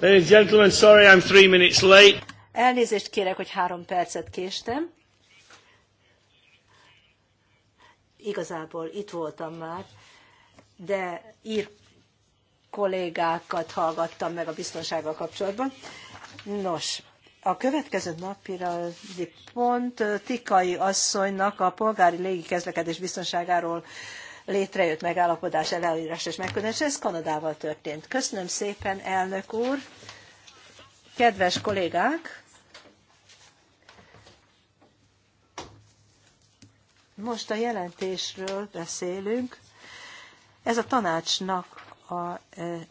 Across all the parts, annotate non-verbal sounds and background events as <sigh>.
Ladies and gentlemen, sorry I'm three minutes late. Elnézést kérek, hogy három percet késtem. Igazából itt voltam már, de ír kollégákat hallgattam meg a biztonsággal kapcsolatban. Nos, a következő napira pont Tikai asszonynak a polgári légiközlekedés biztonságáról létrejött megállapodás elírás és megkötés. Ez Kanadával történt. Köszönöm szépen, elnök úr! Kedves kollégák! Most a jelentésről beszélünk. Ez a tanácsnak a e,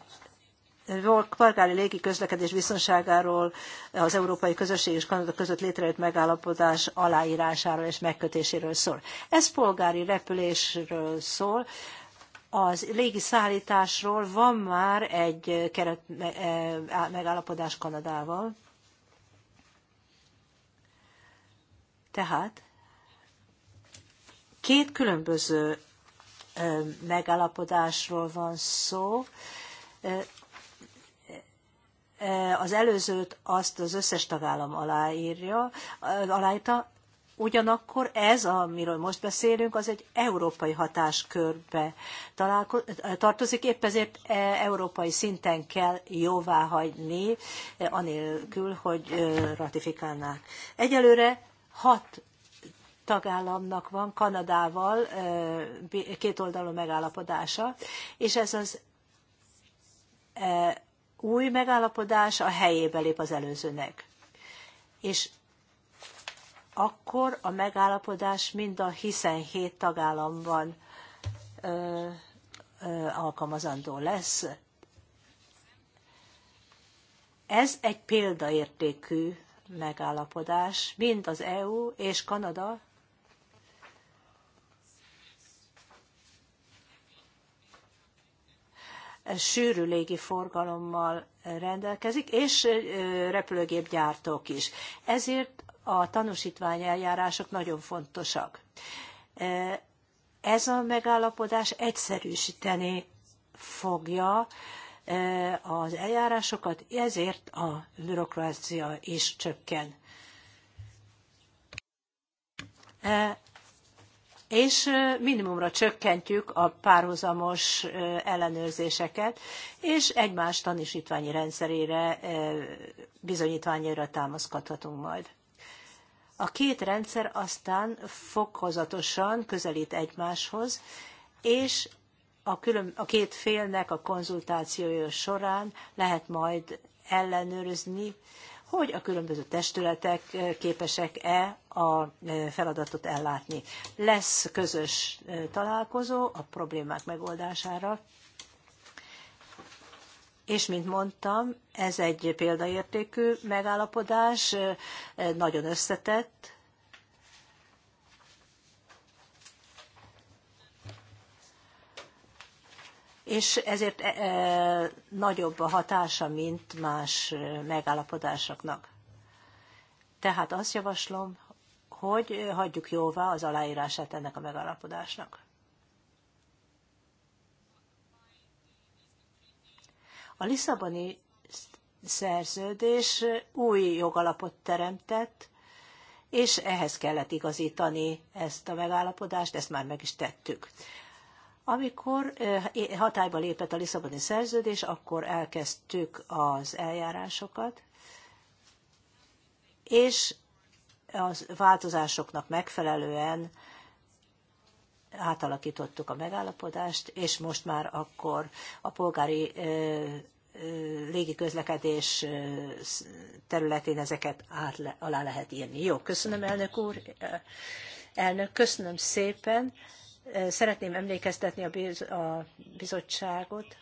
polgári légi közlekedés biztonságáról az Európai Közösség és Kanada között létrejött megállapodás aláírásáról és megkötéséről szól. Ez polgári repülésről szól, az légiszállításról van már egy keret e, megállapodás Kanadával. Tehát két különböző megállapodásról van szó, Eh, az előzőt azt az összes tagállam aláírja, eh, aláírta, Ugyanakkor ez, amiről most beszélünk, az egy európai hatáskörbe eh, tartozik, épp ezért európai szinten kell jóvá hagyni, anélkül, hogy ratifikálnák. Egyelőre hat tagállamnak van Kanadával kétoldalú megállapodása, és ez az új megállapodás a helyébe lép az előzőnek. És akkor a megállapodás mind a hiszen hét tagállamban ö, ö, alkalmazandó lesz. Ez egy példaértékű megállapodás, mind az EU és Kanada sűrű légi forgalommal rendelkezik, és repülőgépgyártók is. Ezért a tanúsítvány eljárások nagyon fontosak. Ez a megállapodás egyszerűsíteni fogja az eljárásokat, ezért a bürokrácia is csökken és minimumra csökkentjük a párhuzamos ellenőrzéseket, és egymás tanúsítványi rendszerére, bizonyítványára támaszkodhatunk majd. A két rendszer aztán fokozatosan közelít egymáshoz, és a, külön, a két félnek a konzultációja során lehet majd ellenőrizni, hogy a különböző testületek képesek-e a feladatot ellátni. Lesz közös találkozó a problémák megoldására, és mint mondtam, ez egy példaértékű megállapodás, nagyon összetett, és ezért e, e, nagyobb a hatása, mint más megállapodásoknak. Tehát azt javaslom, hogy hagyjuk jóvá az aláírását ennek a megállapodásnak. A Lisszaboni szerződés új jogalapot teremtett, és ehhez kellett igazítani ezt a megállapodást, ezt már meg is tettük. Amikor eh, hatályba lépett a Lisszaboni szerződés, akkor elkezdtük az eljárásokat, és a változásoknak megfelelően átalakítottuk a megállapodást, és most már akkor a polgári légiközlekedés területén ezeket át, alá lehet írni. Jó, köszönöm, elnök úr. Elnök, köszönöm szépen. Szeretném emlékeztetni a, biz, a bizottságot,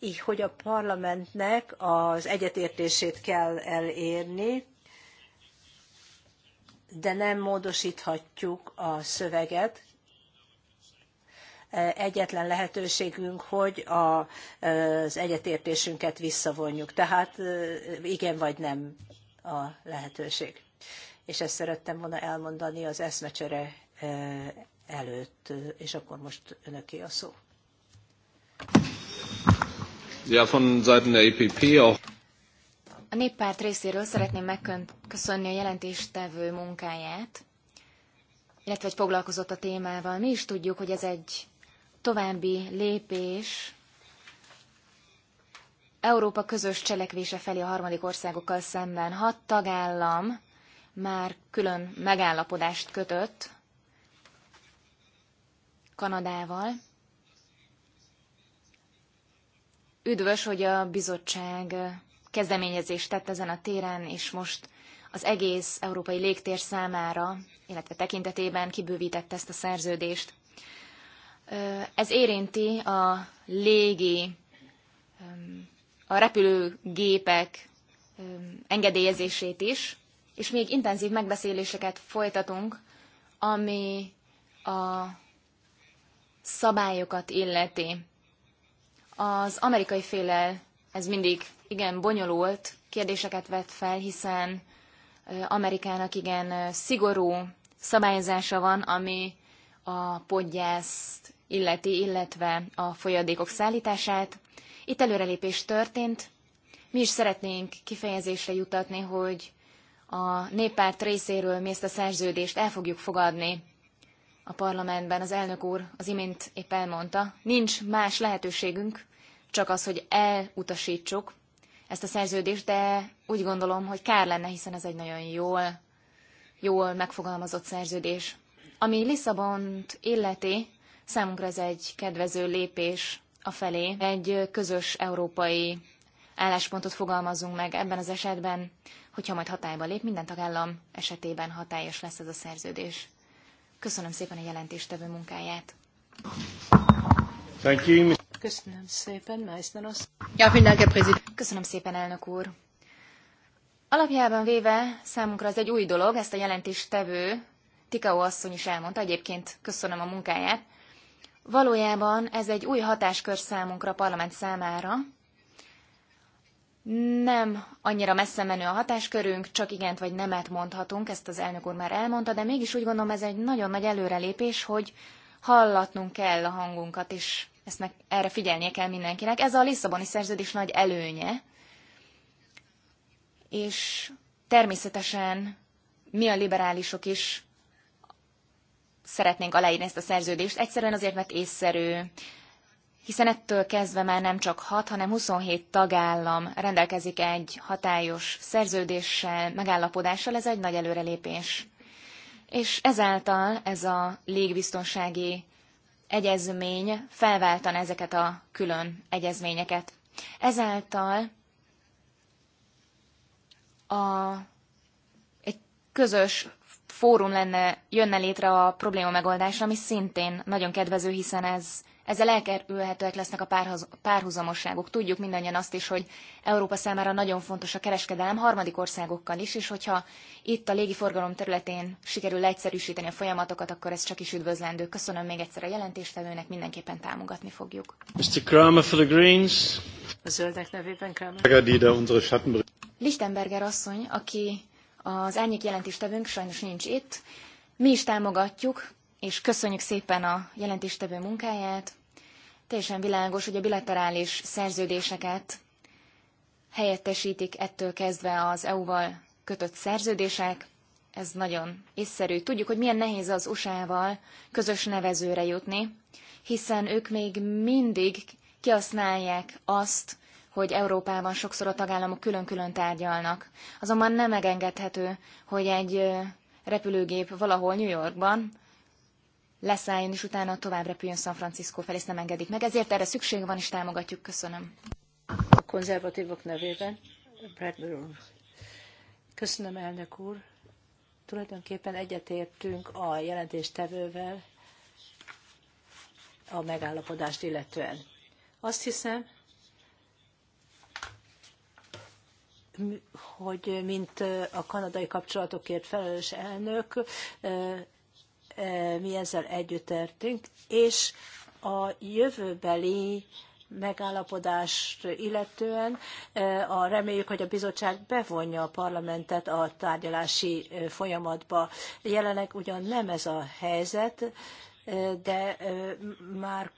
így, hogy a parlamentnek az egyetértését kell elérni, de nem módosíthatjuk a szöveget. E, egyetlen lehetőségünk, hogy a, e, az egyetértésünket visszavonjuk. Tehát e, igen vagy nem a lehetőség. És ezt szerettem volna elmondani az eszmecsere előtt, és akkor most önöké a szó. Ja, von Seiten der EPP auch. A néppárt részéről szeretném megköszönni a jelentéstevő munkáját, illetve hogy foglalkozott a témával. Mi is tudjuk, hogy ez egy további lépés Európa közös cselekvése felé a harmadik országokkal szemben. Hat tagállam már külön megállapodást kötött Kanadával. Üdvös, hogy a bizottság kezdeményezést tett ezen a téren, és most az egész európai légtér számára, illetve tekintetében kibővítette ezt a szerződést. Ez érinti a légi, a repülőgépek engedélyezését is, és még intenzív megbeszéléseket folytatunk, ami a szabályokat illeti. Az amerikai félel ez mindig igen bonyolult kérdéseket vett fel, hiszen Amerikának igen szigorú szabályozása van, ami a podgyászt illeti, illetve a folyadékok szállítását. Itt előrelépés történt. Mi is szeretnénk kifejezésre jutatni, hogy a néppárt részéről mi ezt a szerződést el fogjuk fogadni a parlamentben. Az elnök úr az imént épp elmondta, nincs más lehetőségünk, csak az, hogy elutasítsuk ezt a szerződést, de úgy gondolom, hogy kár lenne, hiszen ez egy nagyon jól, jól megfogalmazott szerződés. Ami Lisszabont illeti, számunkra ez egy kedvező lépés a felé. Egy közös európai álláspontot fogalmazunk meg ebben az esetben, hogyha majd hatályba lép, minden tagállam esetében hatályos lesz ez a szerződés. Köszönöm szépen a jelentéstevő munkáját. Thank you. Köszönöm szépen, Meissner Ja, Köszönöm szépen, elnök úr. Alapjában véve számunkra ez egy új dolog, ezt a jelentéstevő Tikao asszony is elmondta, egyébként köszönöm a munkáját. Valójában ez egy új hatáskör számunkra, a parlament számára. Nem annyira messze menő a hatáskörünk, csak igent vagy nemet mondhatunk, ezt az elnök úr már elmondta, de mégis úgy gondolom ez egy nagyon nagy előrelépés, hogy hallatnunk kell a hangunkat, és ezt meg erre figyelnie kell mindenkinek. Ez a Lisszaboni szerződés nagy előnye, és természetesen mi a liberálisok is szeretnénk aláírni ezt a szerződést, egyszerűen azért, mert észszerű, hiszen ettől kezdve már nem csak 6, hanem 27 tagállam rendelkezik egy hatályos szerződéssel, megállapodással, ez egy nagy előrelépés. És ezáltal ez a légbiztonsági egyezmény felváltan ezeket a külön egyezményeket. Ezáltal a, egy közös fórum lenne, jönne létre a probléma megoldásra, ami szintén nagyon kedvező, hiszen ez ezzel elkerülhetőek lesznek a párhuzamosságok. Tudjuk mindannyian azt is, hogy Európa számára nagyon fontos a kereskedelem harmadik országokkal is, és hogyha itt a légiforgalom területén sikerül leegyszerűsíteni a folyamatokat, akkor ez csak is üdvözlendő. Köszönöm még egyszer a jelentéstevőnek, mindenképpen támogatni fogjuk. Mr. Kramer for the Greens. A zöldek nevében Kramer. Lichtenberger asszony, aki az árnyék jelentéstevőnk sajnos nincs itt. Mi is támogatjuk, és köszönjük szépen a jelentéstevő munkáját. Teljesen világos, hogy a bilaterális szerződéseket helyettesítik ettől kezdve az EU-val kötött szerződések, ez nagyon észszerű. Tudjuk, hogy milyen nehéz az USA-val közös nevezőre jutni, hiszen ők még mindig kihasználják azt, hogy Európában sokszor a tagállamok külön-külön tárgyalnak. Azonban nem megengedhető, hogy egy repülőgép valahol New Yorkban leszálljon, és utána tovább repüljön San Francisco felé, ezt nem engedik meg. Ezért erre szükség van, és támogatjuk. Köszönöm. A konzervatívok nevében, Bradbury Köszönöm, elnök úr. Tulajdonképpen egyetértünk a jelentéstevővel a megállapodást illetően. Azt hiszem, hogy mint a kanadai kapcsolatokért felelős elnök, Eh, mi ezzel értünk, és a jövőbeli megállapodást illetően eh, a, reméljük, hogy a bizottság bevonja a parlamentet a tárgyalási eh, folyamatba. Jelenleg ugyan nem ez a helyzet, de már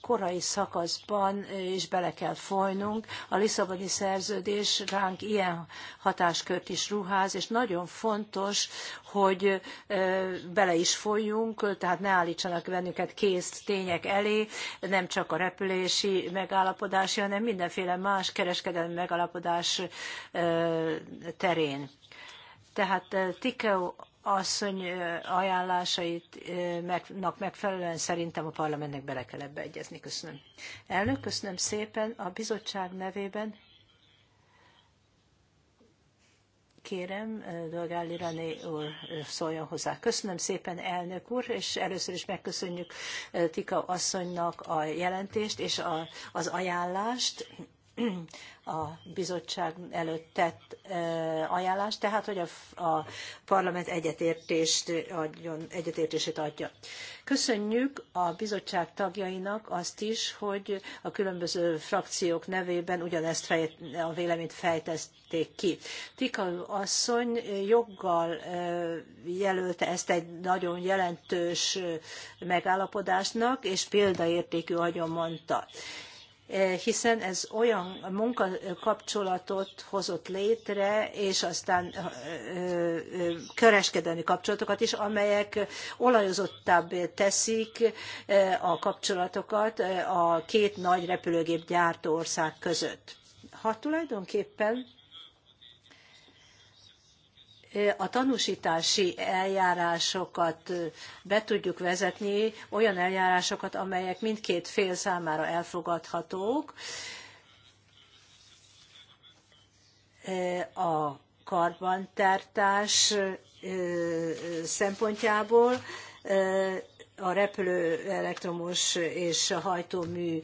korai szakaszban is bele kell folynunk. A Lisszaboni szerződés ránk ilyen hatáskört is ruház, és nagyon fontos, hogy bele is folyjunk, tehát ne állítsanak bennünket kész tények elé, nem csak a repülési megállapodás, hanem mindenféle más kereskedelmi megállapodás terén. Tehát Tikeo asszony ajánlásainak megfelelően szerintem a parlamentnek bele kell ebbe egyezni. Köszönöm. Elnök, köszönöm szépen a bizottság nevében. Kérem, Dolgáli René úr szóljon hozzá. Köszönöm szépen, elnök úr, és először is megköszönjük Tika asszonynak a jelentést és a, az ajánlást a bizottság előtt tett ajánlást, tehát hogy a, a parlament egyetértést adjon, egyetértését adja. Köszönjük a bizottság tagjainak azt is, hogy a különböző frakciók nevében ugyanezt a véleményt fejtezték ki. Tika asszony joggal jelölte ezt egy nagyon jelentős megállapodásnak, és példaértékű, ahogyan mondta. Eh, hiszen ez olyan munkakapcsolatot hozott létre, és aztán eh, eh, kereskedelmi kapcsolatokat is, amelyek olajozottabbé teszik a kapcsolatokat a két nagy repülőgép gyártó ország között. Ha tulajdonképpen a tanúsítási eljárásokat be tudjuk vezetni, olyan eljárásokat, amelyek mindkét fél számára elfogadhatók, a karbantartás szempontjából a repülő elektromos és hajtómű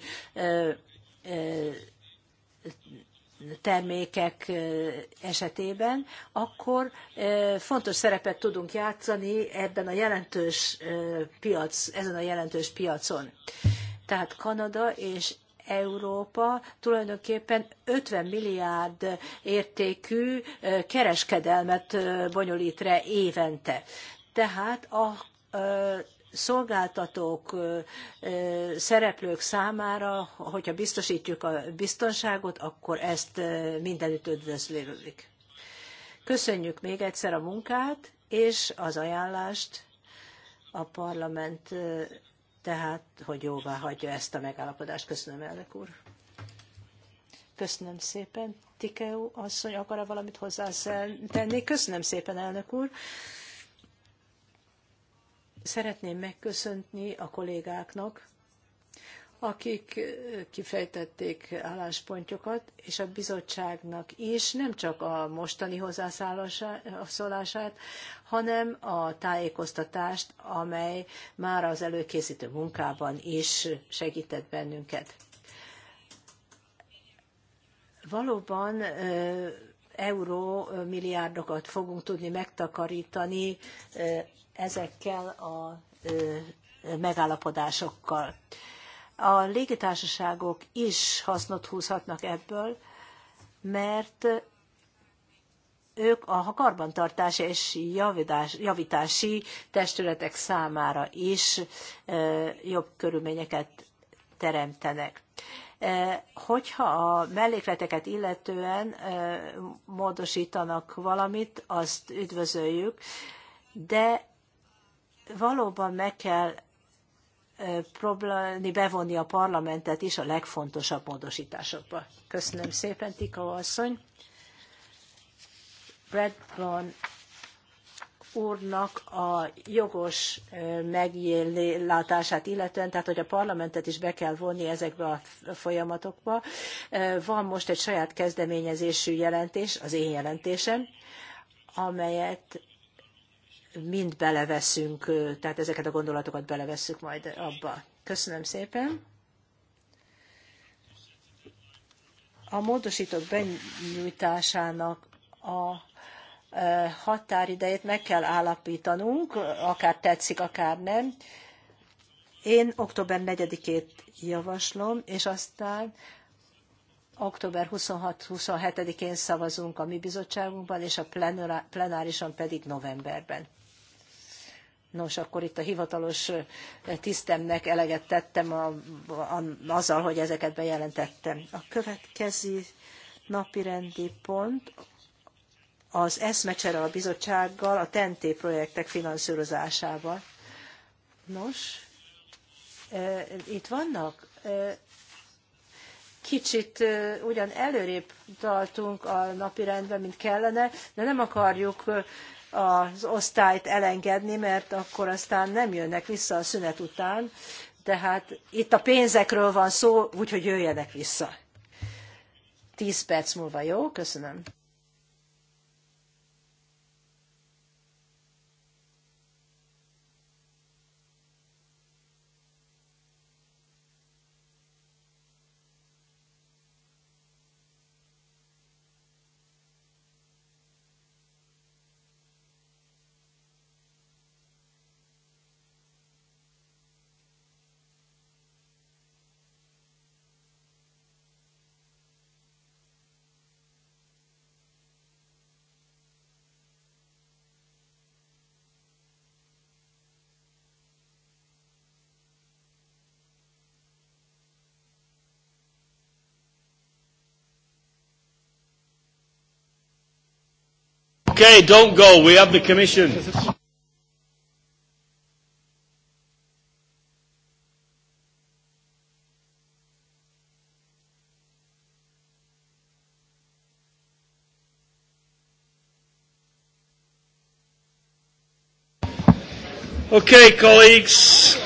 termékek esetében, akkor fontos szerepet tudunk játszani ebben a jelentős piac, ezen a jelentős piacon. Tehát Kanada és Európa tulajdonképpen 50 milliárd értékű kereskedelmet bonyolít re évente. Tehát a szolgáltatók, szereplők számára, hogyha biztosítjuk a biztonságot, akkor ezt mindenütt üdvözlődik. Köszönjük még egyszer a munkát és az ajánlást a parlament, tehát, hogy jóvá hagyja ezt a megállapodást. Köszönöm, elnök úr. Köszönöm szépen. Tikeu asszony akar -e valamit hozzá tenni? Köszönöm szépen, elnök úr. Szeretném megköszönni a kollégáknak, akik kifejtették álláspontjukat, és a bizottságnak is nem csak a mostani hozzászólását, hanem a tájékoztatást, amely már az előkészítő munkában is segített bennünket. Valóban euró milliárdokat fogunk tudni megtakarítani ezekkel a megállapodásokkal. A légitársaságok is hasznot húzhatnak ebből, mert ők a karbantartás és javítási testületek számára is jobb körülményeket teremtenek. Hogyha a mellékleteket illetően módosítanak valamit, azt üdvözöljük, de valóban meg kell próbálni bevonni a parlamentet is a legfontosabb módosításokba. Köszönöm szépen, Tika asszony. Bradburn úrnak a jogos meglátását illetően, tehát hogy a parlamentet is be kell vonni ezekbe a folyamatokba. Van most egy saját kezdeményezésű jelentés, az én jelentésem, amelyet mind beleveszünk, tehát ezeket a gondolatokat belevesszük majd abba. Köszönöm szépen. A módosítók benyújtásának a határidejét meg kell állapítanunk, akár tetszik, akár nem. Én október 4-ét javaslom, és aztán október 26-27-én szavazunk a mi bizottságunkban, és a plenárison pedig novemberben. Nos, akkor itt a hivatalos tisztemnek eleget tettem a, a, azzal, hogy ezeket bejelentettem. A következő napirendi pont az eszmecsere a bizottsággal a TNT projektek finanszírozásában. Nos, e, itt vannak e, kicsit ugyan előrébb tartunk a napirendben, mint kellene, de nem akarjuk az osztályt elengedni, mert akkor aztán nem jönnek vissza a szünet után. Tehát itt a pénzekről van szó, úgyhogy jöjjenek vissza. Tíz perc múlva, jó? Köszönöm. Okay, don't go. We have the commission. Okay, colleagues.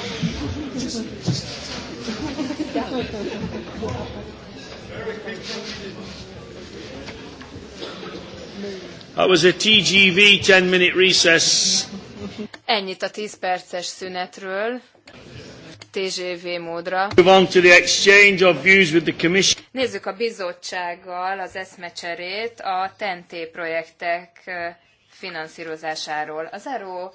was a TGV 10 minute recess. Ennyit a 10 perces szünetről. TGV módra. On to the exchange of views with the commission. Nézzük a bizottsággal az eszmecserét a TNT projektek finanszírozásáról. Az ERO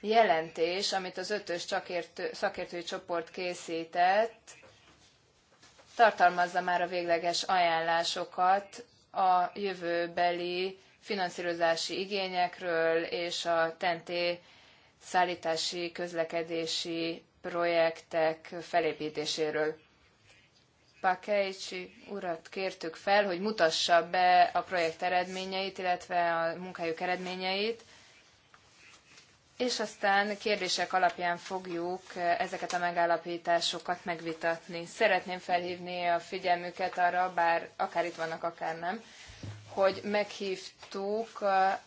jelentés, amit az ötös szakértő, szakértői csoport készített, tartalmazza már a végleges ajánlásokat a jövőbeli finanszírozási igényekről és a TNT szállítási, közlekedési projektek felépítéséről. Pakeics urat kértük fel, hogy mutassa be a projekt eredményeit, illetve a munkájuk eredményeit, és aztán kérdések alapján fogjuk ezeket a megállapításokat megvitatni. Szeretném felhívni a figyelmüket arra, bár akár itt vannak, akár nem, hogy meghívtuk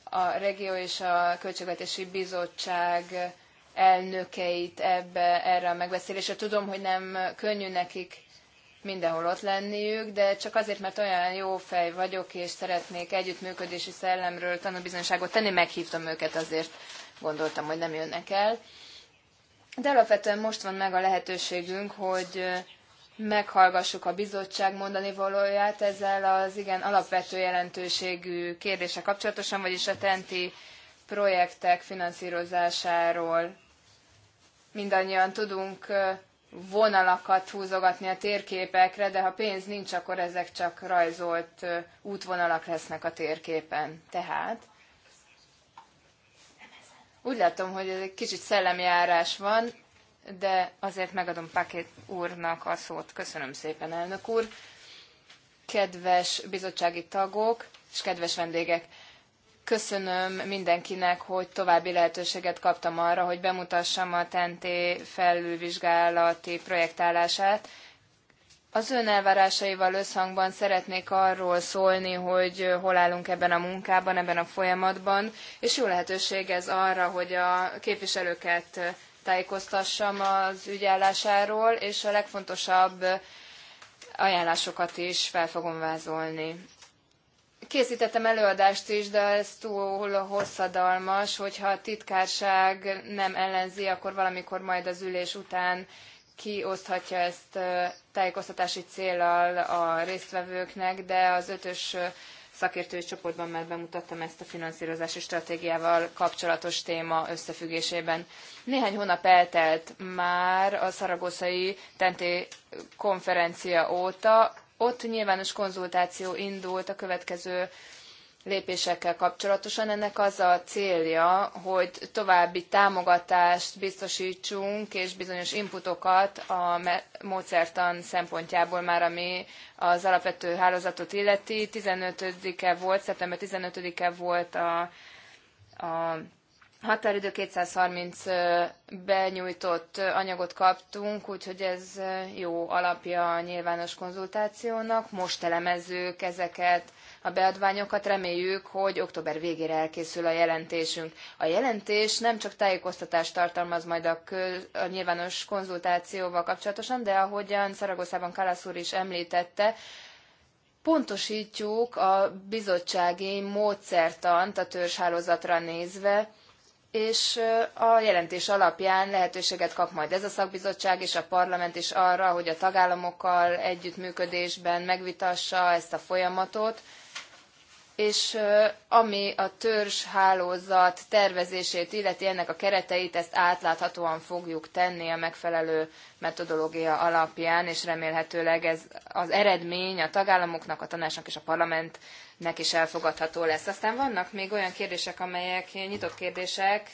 a Regió és a Költségvetési Bizottság elnökeit ebbe, erre a megbeszélésre. Tudom, hogy nem könnyű nekik mindenhol ott lenniük, de csak azért, mert olyan jó fej vagyok, és szeretnék együttműködési szellemről tanúbizonyságot tenni, meghívtam őket azért, gondoltam, hogy nem jönnek el. De alapvetően most van meg a lehetőségünk, hogy meghallgassuk a bizottság mondani valóját ezzel az igen alapvető jelentőségű kérdése kapcsolatosan, vagyis a tenti projektek finanszírozásáról. Mindannyian tudunk vonalakat húzogatni a térképekre, de ha pénz nincs, akkor ezek csak rajzolt útvonalak lesznek a térképen. Tehát úgy látom, hogy ez egy kicsit szellemjárás van, de azért megadom Pakét úrnak a szót. Köszönöm szépen, elnök úr. Kedves bizottsági tagok és kedves vendégek, köszönöm mindenkinek, hogy további lehetőséget kaptam arra, hogy bemutassam a TNT felülvizsgálati projektálását. Az ön elvárásaival összhangban szeretnék arról szólni, hogy hol állunk ebben a munkában, ebben a folyamatban, és jó lehetőség ez arra, hogy a képviselőket tájékoztassam az ügyállásáról, és a legfontosabb ajánlásokat is fel fogom vázolni. Készítettem előadást is, de ez túl hosszadalmas, hogyha a titkárság nem ellenzi, akkor valamikor majd az ülés után kioszthatja ezt tájékoztatási célral a résztvevőknek, de az ötös szakértői csoportban már bemutattam ezt a finanszírozási stratégiával kapcsolatos téma összefüggésében. Néhány hónap eltelt már a szaragoszai tenté konferencia óta. Ott nyilvános konzultáció indult a következő lépésekkel kapcsolatosan. Ennek az a célja, hogy további támogatást biztosítsunk, és bizonyos inputokat a módszertan szempontjából már, ami az alapvető hálózatot illeti. 15-e volt, szeptember 15-e volt a, a határidő 230 benyújtott anyagot kaptunk, úgyhogy ez jó alapja a nyilvános konzultációnak. Most elemezzük ezeket a beadványokat, reméljük, hogy október végére elkészül a jelentésünk. A jelentés nem csak tájékoztatást tartalmaz majd a, köz, a nyilvános konzultációval kapcsolatosan, de ahogyan Szaragoszában Kalasz úr is említette, pontosítjuk a bizottsági módszertant a törzshálózatra nézve, és a jelentés alapján lehetőséget kap majd ez a szakbizottság és a parlament is arra, hogy a tagállamokkal együttműködésben megvitassa ezt a folyamatot, és ami a törzshálózat tervezését illeti, ennek a kereteit, ezt átláthatóan fogjuk tenni a megfelelő metodológia alapján, és remélhetőleg ez az eredmény a tagállamoknak, a tanácsnak és a parlamentnek is elfogadható lesz. Aztán vannak még olyan kérdések, amelyek nyitott kérdések,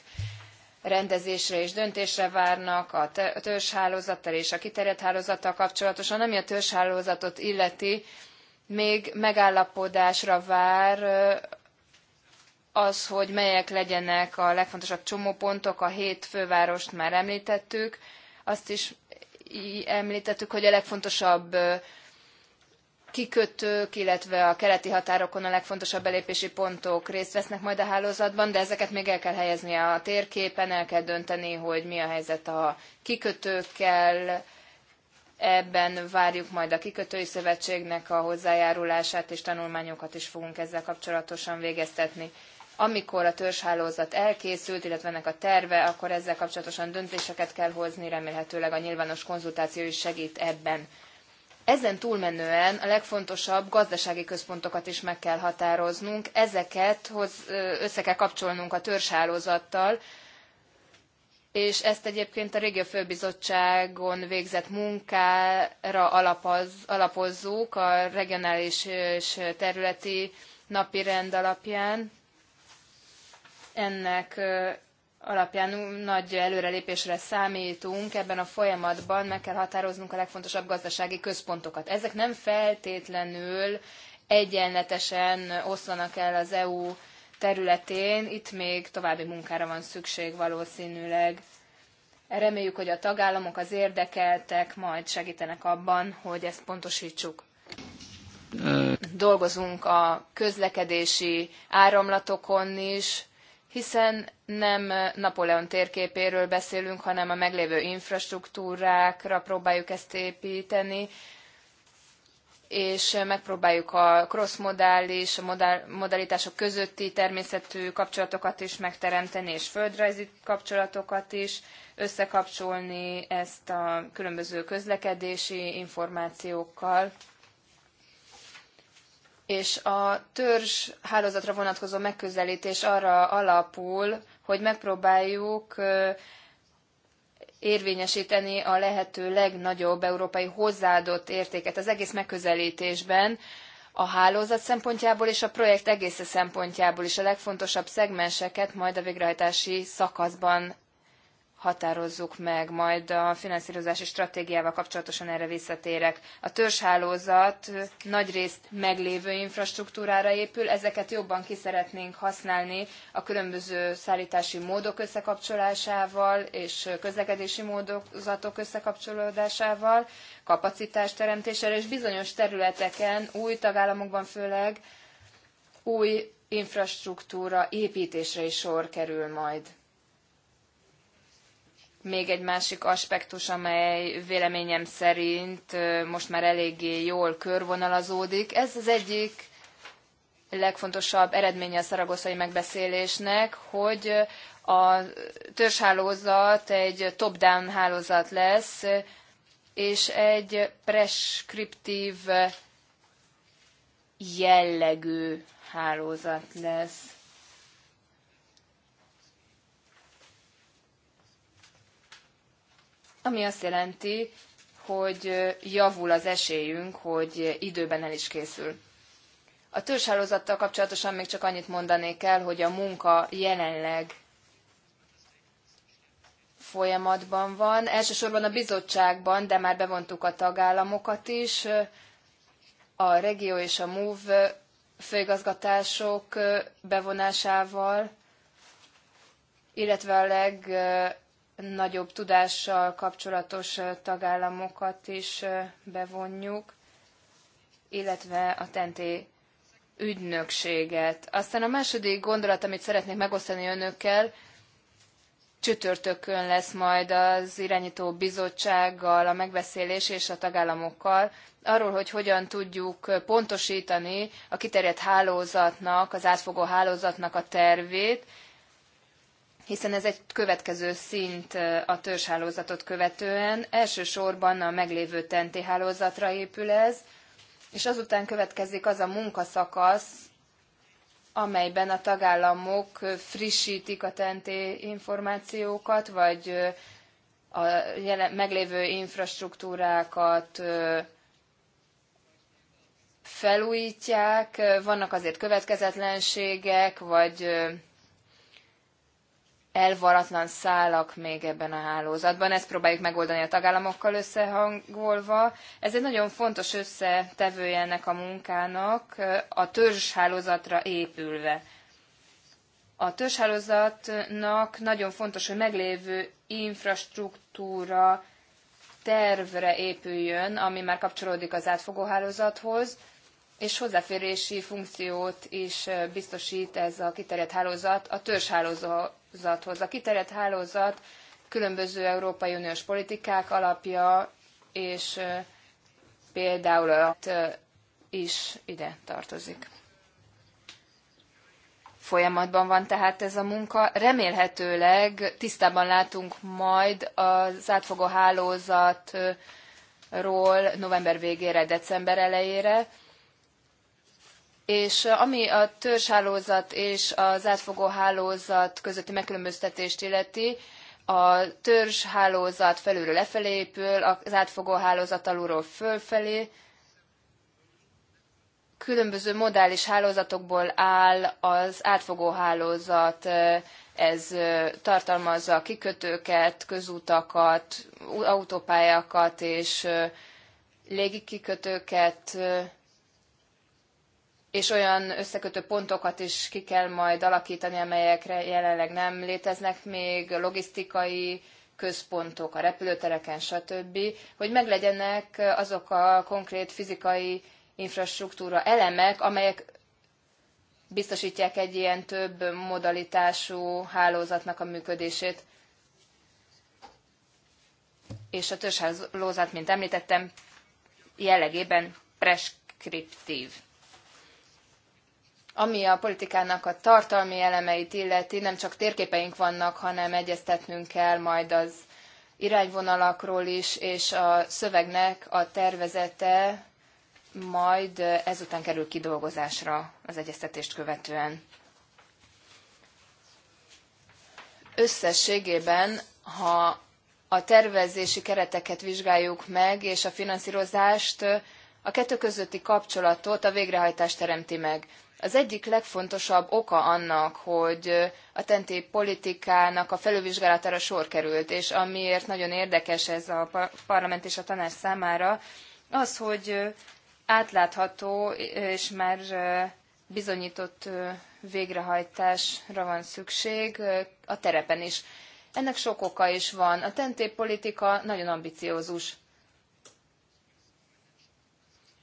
rendezésre és döntésre várnak a törzshálózattal és a kiterjedt hálózattal kapcsolatosan. Ami a törzshálózatot illeti, még megállapodásra vár az, hogy melyek legyenek a legfontosabb csomópontok, a hét fővárost már említettük, azt is említettük, hogy a legfontosabb kikötők, illetve a keleti határokon a legfontosabb belépési pontok részt vesznek majd a hálózatban, de ezeket még el kell helyezni a térképen, el kell dönteni, hogy mi a helyzet a kikötőkkel, Ebben várjuk majd a kikötői szövetségnek a hozzájárulását, és tanulmányokat is fogunk ezzel kapcsolatosan végeztetni. Amikor a törzshálózat elkészült, illetve ennek a terve, akkor ezzel kapcsolatosan döntéseket kell hozni, remélhetőleg a nyilvános konzultáció is segít ebben. Ezen túlmenően a legfontosabb gazdasági központokat is meg kell határoznunk, ezeket össze kell kapcsolnunk a törzshálózattal, és ezt egyébként a Régió Főbizottságon végzett munkára alapoz, alapozzuk a regionális és területi napi rend alapján. Ennek alapján nagy előrelépésre számítunk ebben a folyamatban, meg kell határoznunk a legfontosabb gazdasági központokat. Ezek nem feltétlenül egyenletesen oszlanak el az EU területén itt még további munkára van szükség valószínűleg. Reméljük, hogy a tagállamok, az érdekeltek majd segítenek abban, hogy ezt pontosítsuk. Dolgozunk a közlekedési áramlatokon is, hiszen nem Napóleon térképéről beszélünk, hanem a meglévő infrastruktúrákra próbáljuk ezt építeni, és megpróbáljuk a cross-modális, a modalitások közötti természetű kapcsolatokat is megteremteni, és földrajzi kapcsolatokat is, összekapcsolni ezt a különböző közlekedési információkkal. És a törzs hálózatra vonatkozó megközelítés arra alapul, hogy megpróbáljuk érvényesíteni a lehető legnagyobb európai hozzáadott értéket az egész megközelítésben, a hálózat szempontjából és a projekt egész szempontjából is a legfontosabb szegmenseket majd a végrehajtási szakaszban határozzuk meg, majd a finanszírozási stratégiával kapcsolatosan erre visszatérek. A törzshálózat nagyrészt meglévő infrastruktúrára épül, ezeket jobban ki szeretnénk használni a különböző szállítási módok összekapcsolásával és közlekedési módozatok összekapcsolódásával, kapacitás teremtésére, és bizonyos területeken, új tagállamokban főleg, új infrastruktúra építésre is sor kerül majd még egy másik aspektus, amely véleményem szerint most már eléggé jól körvonalazódik. Ez az egyik legfontosabb eredménye a szaragoszai megbeszélésnek, hogy a törzshálózat egy top-down hálózat lesz, és egy preskriptív jellegű hálózat lesz. ami azt jelenti, hogy javul az esélyünk, hogy időben el is készül. A törzshálózattal kapcsolatosan még csak annyit mondanék el, hogy a munka jelenleg folyamatban van. Elsősorban a bizottságban, de már bevontuk a tagállamokat is. A regió és a MUV főigazgatások bevonásával, illetve a leg nagyobb tudással kapcsolatos tagállamokat is bevonjuk, illetve a tenté ügynökséget. Aztán a második gondolat, amit szeretnék megosztani önökkel, csütörtökön lesz majd az irányító bizottsággal a megbeszélés és a tagállamokkal arról, hogy hogyan tudjuk pontosítani a kiterjedt hálózatnak, az átfogó hálózatnak a tervét, hiszen ez egy következő szint a törzshálózatot követően. Elsősorban a meglévő tenti hálózatra épül ez, és azután következik az a munkaszakasz, amelyben a tagállamok frissítik a tenti információkat, vagy a jelen, meglévő infrastruktúrákat felújítják, vannak azért következetlenségek, vagy elvaratlan szálak még ebben a hálózatban. Ezt próbáljuk megoldani a tagállamokkal összehangolva. Ez egy nagyon fontos összetevője ennek a munkának, a törzshálózatra épülve. A törzshálózatnak nagyon fontos, hogy meglévő infrastruktúra tervre épüljön, ami már kapcsolódik az átfogó hálózathoz, és hozzáférési funkciót is biztosít ez a kiterjedt hálózat a törzshálózathoz. A kiterjedt hálózat különböző Európai Uniós politikák alapja, és például a is ide tartozik. Folyamatban van tehát ez a munka. Remélhetőleg tisztában látunk majd az átfogó hálózatról november végére, december elejére, és ami a törzshálózat és az átfogó hálózat közötti megkülönböztetést illeti, a törzshálózat felülről lefelé épül, az átfogó hálózat alulról fölfelé, különböző modális hálózatokból áll az átfogó hálózat, ez tartalmazza a kikötőket, közutakat, autópályákat és légikikötőket, kikötőket, és olyan összekötő pontokat is ki kell majd alakítani, amelyekre jelenleg nem léteznek még, logisztikai központok a repülőtereken, stb., hogy meglegyenek azok a konkrét fizikai infrastruktúra elemek, amelyek biztosítják egy ilyen több modalitású hálózatnak a működését. És a törzshálózat, mint említettem, jellegében preskriptív. Ami a politikának a tartalmi elemeit illeti, nem csak térképeink vannak, hanem egyeztetnünk kell majd az irányvonalakról is, és a szövegnek a tervezete majd ezután kerül kidolgozásra az egyeztetést követően. Összességében, ha a tervezési kereteket vizsgáljuk meg, és a finanszírozást, a kettő közötti kapcsolatot a végrehajtás teremti meg. Az egyik legfontosabb oka annak, hogy a tenté politikának a felülvizsgálatára sor került, és amiért nagyon érdekes ez a parlament és a tanács számára, az, hogy átlátható és már bizonyított végrehajtásra van szükség a terepen is. Ennek sok oka is van. A tenté politika nagyon ambiciózus,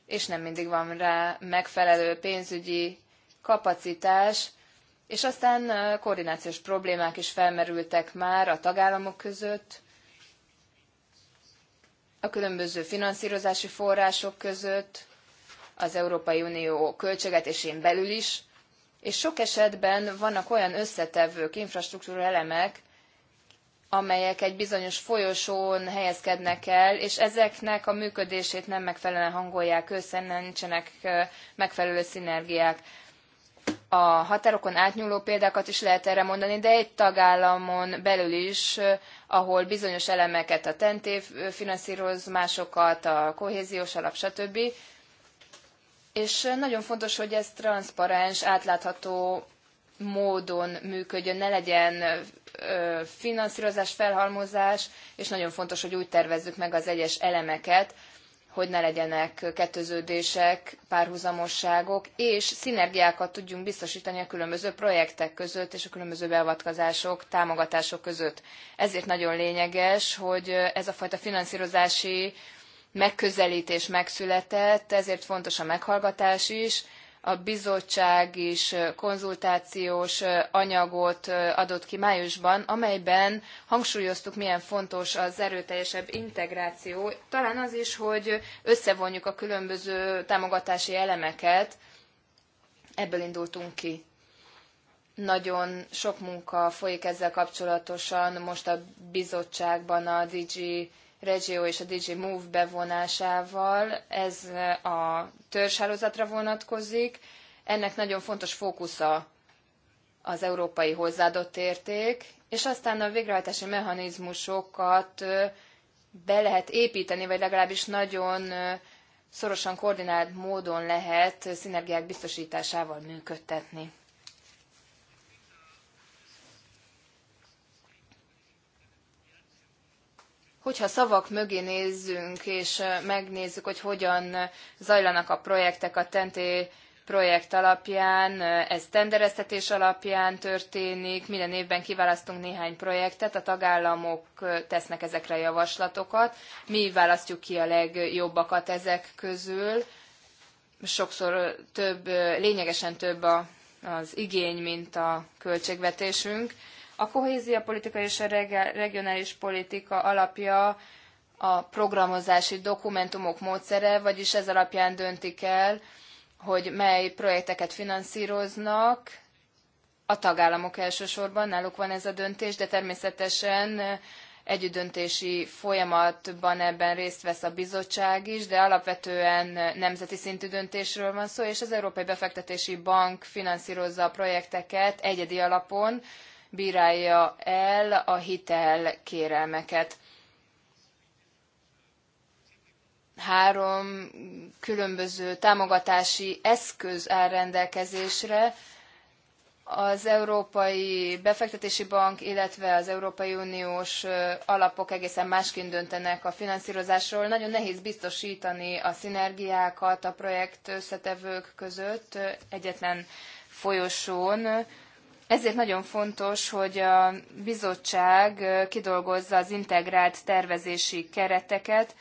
és nem mindig van rá megfelelő pénzügyi kapacitás, és aztán koordinációs problémák is felmerültek már a tagállamok között, a különböző finanszírozási források között, az Európai Unió költségvetésén belül is, és sok esetben vannak olyan összetevők, infrastruktúra elemek, amelyek egy bizonyos folyosón helyezkednek el, és ezeknek a működését nem megfelelően hangolják össze, nincsenek megfelelő szinergiák a határokon átnyúló példákat is lehet erre mondani, de egy tagállamon belül is, ahol bizonyos elemeket a TENTÉ finanszíroz, másokat a kohéziós alap, stb. És nagyon fontos, hogy ez transzparens, átlátható módon működjön, ne legyen finanszírozás, felhalmozás, és nagyon fontos, hogy úgy tervezzük meg az egyes elemeket, hogy ne legyenek kettőződések, párhuzamosságok, és szinergiákat tudjunk biztosítani a különböző projektek között és a különböző beavatkozások, támogatások között. Ezért nagyon lényeges, hogy ez a fajta finanszírozási megközelítés megszületett, ezért fontos a meghallgatás is, a bizottság is konzultációs anyagot adott ki májusban, amelyben hangsúlyoztuk, milyen fontos az erőteljesebb integráció. Talán az is, hogy összevonjuk a különböző támogatási elemeket. Ebből indultunk ki. Nagyon sok munka folyik ezzel kapcsolatosan most a bizottságban, a DG Regio és a DG Move bevonásával. Ez a törzshálózatra vonatkozik. Ennek nagyon fontos fókusza az európai hozzáadott érték, és aztán a végrehajtási mechanizmusokat be lehet építeni, vagy legalábbis nagyon szorosan koordinált módon lehet szinergiák biztosításával működtetni. Hogyha szavak mögé nézzünk, és megnézzük, hogy hogyan zajlanak a projektek a tenté projekt alapján, ez tendereztetés alapján történik, minden évben kiválasztunk néhány projektet, a tagállamok tesznek ezekre javaslatokat, mi választjuk ki a legjobbakat ezek közül, sokszor több, lényegesen több a, az igény, mint a költségvetésünk, a politika és a regionális politika alapja a programozási dokumentumok módszere, vagyis ez alapján döntik el, hogy mely projekteket finanszíroznak, a tagállamok elsősorban, náluk van ez a döntés, de természetesen együttdöntési folyamatban ebben részt vesz a bizottság is, de alapvetően nemzeti szintű döntésről van szó, és az Európai Befektetési Bank finanszírozza a projekteket egyedi alapon, bírálja el a hitel kérelmeket. Három különböző támogatási eszköz áll rendelkezésre, az Európai Befektetési Bank, illetve az Európai Uniós alapok egészen másként döntenek a finanszírozásról. Nagyon nehéz biztosítani a szinergiákat a projekt összetevők között egyetlen folyosón. Ezért nagyon fontos, hogy a bizottság kidolgozza az integrált tervezési kereteket.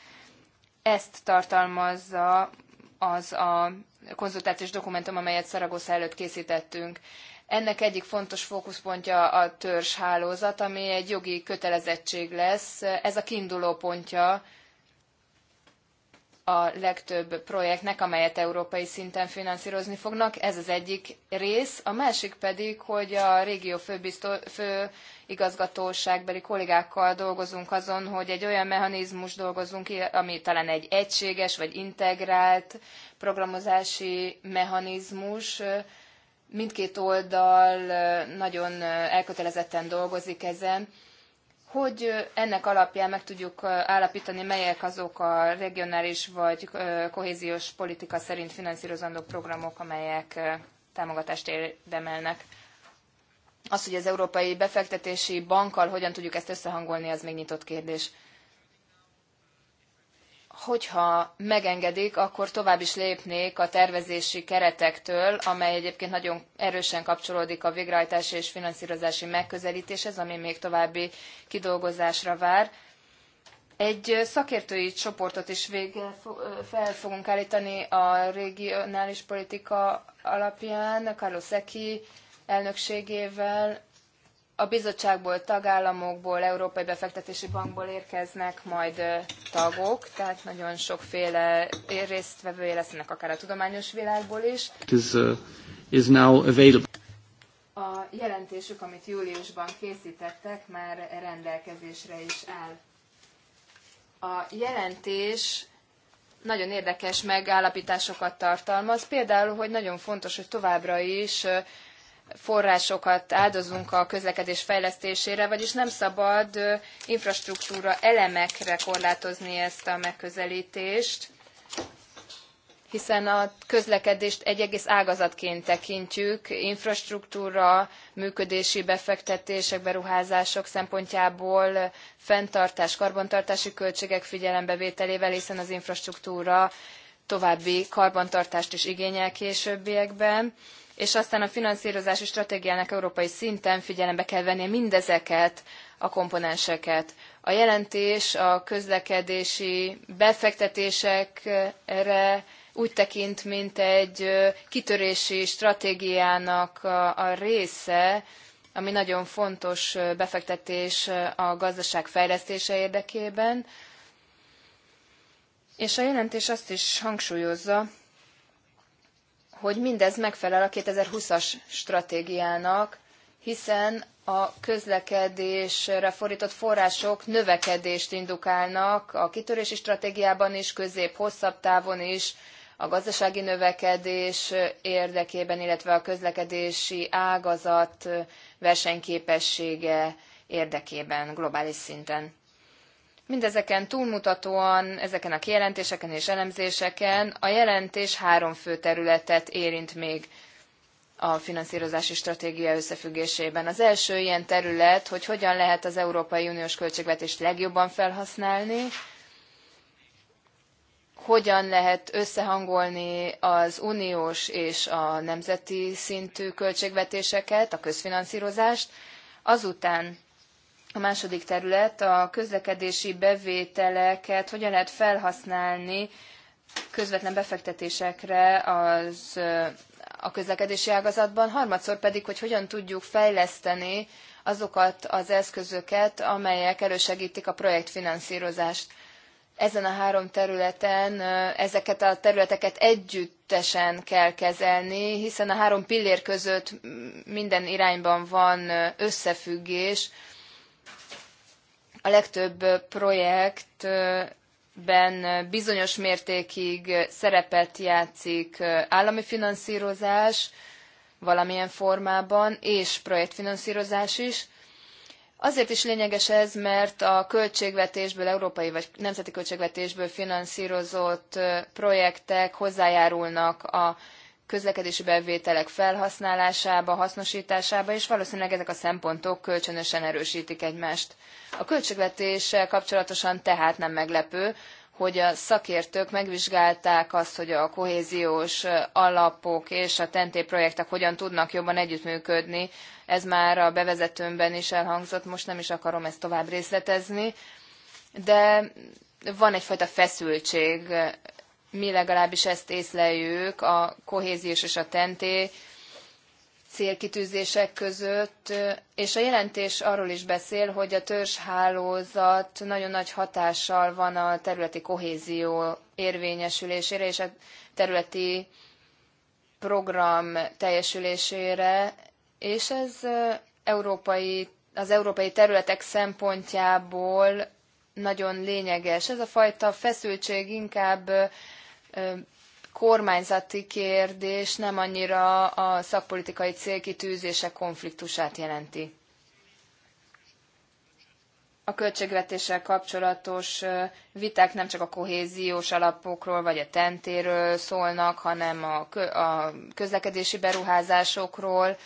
Ezt tartalmazza az a konzultációs dokumentum, amelyet Szaragosz előtt készítettünk. Ennek egyik fontos fókuszpontja a törzshálózat, ami egy jogi kötelezettség lesz. Ez a kiinduló pontja a legtöbb projektnek, amelyet európai szinten finanszírozni fognak. Ez az egyik rész. A másik pedig, hogy a régió főigazgatóságbeli fő kollégákkal dolgozunk azon, hogy egy olyan mechanizmus dolgozunk ki, ami talán egy egységes vagy integrált programozási mechanizmus, mindkét oldal nagyon elkötelezetten dolgozik ezen, hogy ennek alapján meg tudjuk állapítani, melyek azok a regionális vagy kohéziós politika szerint finanszírozandó programok, amelyek támogatást érdemelnek. Az, hogy az Európai Befektetési Bankkal hogyan tudjuk ezt összehangolni, az még nyitott kérdés hogyha megengedik, akkor tovább is lépnék a tervezési keretektől, amely egyébként nagyon erősen kapcsolódik a végrehajtási és finanszírozási megközelítéshez, ami még további kidolgozásra vár. Egy szakértői csoportot is vég, fel fogunk állítani a regionális politika alapján, Carlos Szeki elnökségével, a bizottságból, tagállamokból, Európai Befektetési Bankból érkeznek majd tagok, tehát nagyon sokféle résztvevője lesznek akár a tudományos világból is. Is, uh, is now available. A jelentésük, amit júliusban készítettek, már rendelkezésre is áll. A jelentés nagyon érdekes megállapításokat tartalmaz, például, hogy nagyon fontos, hogy továbbra is forrásokat áldozunk a közlekedés fejlesztésére, vagyis nem szabad infrastruktúra elemekre korlátozni ezt a megközelítést, hiszen a közlekedést egy egész ágazatként tekintjük, infrastruktúra, működési befektetések, beruházások szempontjából fenntartás, karbantartási költségek figyelembevételével, hiszen az infrastruktúra további karbantartást is igényel későbbiekben és aztán a finanszírozási stratégiának európai szinten figyelembe kell vennie mindezeket a komponenseket. A jelentés a közlekedési befektetésekre úgy tekint, mint egy kitörési stratégiának a része, ami nagyon fontos befektetés a gazdaság fejlesztése érdekében. És a jelentés azt is hangsúlyozza, hogy mindez megfelel a 2020-as stratégiának, hiszen a közlekedésre fordított források növekedést indukálnak a kitörési stratégiában is, közép-hosszabb távon is, a gazdasági növekedés érdekében, illetve a közlekedési ágazat versenyképessége érdekében globális szinten. Mindezeken túlmutatóan, ezeken a kijelentéseken és elemzéseken a jelentés három fő területet érint még a finanszírozási stratégia összefüggésében. Az első ilyen terület, hogy hogyan lehet az Európai Uniós költségvetést legjobban felhasználni, hogyan lehet összehangolni az uniós és a nemzeti szintű költségvetéseket, a közfinanszírozást, azután a második terület a közlekedési bevételeket hogyan lehet felhasználni közvetlen befektetésekre az, a közlekedési ágazatban, harmadszor pedig, hogy hogyan tudjuk fejleszteni azokat az eszközöket, amelyek elősegítik a projektfinanszírozást. Ezen a három területen ezeket a területeket együttesen kell kezelni, hiszen a három pillér között minden irányban van összefüggés, a legtöbb projektben bizonyos mértékig szerepet játszik állami finanszírozás valamilyen formában, és projektfinanszírozás is. Azért is lényeges ez, mert a költségvetésből, európai vagy nemzeti költségvetésből finanszírozott projektek hozzájárulnak a közlekedési bevételek felhasználásába, hasznosításába, és valószínűleg ezek a szempontok kölcsönösen erősítik egymást. A költségvetéssel kapcsolatosan tehát nem meglepő, hogy a szakértők megvizsgálták azt, hogy a kohéziós alapok és a TNT projektek hogyan tudnak jobban együttműködni. Ez már a bevezetőmben is elhangzott, most nem is akarom ezt tovább részletezni, de van egyfajta feszültség mi legalábbis ezt észleljük a kohéziós és a tenté célkitűzések között, és a jelentés arról is beszél, hogy a törzshálózat nagyon nagy hatással van a területi kohézió érvényesülésére és a területi program teljesülésére, és ez európai, az európai területek szempontjából nagyon lényeges. Ez a fajta feszültség inkább kormányzati kérdés nem annyira a szakpolitikai célkitűzések konfliktusát jelenti. A költségvetéssel kapcsolatos viták nem csak a kohéziós alapokról vagy a tentéről szólnak, hanem a közlekedési beruházásokról,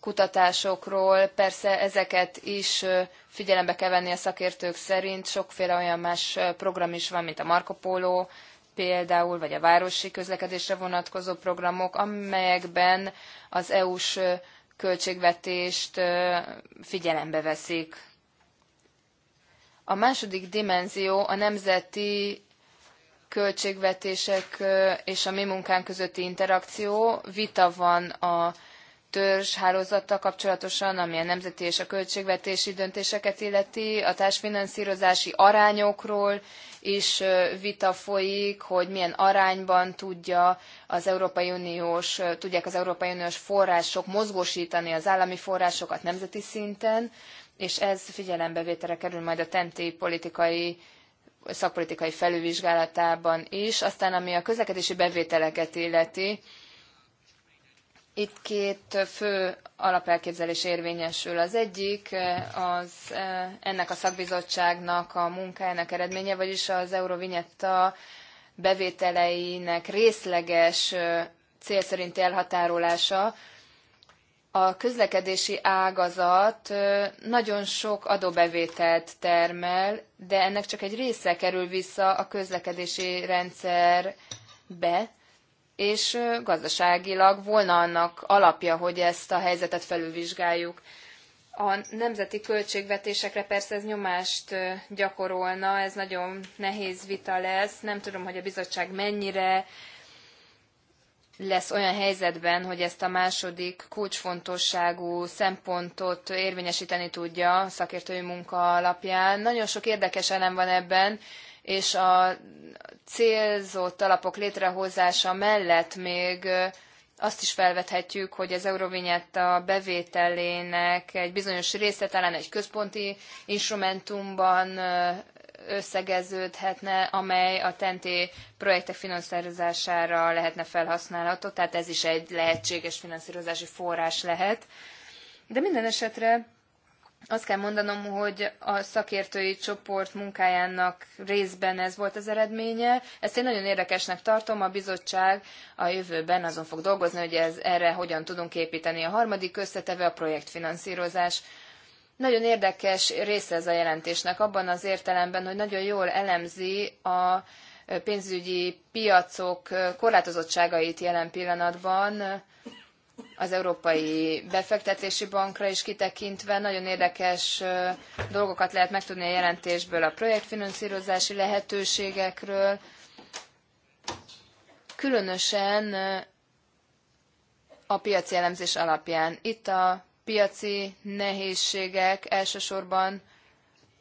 kutatásokról. Persze ezeket is figyelembe kell venni a szakértők szerint. Sokféle olyan más program is van, mint a Marco Polo például, vagy a városi közlekedésre vonatkozó programok, amelyekben az EU-s költségvetést figyelembe veszik. A második dimenzió a nemzeti költségvetések és a mi munkánk közötti interakció. Vita van a hálózattal kapcsolatosan, ami a nemzeti és a költségvetési döntéseket illeti, a társfinanszírozási arányokról is vita folyik, hogy milyen arányban tudja az Európai Uniós, tudják az Európai Uniós források mozgósítani az állami forrásokat nemzeti szinten, és ez figyelembevételre kerül majd a TENTI politikai szakpolitikai felülvizsgálatában is. Aztán ami a közlekedési bevételeket illeti, itt két fő alapelképzelés érvényesül. Az egyik eh, az eh, ennek a szakbizottságnak a munkájának eredménye, vagyis az Eurovinyetta bevételeinek részleges eh, célszerinti elhatárolása. A közlekedési ágazat nagyon sok adóbevételt termel, de ennek csak egy része kerül vissza a közlekedési rendszerbe, és gazdaságilag volna annak alapja, hogy ezt a helyzetet felülvizsgáljuk. A nemzeti költségvetésekre persze ez nyomást gyakorolna, ez nagyon nehéz vita lesz. Nem tudom, hogy a bizottság mennyire lesz olyan helyzetben, hogy ezt a második kulcsfontosságú szempontot érvényesíteni tudja szakértői munka alapján. Nagyon sok érdekes elem van ebben, és a célzott alapok létrehozása mellett még azt is felvethetjük, hogy az Eurovinyetta bevételének egy bizonyos része talán egy központi instrumentumban összegeződhetne, amely a TNT projektek finanszírozására lehetne felhasználható, tehát ez is egy lehetséges finanszírozási forrás lehet. De minden esetre azt kell mondanom, hogy a szakértői csoport munkájának részben ez volt az eredménye. Ezt én nagyon érdekesnek tartom, a bizottság a jövőben azon fog dolgozni, hogy ez, erre hogyan tudunk építeni. A harmadik összeteve a projektfinanszírozás. Nagyon érdekes része ez a jelentésnek, abban az értelemben, hogy nagyon jól elemzi a pénzügyi piacok korlátozottságait jelen pillanatban, az Európai Befektetési Bankra is kitekintve nagyon érdekes dolgokat lehet megtudni a jelentésből a projektfinanszírozási lehetőségekről. Különösen a piaci elemzés alapján. Itt a piaci nehézségek elsősorban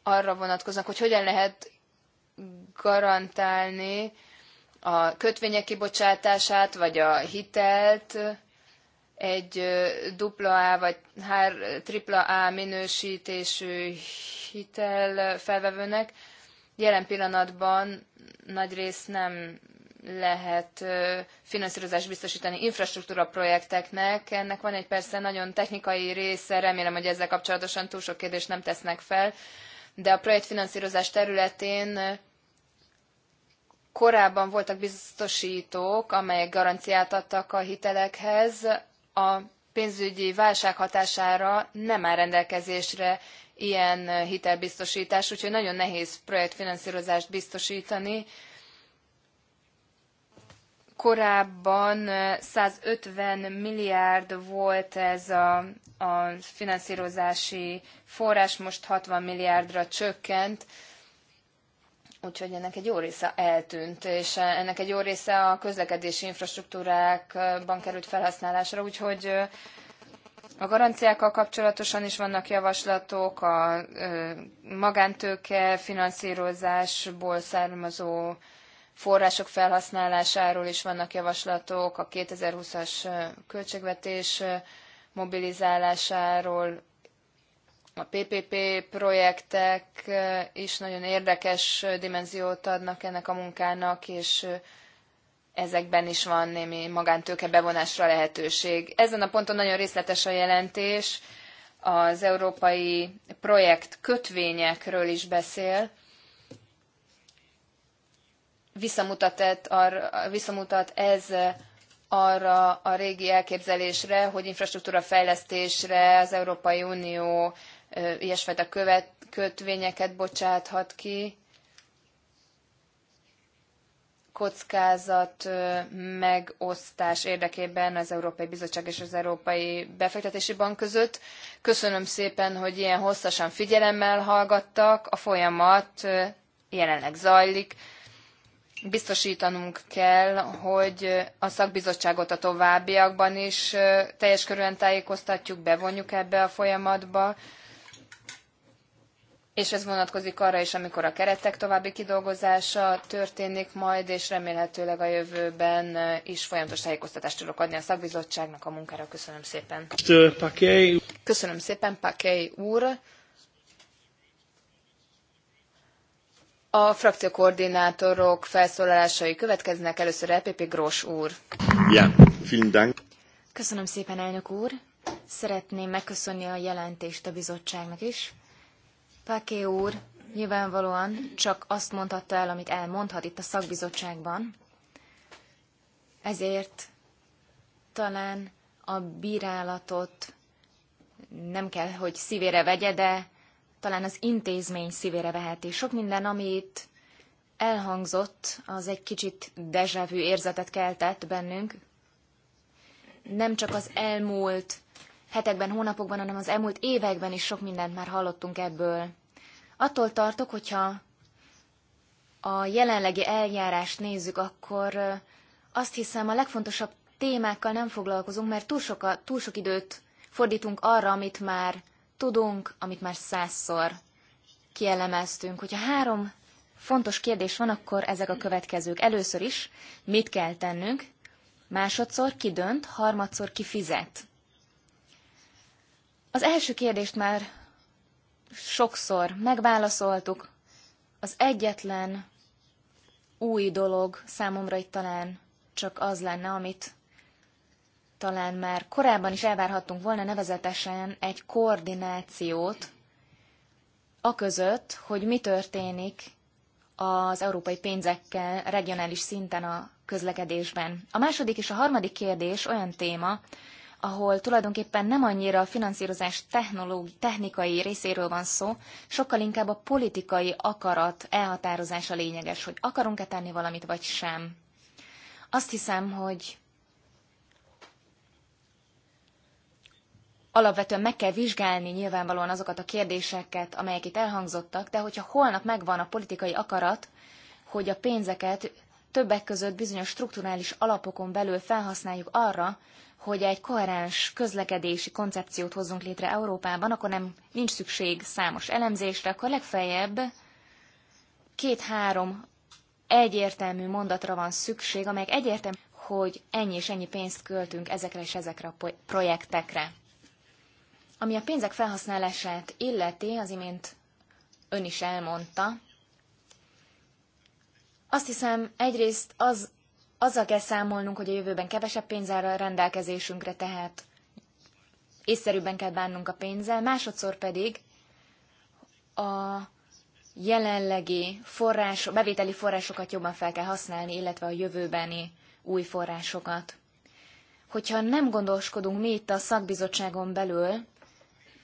arra vonatkoznak, hogy hogyan lehet garantálni a kötvények kibocsátását, vagy a hitelt, egy A vagy AAA minősítésű hitel felvevőnek jelen pillanatban nagy rész nem lehet finanszírozást biztosítani infrastruktúra projekteknek. Ennek van egy persze nagyon technikai része, remélem, hogy ezzel kapcsolatosan túl sok kérdést nem tesznek fel, de a projektfinanszírozás területén korábban voltak biztosítók, amelyek garanciát adtak a hitelekhez, a pénzügyi válság hatására nem áll rendelkezésre ilyen hitelbiztosítás, úgyhogy nagyon nehéz projektfinanszírozást biztosítani. Korábban 150 milliárd volt ez a, a finanszírozási forrás, most 60 milliárdra csökkent Úgyhogy ennek egy jó része eltűnt, és ennek egy jó része a közlekedési infrastruktúrákban került felhasználásra, úgyhogy a garanciákkal kapcsolatosan is vannak javaslatok, a magántőke finanszírozásból származó források felhasználásáról is vannak javaslatok, a 2020-as költségvetés mobilizálásáról a PPP projektek is nagyon érdekes dimenziót adnak ennek a munkának, és ezekben is van némi magántőke bevonásra lehetőség. Ezen a ponton nagyon részletes a jelentés, az európai projekt kötvényekről is beszél, visszamutat, visszamutat ez arra a régi elképzelésre, hogy infrastruktúrafejlesztésre az Európai Unió ilyesfajta követ, kötvényeket bocsáthat ki, kockázat megosztás érdekében az Európai Bizottság és az Európai Befektetési Bank között. Köszönöm szépen, hogy ilyen hosszasan figyelemmel hallgattak. A folyamat jelenleg zajlik. Biztosítanunk kell, hogy a szakbizottságot a továbbiakban is teljes körűen tájékoztatjuk, bevonjuk ebbe a folyamatba és ez vonatkozik arra is, amikor a keretek további kidolgozása történik majd, és remélhetőleg a jövőben is folyamatos tájékoztatást tudok adni a szakbizottságnak a munkára. Köszönöm szépen. Köszönöm szépen, Pakei úr. A frakciókoordinátorok felszólalásai következnek. Először LPP Grós úr. Ja, vielen Dank. Köszönöm szépen, elnök úr. Szeretném megköszönni a jelentést a bizottságnak is. Paké úr nyilvánvalóan csak azt mondhatta el, amit elmondhat itt a szakbizottságban, ezért talán a bírálatot nem kell, hogy szívére vegye, de talán az intézmény szívére veheti. Sok minden, amit elhangzott, az egy kicsit dejavű érzetet keltett bennünk. Nem csak az elmúlt hetekben, hónapokban, hanem az elmúlt években is sok mindent már hallottunk ebből Attól tartok, hogyha a jelenlegi eljárást nézzük, akkor azt hiszem a legfontosabb témákkal nem foglalkozunk, mert túl, soka, túl sok időt fordítunk arra, amit már tudunk, amit már százszor kielemeztünk. Hogyha három fontos kérdés van, akkor ezek a következők. Először is, mit kell tennünk, másodszor ki dönt, harmadszor ki fizet. Az első kérdést már sokszor megválaszoltuk. Az egyetlen új dolog számomra itt talán csak az lenne, amit talán már korábban is elvárhattunk volna nevezetesen egy koordinációt a között, hogy mi történik az európai pénzekkel regionális szinten a közlekedésben. A második és a harmadik kérdés olyan téma, ahol tulajdonképpen nem annyira a finanszírozás technikai részéről van szó, sokkal inkább a politikai akarat elhatározása lényeges, hogy akarunk-e tenni valamit, vagy sem. Azt hiszem, hogy alapvetően meg kell vizsgálni nyilvánvalóan azokat a kérdéseket, amelyek itt elhangzottak, de hogyha holnap megvan a politikai akarat, hogy a pénzeket többek között bizonyos strukturális alapokon belül felhasználjuk arra, hogy egy koherens közlekedési koncepciót hozzunk létre Európában, akkor nem nincs szükség számos elemzésre, akkor legfeljebb két-három egyértelmű mondatra van szükség, amelyek egyértelmű, hogy ennyi és ennyi pénzt költünk ezekre és ezekre a projektekre. Ami a pénzek felhasználását illeti, az imént ön is elmondta, azt hiszem egyrészt az azzal kell számolnunk, hogy a jövőben kevesebb pénz áll a rendelkezésünkre, tehát észszerűbben kell bánnunk a pénzzel, másodszor pedig a jelenlegi forrás, bevételi forrásokat jobban fel kell használni, illetve a jövőbeni új forrásokat. Hogyha nem gondoskodunk mi itt a szakbizottságon belül,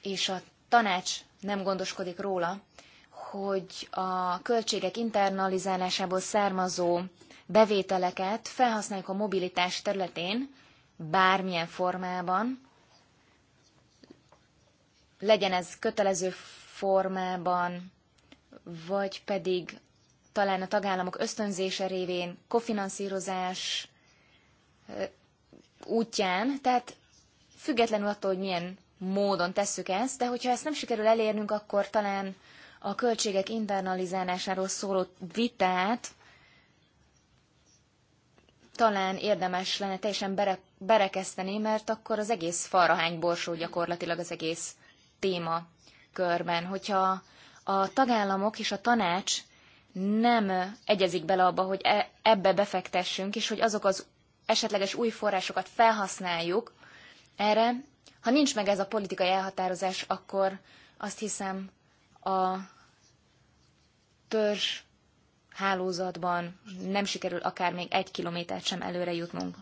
és a tanács nem gondoskodik róla, hogy a költségek internalizálásából származó bevételeket felhasználjuk a mobilitás területén, bármilyen formában, legyen ez kötelező formában, vagy pedig talán a tagállamok ösztönzése révén, kofinanszírozás útján, tehát függetlenül attól, hogy milyen módon tesszük ezt, de hogyha ezt nem sikerül elérnünk, akkor talán a költségek internalizálásáról szóló vitát talán érdemes lenne teljesen bere, berekeszteni, mert akkor az egész falrahány borsó gyakorlatilag az egész téma körben. Hogyha a tagállamok és a tanács nem egyezik bele abba, hogy e, ebbe befektessünk, és hogy azok az esetleges új forrásokat felhasználjuk erre, ha nincs meg ez a politikai elhatározás, akkor azt hiszem a törzs hálózatban nem sikerül akár még egy kilométert sem előre jutnunk.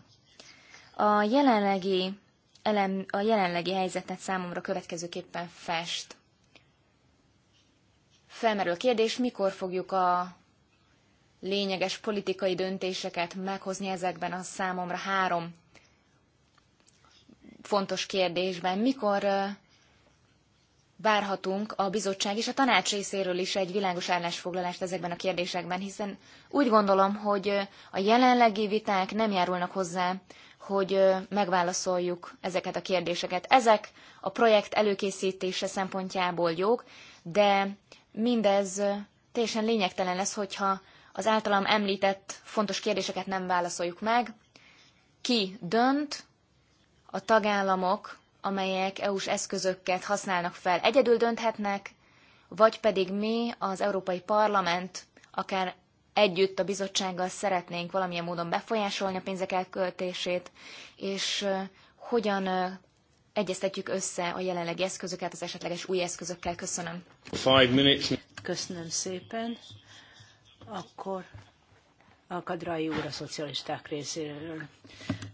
A jelenlegi, elem, a jelenlegi helyzetet számomra következőképpen fest. Felmerül a kérdés, mikor fogjuk a lényeges politikai döntéseket meghozni ezekben a számomra három fontos kérdésben. Mikor várhatunk a bizottság és a tanács részéről is egy világos állásfoglalást ezekben a kérdésekben, hiszen úgy gondolom, hogy a jelenlegi viták nem járulnak hozzá, hogy megválaszoljuk ezeket a kérdéseket. Ezek a projekt előkészítése szempontjából jók, de mindez teljesen lényegtelen lesz, hogyha az általam említett fontos kérdéseket nem válaszoljuk meg. Ki dönt? A tagállamok amelyek EU-s eszközöket használnak fel, egyedül dönthetnek, vagy pedig mi, az Európai Parlament, akár együtt a bizottsággal szeretnénk valamilyen módon befolyásolni a pénzek elköltését, és hogyan egyeztetjük össze a jelenlegi eszközöket az esetleges új eszközökkel. Köszönöm. Köszönöm szépen. Akkor a Kadrai úr a szocialisták részéről.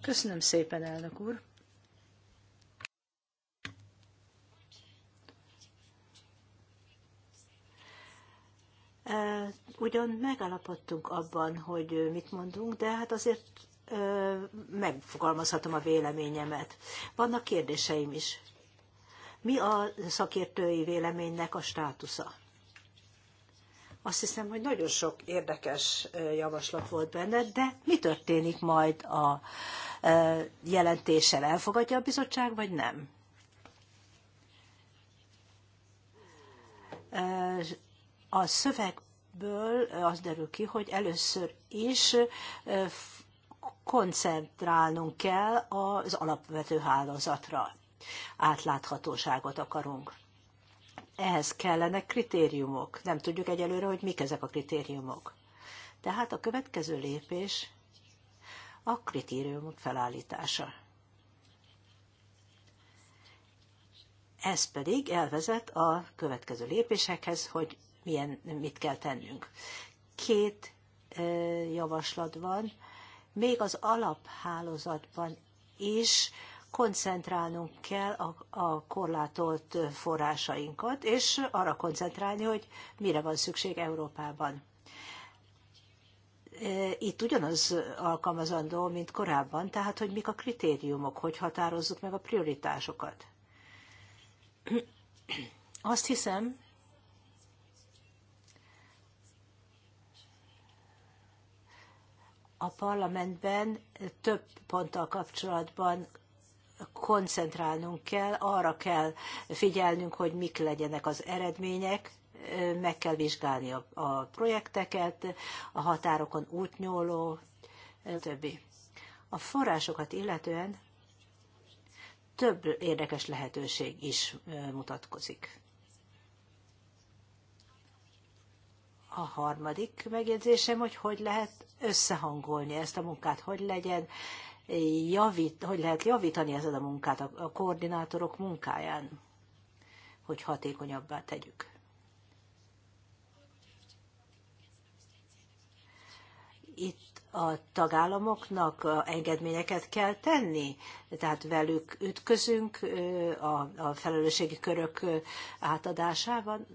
Köszönöm szépen, elnök úr. Ugyan megalapodtunk abban, hogy mit mondunk, de hát azért megfogalmazhatom a véleményemet. Vannak kérdéseim is. Mi a szakértői véleménynek a státusza? Azt hiszem, hogy nagyon sok érdekes javaslat volt benne, de mi történik majd a jelentéssel? Elfogadja a bizottság, vagy nem? A szövegből az derül ki, hogy először is koncentrálnunk kell az alapvető hálózatra. Átláthatóságot akarunk. Ehhez kellene kritériumok. Nem tudjuk egyelőre, hogy mik ezek a kritériumok. Tehát a következő lépés a kritériumok felállítása. Ez pedig elvezet a következő lépésekhez, hogy milyen, mit kell tennünk. Két javaslat van, még az alaphálózatban is koncentrálnunk kell a, a korlátolt forrásainkat, és arra koncentrálni, hogy mire van szükség Európában. Itt ugyanaz alkalmazandó, mint korábban, tehát hogy mik a kritériumok, hogy határozzuk meg a prioritásokat. Azt hiszem, a parlamentben több ponttal kapcsolatban koncentrálnunk kell, arra kell figyelnünk, hogy mik legyenek az eredmények, meg kell vizsgálni a, a projekteket, a határokon útnyúló, többi. A forrásokat illetően több érdekes lehetőség is mutatkozik. A harmadik megjegyzésem, hogy hogy lehet összehangolni ezt a munkát, hogy legyen javít, hogy lehet javítani ezen a munkát a koordinátorok munkáján, hogy hatékonyabbá tegyük. Itt a tagállamoknak engedményeket kell tenni, tehát velük ütközünk a, a felelősségi körök átadásában,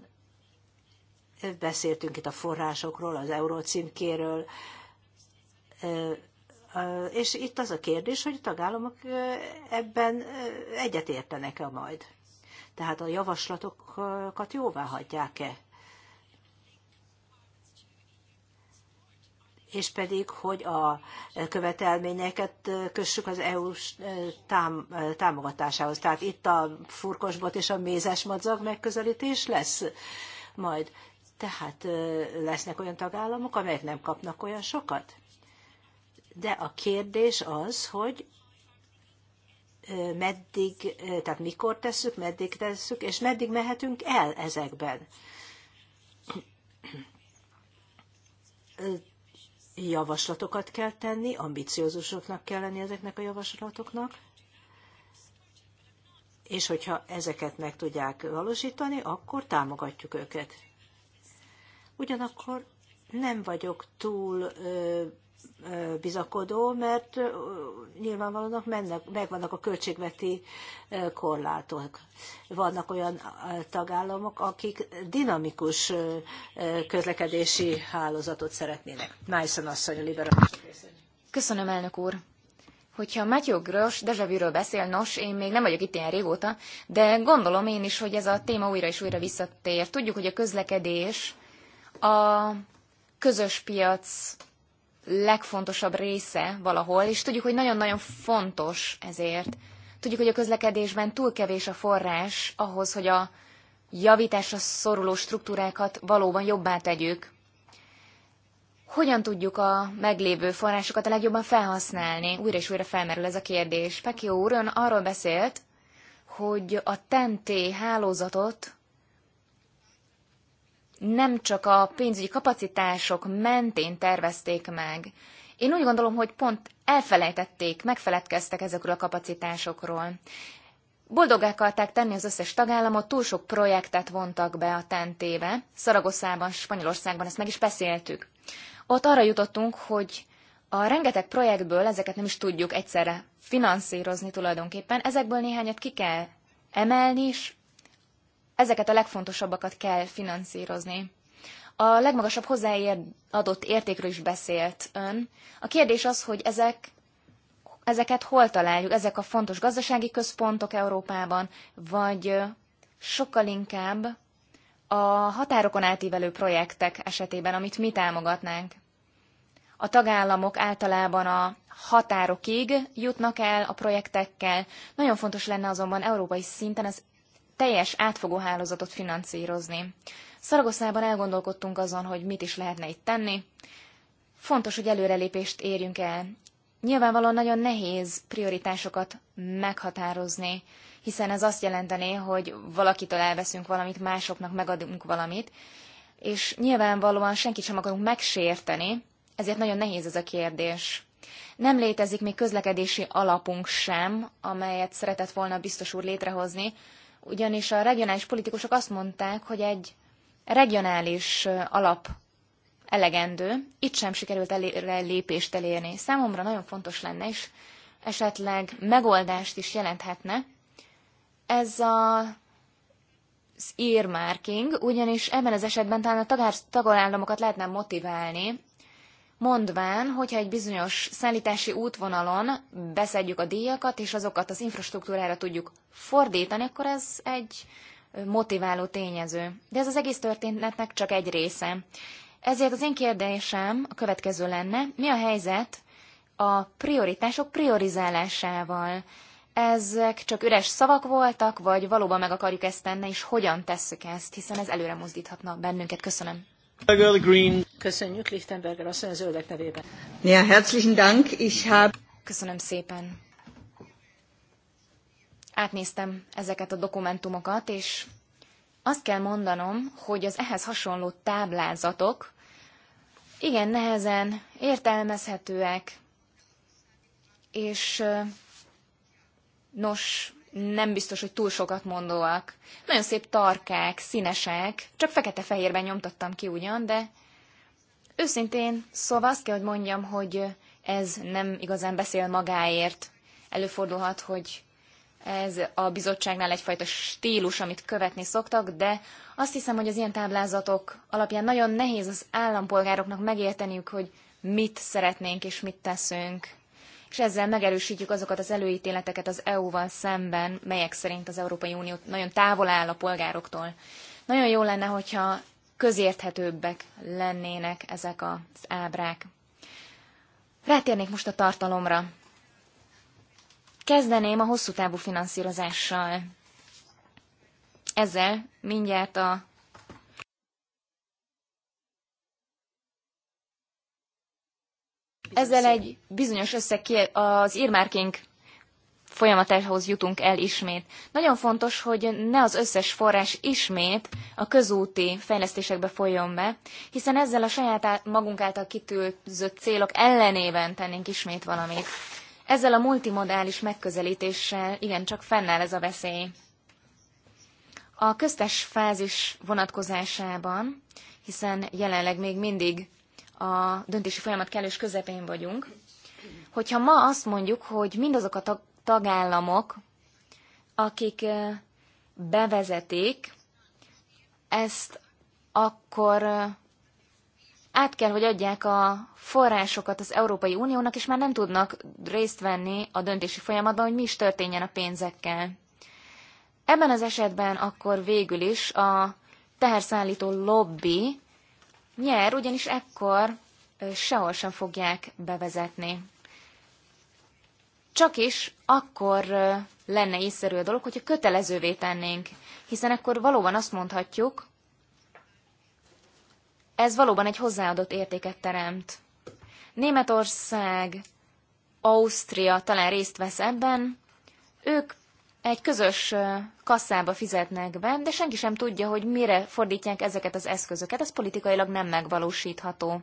beszéltünk itt a forrásokról, az eurócímkéről, és itt az a kérdés, hogy a tagállamok ebben egyetértenek-e majd. Tehát a javaslatokat jóvá hagyják-e? és pedig, hogy a követelményeket kössük az EU tám támogatásához. Tehát itt a furkosbot és a mézes madzag megközelítés lesz majd. Tehát lesznek olyan tagállamok, amelyek nem kapnak olyan sokat. De a kérdés az, hogy meddig, tehát mikor tesszük, meddig tesszük, és meddig mehetünk el ezekben. Javaslatokat kell tenni, ambiciózusoknak kell lenni ezeknek a javaslatoknak, és hogyha ezeket meg tudják valósítani, akkor támogatjuk őket. Ugyanakkor nem vagyok túl bizakodó, mert nyilvánvalóan mennek, megvannak a költségveti korlátok. Vannak olyan tagállamok, akik dinamikus közlekedési hálózatot szeretnének. Nyson asszony, a liberális. Köszönöm, elnök úr. Hogyha Matthew Grosz Dezsavűről beszél, nos, én még nem vagyok itt ilyen régóta, de gondolom én is, hogy ez a téma újra és újra visszatér. Tudjuk, hogy a közlekedés a közös piac legfontosabb része valahol, és tudjuk, hogy nagyon-nagyon fontos ezért. Tudjuk, hogy a közlekedésben túl kevés a forrás ahhoz, hogy a javításra szoruló struktúrákat valóban jobbá tegyük. Hogyan tudjuk a meglévő forrásokat a legjobban felhasználni? Újra és újra felmerül ez a kérdés. Pekió úr ön arról beszélt, hogy a TNT hálózatot nem csak a pénzügyi kapacitások mentén tervezték meg. Én úgy gondolom, hogy pont elfelejtették, megfeledkeztek ezekről a kapacitásokról. Boldog akarták tenni az összes tagállamot, túl sok projektet vontak be a tentébe. Szaragoszában, Spanyolországban ezt meg is beszéltük. Ott arra jutottunk, hogy a rengeteg projektből ezeket nem is tudjuk egyszerre finanszírozni tulajdonképpen, ezekből néhányat ki kell emelni, és ezeket a legfontosabbakat kell finanszírozni. A legmagasabb hozzáadott értékről is beszélt ön. A kérdés az, hogy ezek, ezeket hol találjuk, ezek a fontos gazdasági központok Európában, vagy sokkal inkább a határokon átívelő projektek esetében, amit mi támogatnánk. A tagállamok általában a határokig jutnak el a projektekkel. Nagyon fontos lenne azonban európai szinten az teljes átfogó hálózatot finanszírozni. Szaragoszában elgondolkodtunk azon, hogy mit is lehetne itt tenni. Fontos, hogy előrelépést érjünk el. Nyilvánvalóan nagyon nehéz prioritásokat meghatározni, hiszen ez azt jelentené, hogy valakitől elveszünk valamit, másoknak megadunk valamit, és nyilvánvalóan senkit sem akarunk megsérteni, ezért nagyon nehéz ez a kérdés. Nem létezik még közlekedési alapunk sem, amelyet szeretett volna biztos úr létrehozni, ugyanis a regionális politikusok azt mondták, hogy egy regionális alap elegendő, itt sem sikerült elére lépést elérni. Számomra nagyon fontos lenne, és esetleg megoldást is jelenthetne. Ez a az earmarking, ugyanis ebben az esetben talán a tagállamokat lehetne motiválni mondván, hogyha egy bizonyos szállítási útvonalon beszedjük a díjakat, és azokat az infrastruktúrára tudjuk fordítani, akkor ez egy motiváló tényező. De ez az egész történetnek csak egy része. Ezért az én kérdésem a következő lenne, mi a helyzet a prioritások priorizálásával? Ezek csak üres szavak voltak, vagy valóban meg akarjuk ezt tenni, és hogyan tesszük ezt, hiszen ez előre mozdíthatna bennünket. Köszönöm. Köszönjük Lichtenberger asszony a zöldek nevében. Ja, herzlichen Dank, ich hab... Köszönöm szépen. Átnéztem ezeket a dokumentumokat, és azt kell mondanom, hogy az ehhez hasonló táblázatok igen nehezen értelmezhetőek, és nos, nem biztos, hogy túl sokat mondóak. Nagyon szép tarkák, színesek, csak fekete-fehérben nyomtattam ki ugyan, de őszintén szóval azt kell, hogy mondjam, hogy ez nem igazán beszél magáért. Előfordulhat, hogy ez a bizottságnál egyfajta stílus, amit követni szoktak, de azt hiszem, hogy az ilyen táblázatok alapján nagyon nehéz az állampolgároknak megérteniük, hogy mit szeretnénk és mit teszünk és ezzel megerősítjük azokat az előítéleteket az EU-val szemben, melyek szerint az Európai Unió nagyon távol áll a polgároktól. Nagyon jó lenne, hogyha közérthetőbbek lennének ezek az ábrák. Rátérnék most a tartalomra. Kezdeném a hosszú távú finanszírozással. Ezzel mindjárt a Ezzel egy bizonyos összeg az írmárkénk folyamatához jutunk el ismét. Nagyon fontos, hogy ne az összes forrás ismét a közúti fejlesztésekbe folyjon be, hiszen ezzel a saját magunk által kitűzött célok ellenében tennénk ismét valamit. Ezzel a multimodális megközelítéssel igencsak fennáll ez a veszély. A köztes fázis vonatkozásában, hiszen jelenleg még mindig a döntési folyamat kellős közepén vagyunk. Hogyha ma azt mondjuk, hogy mindazok a tagállamok, akik bevezetik ezt, akkor át kell, hogy adják a forrásokat az Európai Uniónak, és már nem tudnak részt venni a döntési folyamatban, hogy mi is történjen a pénzekkel. Ebben az esetben akkor végül is a teherszállító lobby nyer, ugyanis ekkor sehol sem fogják bevezetni. Csak is akkor lenne észszerű a dolog, hogyha kötelezővé tennénk, hiszen akkor valóban azt mondhatjuk, ez valóban egy hozzáadott értéket teremt. Németország, Ausztria talán részt vesz ebben, ők egy közös kasszába fizetnek be, de senki sem tudja, hogy mire fordítják ezeket az eszközöket. Ez politikailag nem megvalósítható.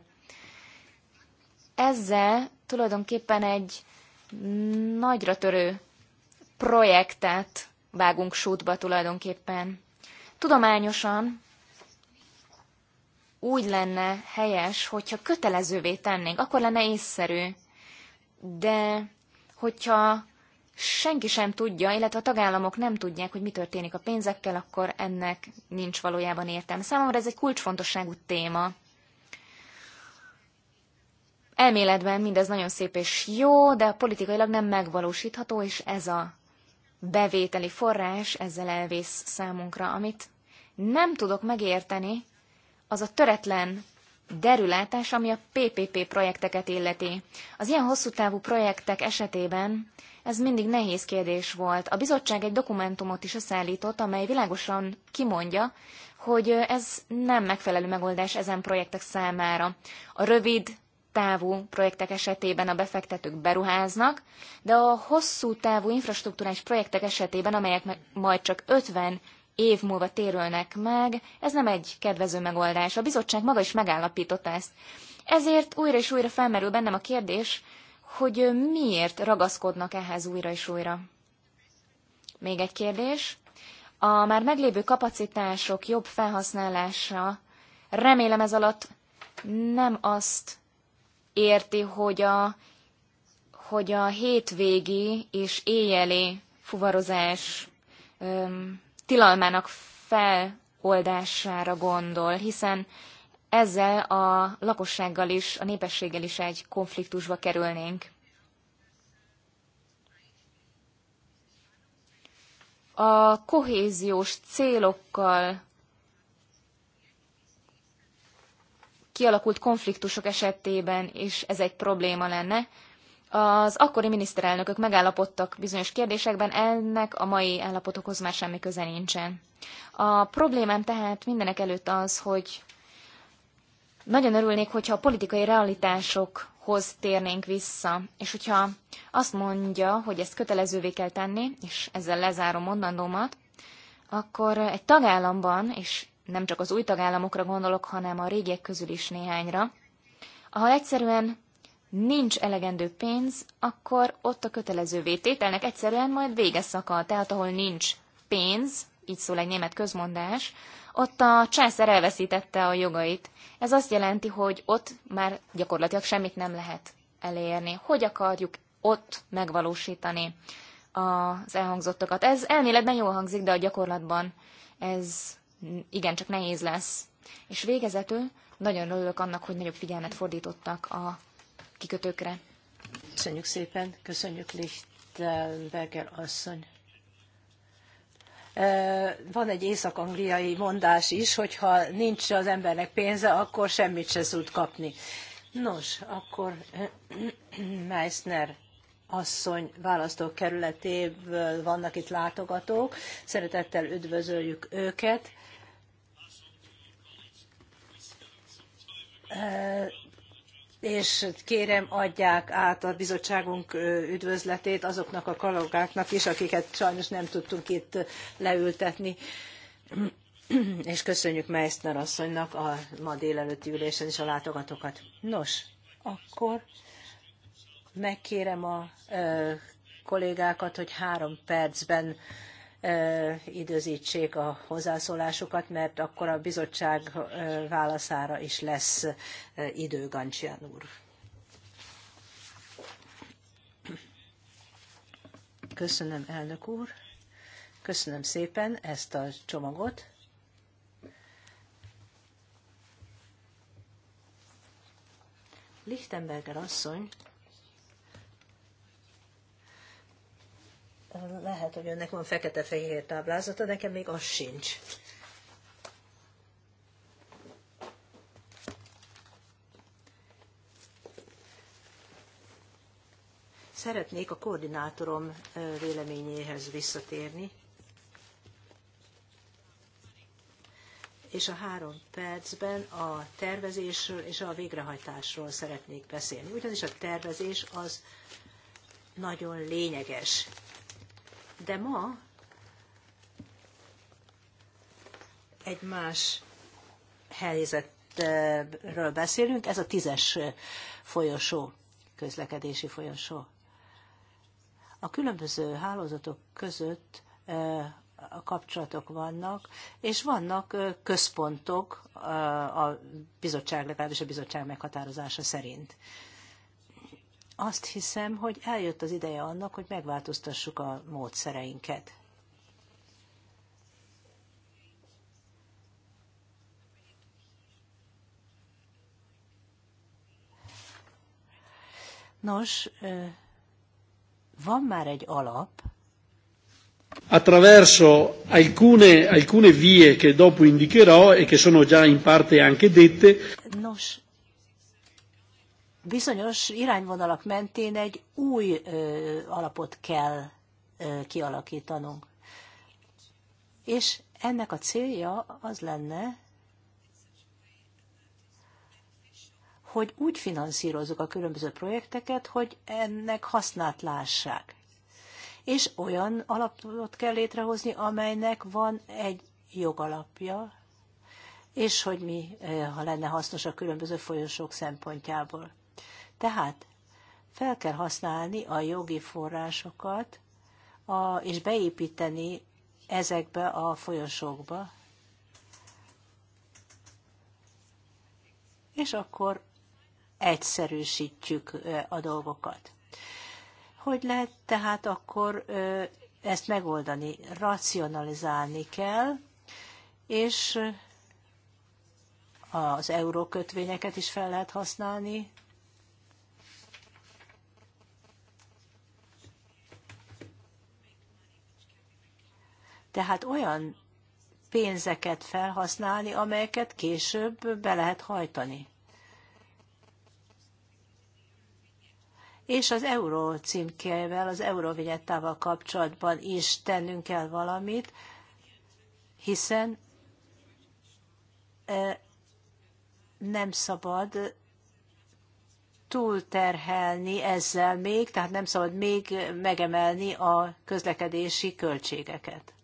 Ezzel tulajdonképpen egy nagyra törő projektet vágunk sútba tulajdonképpen. Tudományosan úgy lenne helyes, hogyha kötelezővé tennénk, akkor lenne észszerű. De hogyha senki sem tudja, illetve a tagállamok nem tudják, hogy mi történik a pénzekkel, akkor ennek nincs valójában értelme. Számomra ez egy kulcsfontosságú téma. Elméletben mindez nagyon szép és jó, de politikailag nem megvalósítható, és ez a bevételi forrás ezzel elvész számunkra. Amit nem tudok megérteni, az a töretlen derülátás, ami a PPP projekteket illeti. Az ilyen hosszú távú projektek esetében ez mindig nehéz kérdés volt. A bizottság egy dokumentumot is összeállított, amely világosan kimondja, hogy ez nem megfelelő megoldás ezen projektek számára. A rövid távú projektek esetében a befektetők beruháznak, de a hosszú távú infrastruktúrás projektek esetében, amelyek majd csak 50 év múlva térülnek meg, ez nem egy kedvező megoldás. A bizottság maga is megállapította ezt. Ezért újra és újra felmerül bennem a kérdés, hogy miért ragaszkodnak ehhez újra és újra. Még egy kérdés. A már meglévő kapacitások jobb felhasználása, remélem ez alatt nem azt érti, hogy a, hogy a hétvégi és éjjeli fuvarozás öm, tilalmának feloldására gondol, hiszen ezzel a lakossággal is, a népességgel is egy konfliktusba kerülnénk. A kohéziós célokkal kialakult konfliktusok esetében is ez egy probléma lenne. Az akkori miniszterelnökök megállapodtak bizonyos kérdésekben, ennek a mai állapotokhoz már semmi köze nincsen. A problémám tehát mindenek előtt az, hogy nagyon örülnék, hogyha a politikai realitásokhoz térnénk vissza, és hogyha azt mondja, hogy ezt kötelezővé kell tenni, és ezzel lezárom mondandómat, akkor egy tagállamban, és nem csak az új tagállamokra gondolok, hanem a régiek közül is néhányra, ahol egyszerűen nincs elegendő pénz, akkor ott a kötelező vétételnek egyszerűen majd vége szakad. Tehát ahol nincs pénz, így szól egy német közmondás, ott a császár elveszítette a jogait. Ez azt jelenti, hogy ott már gyakorlatilag semmit nem lehet elérni. Hogy akarjuk ott megvalósítani az elhangzottakat? Ez elméletben jól hangzik, de a gyakorlatban ez igencsak nehéz lesz. És végezetül nagyon örülök annak, hogy nagyobb figyelmet fordítottak a kikötőkre. Köszönjük szépen, köszönjük Lichtenberger asszony. Van egy észak-angliai mondás is, hogyha nincs az embernek pénze, akkor semmit se tud kapni. Nos, akkor Meissner asszony választókerületéből vannak itt látogatók. Szeretettel üdvözöljük őket és kérem adják át a bizottságunk üdvözletét azoknak a kollégáknak is, akiket sajnos nem tudtunk itt leültetni. <clears throat> És köszönjük Meissner asszonynak a ma délelőtti ülésen is a látogatókat. Nos, akkor megkérem a kollégákat, hogy három percben időzítsék a hozzászólásokat, mert akkor a bizottság válaszára is lesz idő, Gancsian úr. Köszönöm, elnök úr. Köszönöm szépen ezt a csomagot. Lichtenberger asszony lehet, hogy önnek van fekete-fehér táblázata, nekem még az sincs. Szeretnék a koordinátorom véleményéhez visszatérni. és a három percben a tervezésről és a végrehajtásról szeretnék beszélni. Ugyanis a tervezés az nagyon lényeges. De ma egy más helyzetről beszélünk, ez a tízes folyosó, közlekedési folyosó. A különböző hálózatok között a kapcsolatok vannak, és vannak központok a bizottság, legalábbis a bizottság meghatározása szerint azt hiszem, hogy eljött az ideje annak, hogy megváltoztassuk a módszereinket. Nos, van már egy alap. Attraverso alcune, alcune vie che dopo indicherò e che sono già in parte anche dette. Nos, bizonyos irányvonalak mentén egy új alapot kell kialakítanunk. És ennek a célja az lenne, hogy úgy finanszírozzuk a különböző projekteket, hogy ennek hasznát lássák. És olyan alapot kell létrehozni, amelynek van egy jogalapja, és hogy mi, ha lenne hasznos a különböző folyosók szempontjából. Tehát fel kell használni a jogi forrásokat, a, és beépíteni ezekbe a folyosókba. És akkor egyszerűsítjük a dolgokat. Hogy lehet tehát akkor ezt megoldani? Racionalizálni kell, és az eurókötvényeket is fel lehet használni, Tehát olyan pénzeket felhasználni, amelyeket később be lehet hajtani. És az euró címkével, az euróvinyettával kapcsolatban is tennünk kell valamit, hiszen nem szabad túlterhelni ezzel még, tehát nem szabad még megemelni a közlekedési költségeket.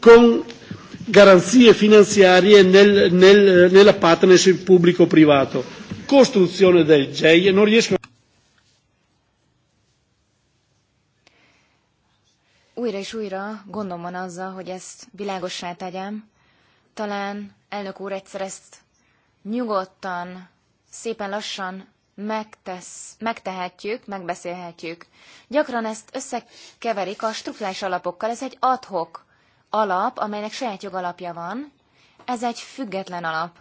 con garanzie finanziarie nel, nel, nella partnership pubblico-privato, costruzione del GEI e non riesco Újra és újra gondom van azzal, hogy ezt világossá tegyem. Talán elnök úr egyszer ezt nyugodtan, szépen lassan megtesz, megtehetjük, megbeszélhetjük. Gyakran ezt összekeverik a struktúrális alapokkal, ez egy adhok alap, amelynek saját jogalapja van. Ez egy független alap.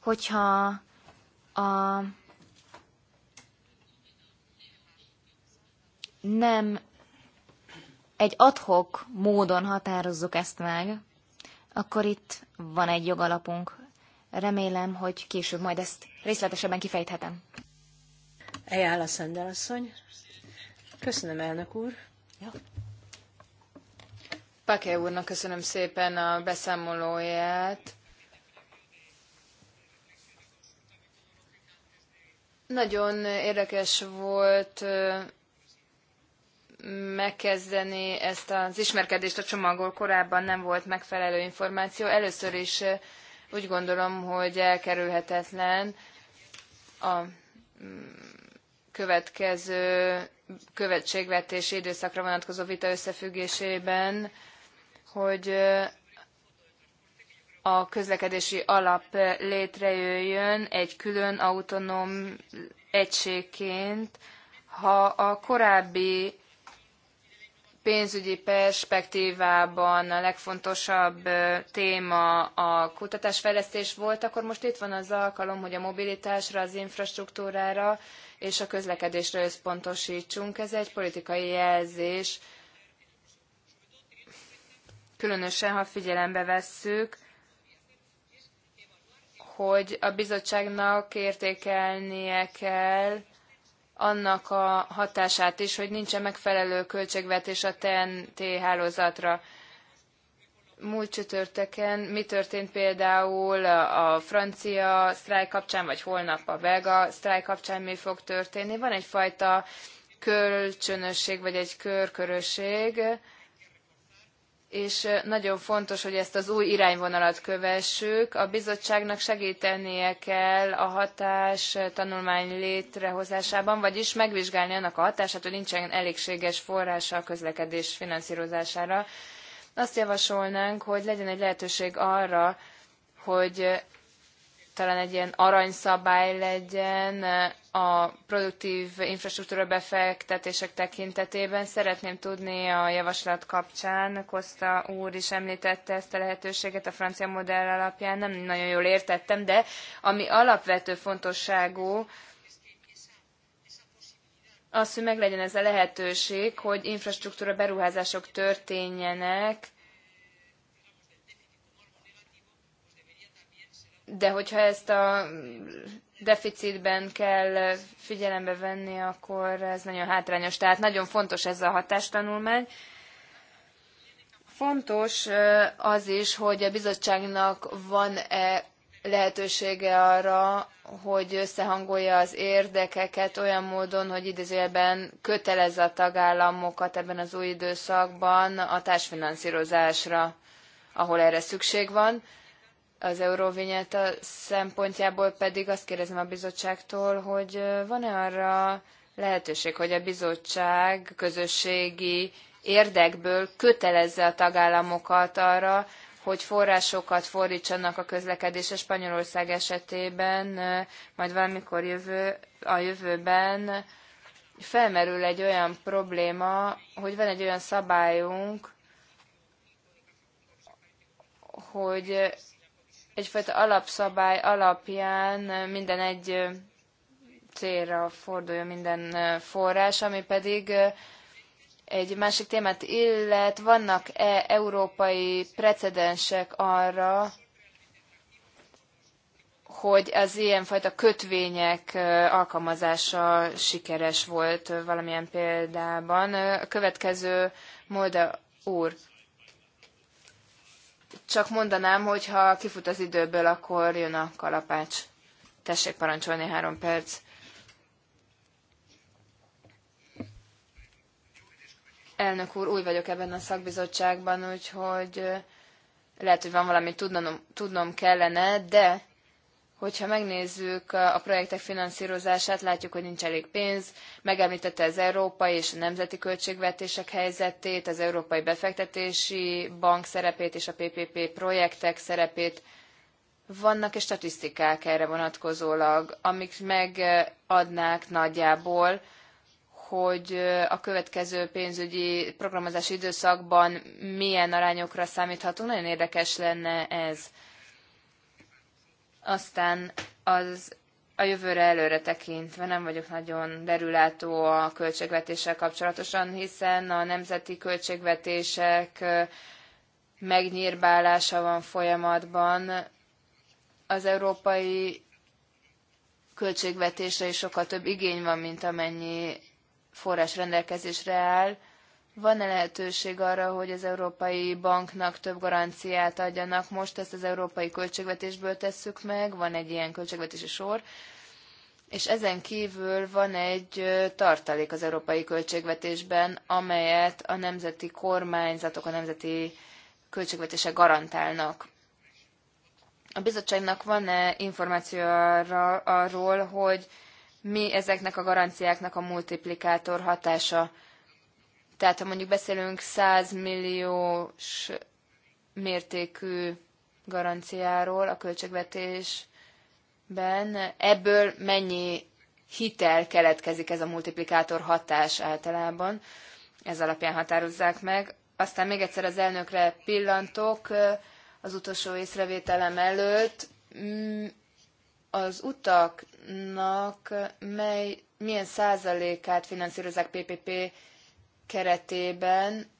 Hogyha a nem egy adhok módon határozzuk ezt meg, akkor itt van egy jogalapunk. Remélem, hogy később majd ezt részletesebben kifejthetem. Eljáll a szendelasszony. Köszönöm, elnök úr. Ja. Pake úrnak köszönöm szépen a beszámolóját. Nagyon érdekes volt megkezdeni ezt az ismerkedést a csomagról. Korábban nem volt megfelelő információ. Először is úgy gondolom, hogy elkerülhetetlen a mm, következő követségvetési időszakra vonatkozó vita összefüggésében, hogy a közlekedési alap létrejöjjön egy külön autonóm egységként, ha a korábbi pénzügyi perspektívában a legfontosabb téma a kutatásfejlesztés volt, akkor most itt van az alkalom, hogy a mobilitásra, az infrastruktúrára és a közlekedésre összpontosítsunk. Ez egy politikai jelzés különösen ha figyelembe vesszük, hogy a bizottságnak értékelnie kell annak a hatását is, hogy nincsen megfelelő költségvetés a TNT hálózatra. Múlt csütörtöken mi történt például a francia sztrájk kapcsán, vagy holnap a belga sztrájk kapcsán mi fog történni? Van egyfajta kölcsönösség, vagy egy körkörösség, és nagyon fontos, hogy ezt az új irányvonalat kövessük. A bizottságnak segítenie kell a hatás tanulmány létrehozásában, vagyis megvizsgálni annak a hatását, hogy nincsen elégséges forrása a közlekedés finanszírozására. Azt javasolnánk, hogy legyen egy lehetőség arra, hogy talán egy ilyen aranyszabály legyen eh, a produktív infrastruktúra befektetések tekintetében. Szeretném tudni a javaslat kapcsán, Koszta úr is említette ezt a lehetőséget a francia modell alapján, nem nagyon jól értettem, de ami alapvető fontosságú, az, hogy meglegyen ez a lehetőség, hogy infrastruktúra beruházások történjenek, de hogyha ezt a deficitben kell figyelembe venni, akkor ez nagyon hátrányos. Tehát nagyon fontos ez a hatástanulmány. Fontos az is, hogy a bizottságnak van-e lehetősége arra, hogy összehangolja az érdekeket olyan módon, hogy idézőjelben kötelez a tagállamokat ebben az új időszakban a társfinanszírozásra, ahol erre szükség van az euróvinyeta szempontjából pedig azt kérdezem a bizottságtól, hogy van-e arra lehetőség, hogy a bizottság közösségi érdekből kötelezze a tagállamokat arra, hogy forrásokat fordítsanak a közlekedésre Spanyolország esetében, majd valamikor jövő, a jövőben felmerül egy olyan probléma, hogy van egy olyan szabályunk, hogy egyfajta alapszabály alapján minden egy célra fordulja minden forrás, ami pedig egy másik témát illet, vannak-e európai precedensek arra, hogy az ilyenfajta kötvények alkalmazása sikeres volt valamilyen példában. A következő Molda úr. Csak mondanám, hogy ha kifut az időből, akkor jön a kalapács. Tessék parancsolni három perc. Elnök úr, új vagyok ebben a szakbizottságban, úgyhogy lehet, hogy van valami tudnom, tudnom kellene, de hogyha megnézzük a projektek finanszírozását, látjuk, hogy nincs elég pénz. Megemlítette az európai és a nemzeti költségvetések helyzetét, az Európai Befektetési Bank szerepét és a PPP projektek szerepét. Vannak-e statisztikák erre vonatkozólag, amik megadnák nagyjából, hogy a következő pénzügyi programozási időszakban milyen arányokra számíthatunk? Nagyon érdekes lenne ez. Aztán az a jövőre előre tekintve nem vagyok nagyon derülátó a költségvetéssel kapcsolatosan, hiszen a nemzeti költségvetések megnyírbálása van folyamatban. Az európai költségvetésre is sokkal több igény van, mint amennyi forrás rendelkezésre áll. Van-e lehetőség arra, hogy az Európai Banknak több garanciát adjanak? Most ezt az európai költségvetésből tesszük meg, van egy ilyen költségvetési sor, és ezen kívül van egy tartalék az európai költségvetésben, amelyet a nemzeti kormányzatok, a nemzeti költségvetések garantálnak. A bizottságnak van-e információ arra, arról, hogy mi ezeknek a garanciáknak a multiplikátor hatása? Tehát ha mondjuk beszélünk 100 milliós mértékű garanciáról a költségvetésben, ebből mennyi hitel keletkezik ez a multiplikátor hatás általában, ez alapján határozzák meg. Aztán még egyszer az elnökre pillantok az utolsó észrevételem előtt. Mm, az utaknak mely, milyen százalékát finanszírozzák PPP keretében,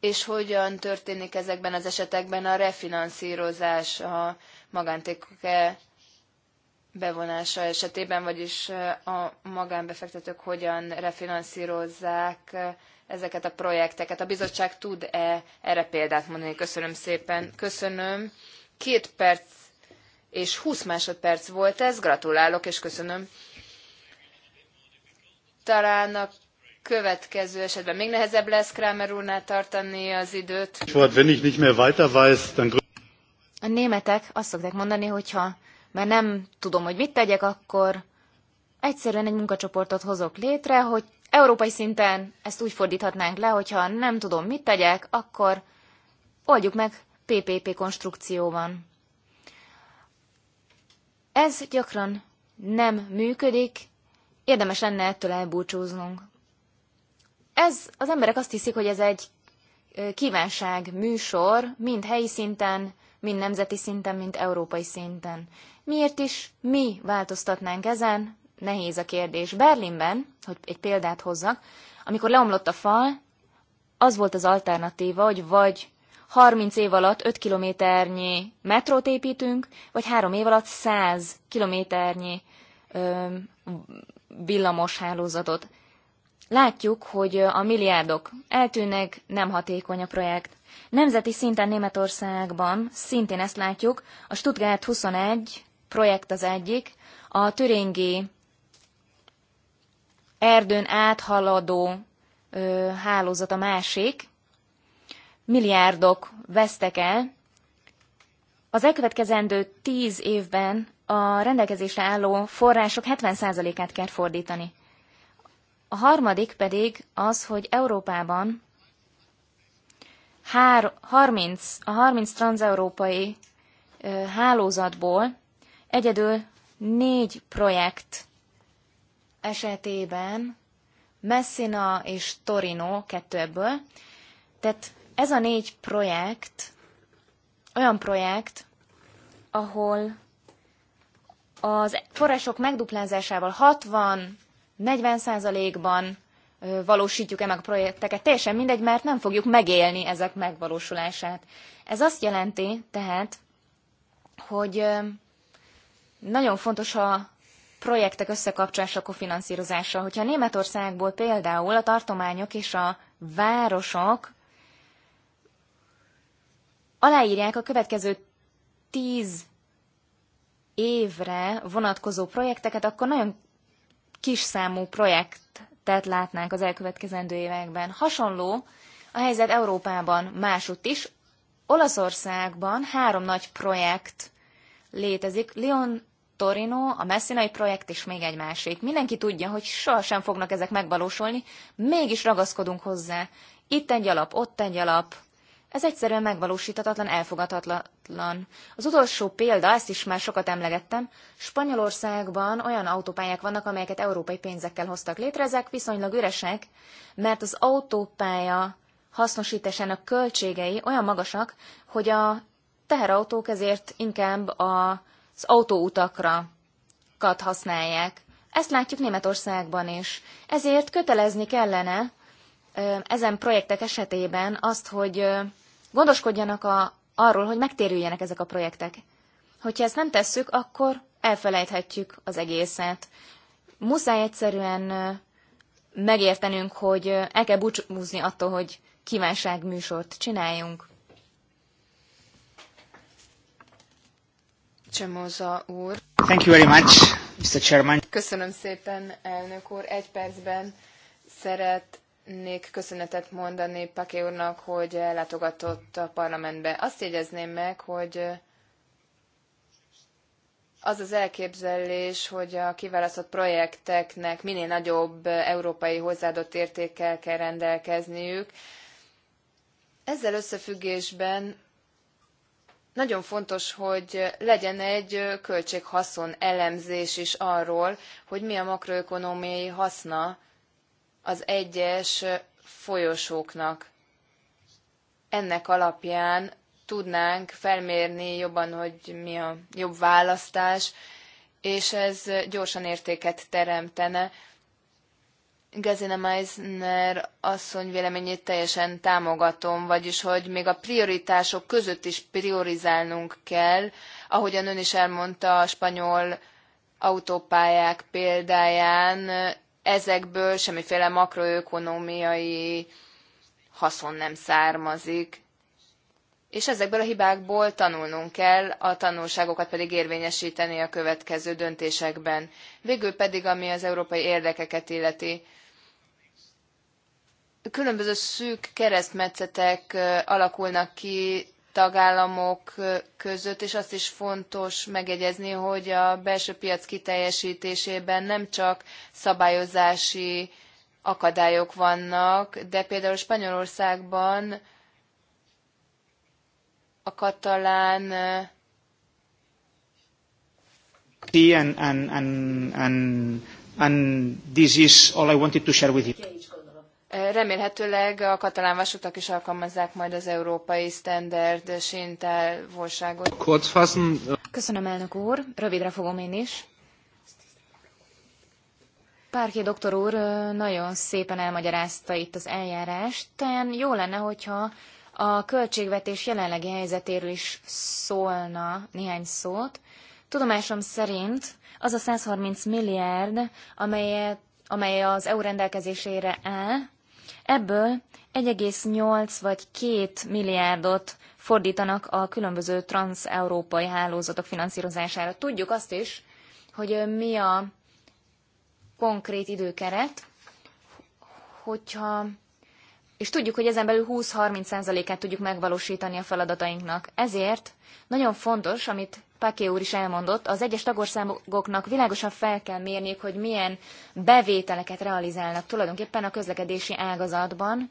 és hogyan történik ezekben az esetekben a refinanszírozás a magántékok e bevonása esetében, vagyis e, a magánbefektetők hogyan refinanszírozzák e, ezeket a projekteket. A bizottság tud-e erre példát mondani? Köszönöm szépen. Köszönöm. Két perc és 20 másodperc volt ez. Gratulálok és köszönöm. Talán a következő esetben még nehezebb lesz Kramer úrnál tartani az időt. A németek azt szokták mondani, hogyha már nem tudom, hogy mit tegyek, akkor egyszerűen egy munkacsoportot hozok létre, hogy európai szinten ezt úgy fordíthatnánk le, hogyha nem tudom, mit tegyek, akkor oldjuk meg PPP konstrukcióban. Ez gyakran nem működik, Érdemes lenne ettől elbúcsúznunk. Ez, az emberek azt hiszik, hogy ez egy kívánság műsor, mind helyi szinten, mind nemzeti szinten, mind európai szinten. Miért is mi változtatnánk ezen? Nehéz a kérdés. Berlinben, hogy egy példát hozzak, amikor leomlott a fal, az volt az alternatíva, hogy vagy 30 év alatt 5 kilométernyi metrót építünk, vagy 3 év alatt 100 kilométernyi villamos hálózatot. Látjuk, hogy a milliárdok eltűnnek, nem hatékony a projekt. Nemzeti szinten Németországban szintén ezt látjuk, a Stuttgart 21 projekt az egyik, a türingi erdőn áthaladó ö, hálózat a másik, milliárdok vesztek el. Az elkövetkezendő tíz évben a rendelkezésre álló források 70%-át kell fordítani. A harmadik pedig az, hogy Európában hár, 30, a 30 transeurópai hálózatból egyedül négy projekt esetében Messina és Torino kettő ebből. Tehát ez a négy projekt olyan projekt, ahol az források megduplázásával 60-40 százalékban valósítjuk-e meg a projekteket, teljesen mindegy, mert nem fogjuk megélni ezek megvalósulását. Ez azt jelenti tehát, hogy nagyon fontos a projektek összekapcsolása, kofinanszírozása. Hogyha Németországból például a tartományok és a városok aláírják a következő tíz évre vonatkozó projekteket, akkor nagyon kis számú projektet látnánk az elkövetkezendő években. Hasonló a helyzet Európában másutt is. Olaszországban három nagy projekt létezik. Lyon, Torino, a Messinai projekt és még egy másik. Mindenki tudja, hogy sohasem fognak ezek megvalósulni, mégis ragaszkodunk hozzá. Itt egy alap, ott egy alap, ez egyszerűen megvalósíthatatlan, elfogadhatatlan. Az utolsó példa, ezt is már sokat emlegettem, Spanyolországban olyan autópályák vannak, amelyeket európai pénzekkel hoztak létre, ezek viszonylag üresek, mert az autópálya hasznosításának költségei olyan magasak, hogy a teherautók ezért inkább az autóutakra használják. Ezt látjuk Németországban is. Ezért kötelezni kellene ezen projektek esetében azt, hogy gondoskodjanak a, arról, hogy megtérüljenek ezek a projektek. Hogyha ezt nem tesszük, akkor elfelejthetjük az egészet. Muszáj egyszerűen megértenünk, hogy el kell búcsúzni attól, hogy műsort csináljunk. Csemóza úr. Thank you very much, Mr. Chairman. Köszönöm szépen, elnök úr. Egy percben szeret szeretnék köszönetet mondani Paké úrnak, hogy látogatott a parlamentbe. Azt jegyezném meg, hogy az az elképzelés, hogy a kiválasztott projekteknek minél nagyobb európai hozzáadott értékkel kell rendelkezniük. Ezzel összefüggésben nagyon fontos, hogy legyen egy költséghaszon elemzés is arról, hogy mi a makroökonómiai haszna az egyes folyosóknak. Ennek alapján tudnánk felmérni jobban, hogy mi a jobb választás, és ez gyorsan értéket teremtene. Gazina Meissner asszony véleményét teljesen támogatom, vagyis hogy még a prioritások között is priorizálnunk kell, ahogyan ön is elmondta a spanyol autópályák példáján, ezekből semmiféle makroökonomiai haszon nem származik. És ezekből a hibákból tanulnunk kell, a tanulságokat pedig érvényesíteni a következő döntésekben. Végül pedig, ami az európai érdekeket illeti, különböző szűk keresztmetszetek alakulnak ki tagállamok között, és azt is fontos megjegyezni, hogy a belső piac kiteljesítésében nem csak szabályozási akadályok vannak, de például Spanyolországban a katalán and, and, and, and this is all I wanted to share with you. Remélhetőleg a katalán vasutak is alkalmazzák majd az európai standard síntávolságot. Köszönöm, elnök úr. Rövidre fogom én is. Párki doktor úr nagyon szépen elmagyarázta itt az eljárást. Talán jó lenne, hogyha a költségvetés jelenlegi helyzetéről is szólna néhány szót. Tudomásom szerint az a 130 milliárd, amelyet amely az EU rendelkezésére áll, Ebből 1,8 vagy 2 milliárdot fordítanak a különböző transeurópai hálózatok finanszírozására. Tudjuk azt is, hogy mi a konkrét időkeret, hogyha és tudjuk, hogy ezen belül 20-30%-át tudjuk megvalósítani a feladatainknak. Ezért nagyon fontos, amit Paké úr is elmondott, az egyes tagországoknak világosan fel kell mérniük, hogy milyen bevételeket realizálnak tulajdonképpen a közlekedési ágazatban,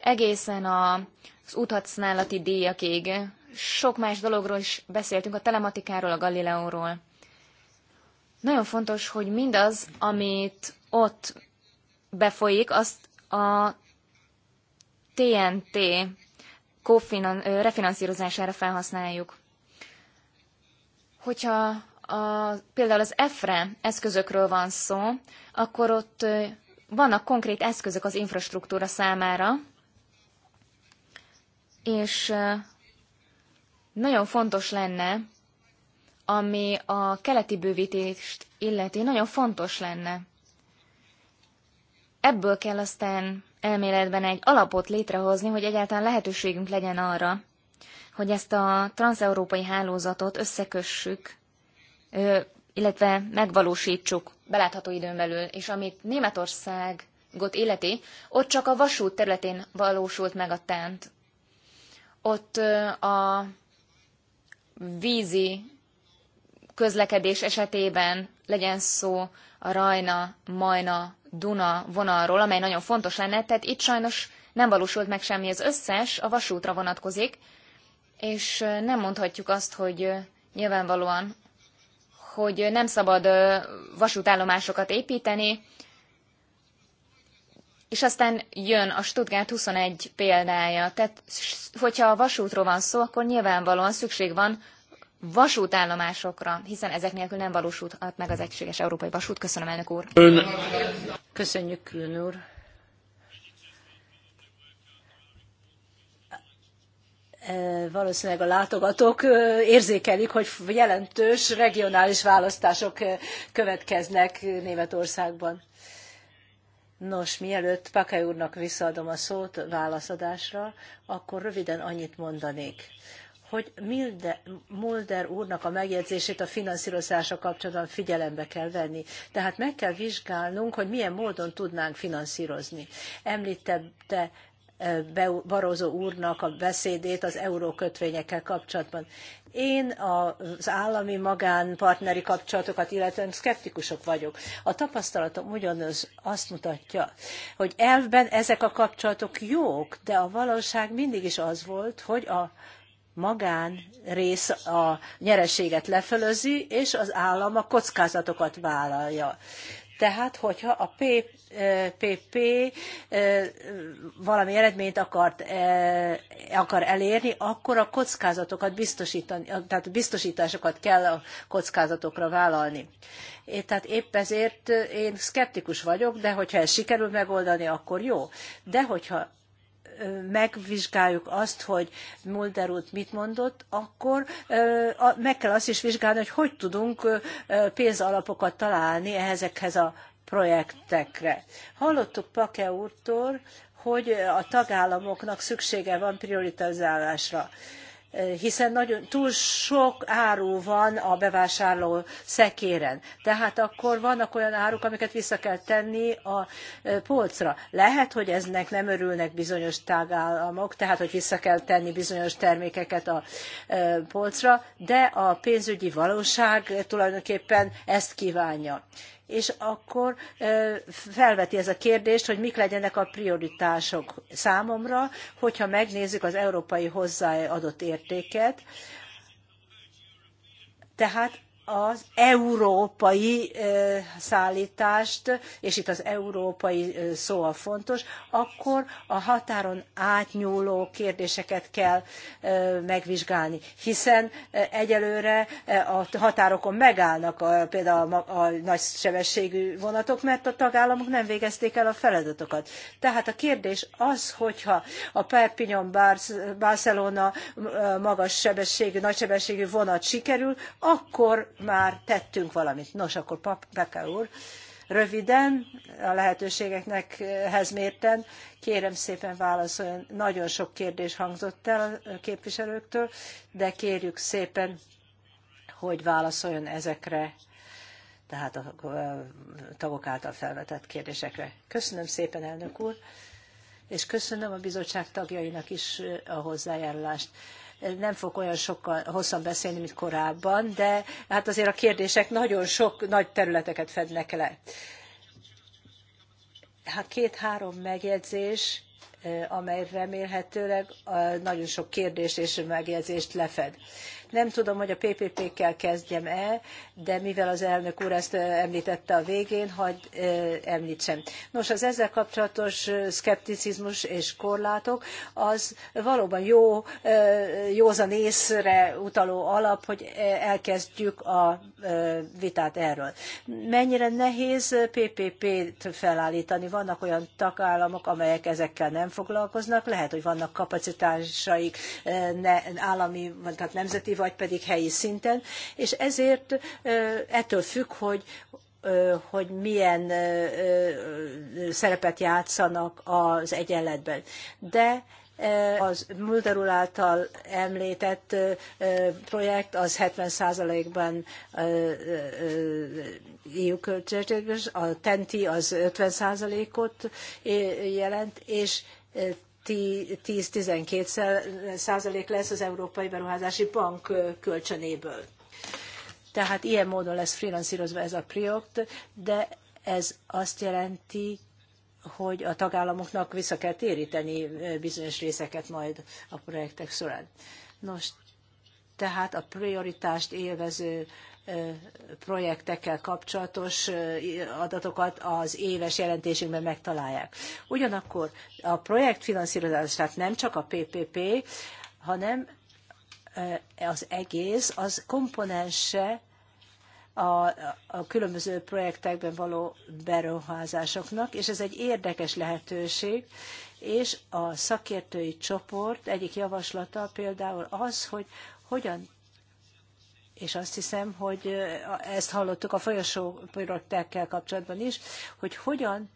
egészen az úthasználati díjakig. Sok más dologról is beszéltünk, a telematikáról, a Galileóról. Nagyon fontos, hogy mindaz, amit ott befolyik, azt a TNT refinanszírozására felhasználjuk hogyha a, például az EFRE eszközökről van szó, akkor ott vannak konkrét eszközök az infrastruktúra számára, és nagyon fontos lenne, ami a keleti bővítést illeti, nagyon fontos lenne. Ebből kell aztán elméletben egy alapot létrehozni, hogy egyáltalán lehetőségünk legyen arra, hogy ezt a transeurópai hálózatot összekössük, illetve megvalósítsuk belátható időn belül, és amit Németországot illeti, ott csak a vasút területén valósult meg a tent. Ott a vízi közlekedés esetében legyen szó a Rajna, Majna, Duna vonalról, amely nagyon fontos lenne, tehát itt sajnos nem valósult meg semmi, az összes a vasútra vonatkozik, és nem mondhatjuk azt, hogy nyilvánvalóan, hogy nem szabad vasútállomásokat építeni, és aztán jön a Stuttgart 21 példája. Tehát, hogyha a vasútról van szó, akkor nyilvánvalóan szükség van vasútállomásokra, hiszen ezek nélkül nem valósulhat meg az egységes európai vasút. Köszönöm, elnök úr. Köszönjük, külön úr. valószínűleg a látogatók érzékelik, hogy jelentős regionális választások következnek Németországban. Nos, mielőtt Pakai úrnak visszaadom a szót válaszadásra, akkor röviden annyit mondanék hogy Mulder úrnak a megjegyzését a finanszírozása kapcsolatban figyelembe kell venni. Tehát meg kell vizsgálnunk, hogy milyen módon tudnánk finanszírozni. Említette Barozó úrnak a beszédét az eurókötvényekkel kapcsolatban. Én az állami magánpartneri kapcsolatokat illetően szkeptikusok vagyok. A tapasztalatom ugyanaz azt mutatja, hogy elvben ezek a kapcsolatok jók, de a valóság mindig is az volt, hogy a magán rész a nyereséget lefölözi, és az állam a kockázatokat vállalja. Tehát, hogyha a PPP valami eredményt akart, akar elérni, akkor a kockázatokat biztosítani, tehát biztosításokat kell a kockázatokra vállalni. É, tehát épp ezért én szkeptikus vagyok, de hogyha ez sikerül megoldani, akkor jó. De hogyha megvizsgáljuk azt, hogy Mulder út mit mondott, akkor meg kell azt is vizsgálni, hogy hogy tudunk pénzalapokat találni ezekhez a projektekre. Hallottuk Pake úrtól, hogy a tagállamoknak szüksége van prioritizálásra hiszen nagyon, túl sok áru van a bevásárló szekéren. Tehát akkor vannak olyan áruk, amiket vissza kell tenni a e, polcra. Lehet, hogy eznek nem örülnek bizonyos tagállamok, tehát hogy vissza kell tenni bizonyos termékeket a e, polcra, de a pénzügyi valóság tulajdonképpen ezt kívánja és akkor felveti ez a kérdést, hogy mik legyenek a prioritások számomra, hogyha megnézzük az európai hozzáadott értéket. Tehát az európai szállítást, és itt az európai szó a fontos, akkor a határon átnyúló kérdéseket kell megvizsgálni, hiszen egyelőre a határokon megállnak a, például a nagysebességű vonatok, mert a tagállamok nem végezték el a feladatokat. Tehát a kérdés az, hogyha a Perpignan Barcelona magas sebességű, nagysebességű vonat sikerül, akkor már tettünk valamit. Nos, akkor Peke úr, röviden, a lehetőségeknek mérten, kérem szépen válaszoljon. Nagyon sok kérdés hangzott el a képviselőktől, de kérjük szépen, hogy válaszoljon ezekre tehát a tagok által felvetett kérdésekre. Köszönöm szépen, elnök úr, és köszönöm a bizottság tagjainak is a hozzájárulást nem fog olyan sokkal hosszan beszélni, mint korábban, de hát azért a kérdések nagyon sok nagy területeket fednek le. Hát két-három megjegyzés, eh, amely remélhetőleg eh, nagyon sok kérdést és megjegyzést lefed. Nem tudom, hogy a PPP-kkel kezdjem-e, de mivel az elnök úr ezt említette a végén, hagy említsem. Nos, az ezzel kapcsolatos szkepticizmus és korlátok, az valóban jó, józan észre utaló alap, hogy elkezdjük a vitát erről. Mennyire nehéz PPP-t felállítani? Vannak olyan tagállamok, amelyek ezekkel nem foglalkoznak, lehet, hogy vannak kapacitásaik állami, tehát nemzeti vagy pedig helyi szinten, és ezért ettől függ, hogy hogy milyen szerepet játszanak az egyenletben. De az Mulder úr által említett projekt az 70%-ban EU költségvetés, a TENTI az 50%-ot jelent, és 10-12 százalék lesz az Európai Beruházási Bank kölcsönéből. Tehát ilyen módon lesz finanszírozva ez a projekt, de ez azt jelenti, hogy a tagállamoknak vissza kell téríteni bizonyos részeket majd a projektek során. Nos, tehát a prioritást élvező projektekkel kapcsolatos adatokat az éves jelentésünkben megtalálják. Ugyanakkor a projektfinanszírozását nem csak a PPP, hanem az egész, az komponense a, a különböző projektekben való beruházásoknak, és ez egy érdekes lehetőség, és a szakértői csoport egyik javaslata például az, hogy hogyan és azt hiszem, hogy ezt hallottuk a folyosó projektekkel kapcsolatban is, hogy hogyan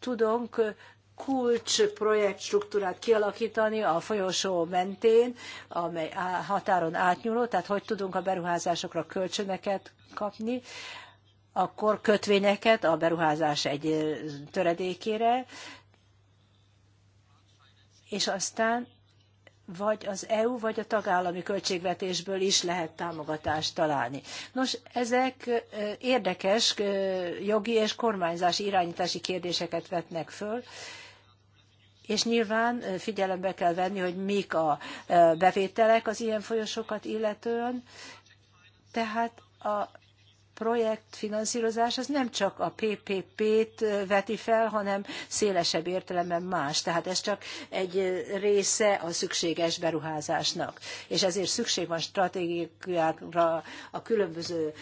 tudunk kulcs projektstruktúrát kialakítani a folyosó mentén, amely határon átnyúló, tehát hogy tudunk a beruházásokra kölcsöneket kapni, akkor kötvényeket a beruházás egy töredékére, és aztán vagy az EU, vagy a tagállami költségvetésből is lehet támogatást találni. Nos, ezek érdekes jogi és kormányzási irányítási kérdéseket vetnek föl, és nyilván figyelembe kell venni, hogy mik a bevételek az ilyen folyosokat illetően, tehát a projektfinanszírozás az nem csak a PPP-t veti fel, hanem szélesebb értelemben más. Tehát ez csak egy része a szükséges beruházásnak. És ezért szükség van stratégiákra, a különböző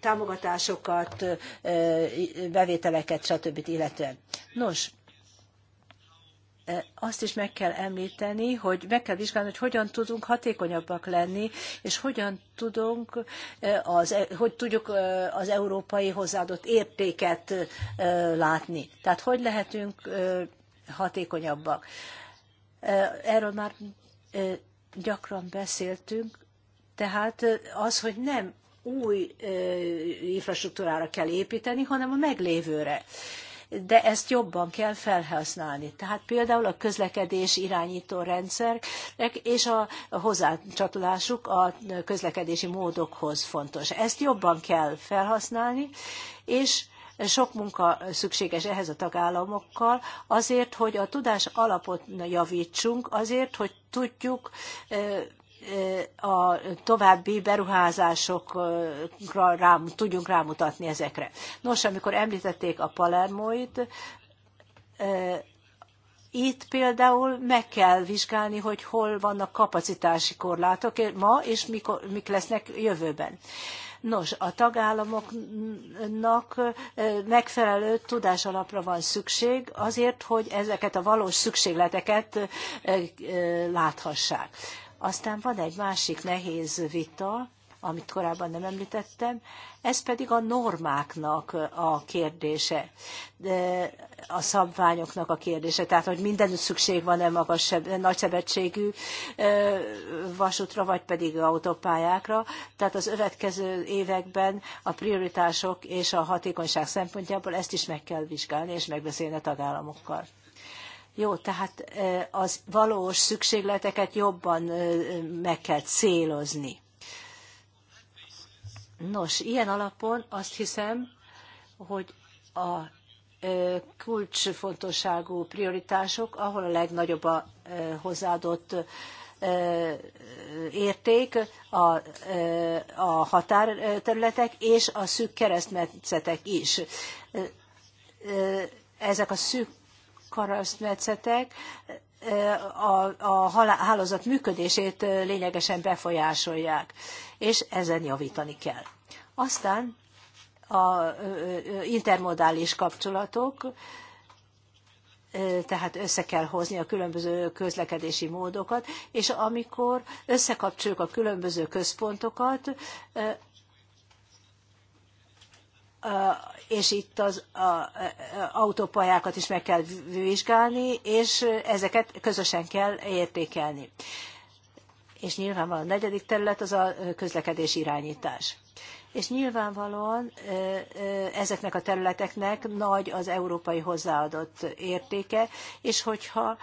támogatásokat, bevételeket, stb. illetően. Nos, azt is meg kell említeni, hogy meg kell vizsgálni, hogy hogyan tudunk hatékonyabbak lenni, és hogyan tudunk az, e, hogy tudjuk az európai hozzáadott értéket látni. Tehát hogy lehetünk hatékonyabbak. Erről már gyakran beszéltünk, tehát az, hogy nem új infrastruktúrára kell építeni, hanem a meglévőre de ezt jobban kell felhasználni. Tehát például a közlekedés irányító rendszerek és a hozzácsatolásuk a közlekedési módokhoz fontos. Ezt jobban kell felhasználni, és sok munka szükséges ehhez a tagállamokkal, azért, hogy a tudás alapot javítsunk, azért, hogy tudjuk a további beruházásokra rám, tudjunk rámutatni ezekre. Nos, amikor említették a Palermoit, itt például meg kell vizsgálni, hogy hol vannak kapacitási korlátok eh, ma, és mikor, mik lesznek jövőben. Nos, a tagállamoknak eh, megfelelő tudásalapra van szükség azért, hogy ezeket a valós szükségleteket eh, láthassák. Aztán van egy másik nehéz vita, amit korábban nem említettem, ez pedig a normáknak a kérdése, a szabványoknak a kérdése. Tehát, hogy mindenütt szükség van-e magas, nagysebességű vasútra, vagy pedig autópályákra. Tehát az övetkező években a prioritások és a hatékonyság szempontjából ezt is meg kell vizsgálni, és megbeszélni a tagállamokkal. Jó, tehát az valós szükségleteket jobban meg kell célozni. Nos, ilyen alapon azt hiszem, hogy a kulcsfontosságú prioritások, ahol a legnagyobb a hozzáadott érték a, a határterületek és a szűk keresztmetszetek is. Ezek a szűk keresztmetszetek a, a hálózat működését lényegesen befolyásolják, és ezen javítani kell. Aztán a intermodális kapcsolatok, tehát össze kell hozni a különböző közlekedési módokat, és amikor összekapcsoljuk a különböző központokat, Uh, és itt az a, autópályákat is meg kell vizsgálni, és ezeket közösen kell értékelni. És nyilvánvalóan a negyedik terület az a közlekedés irányítás és nyilvánvalóan ezeknek a területeknek nagy az európai hozzáadott értéke, és hogyha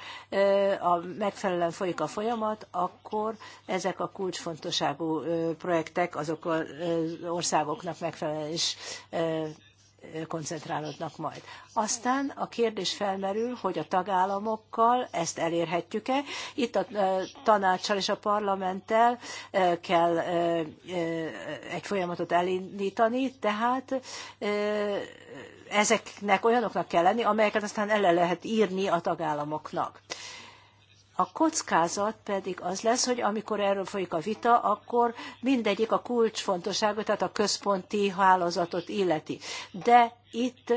a megfelelően folyik a folyamat, akkor ezek a kulcsfontosságú projektek azok az országoknak megfelelően is koncentrálódnak majd. Aztán a kérdés felmerül, hogy a tagállamokkal ezt elérhetjük-e. Itt a tanácssal és a parlamenttel kell egy folyamatot elindítani, tehát ezeknek olyanoknak kell lenni, amelyeket aztán ele lehet írni a tagállamoknak. A kockázat pedig az lesz, hogy amikor erről folyik a vita, akkor mindegyik a kulcsfontosságot, tehát a központi hálózatot illeti. De itt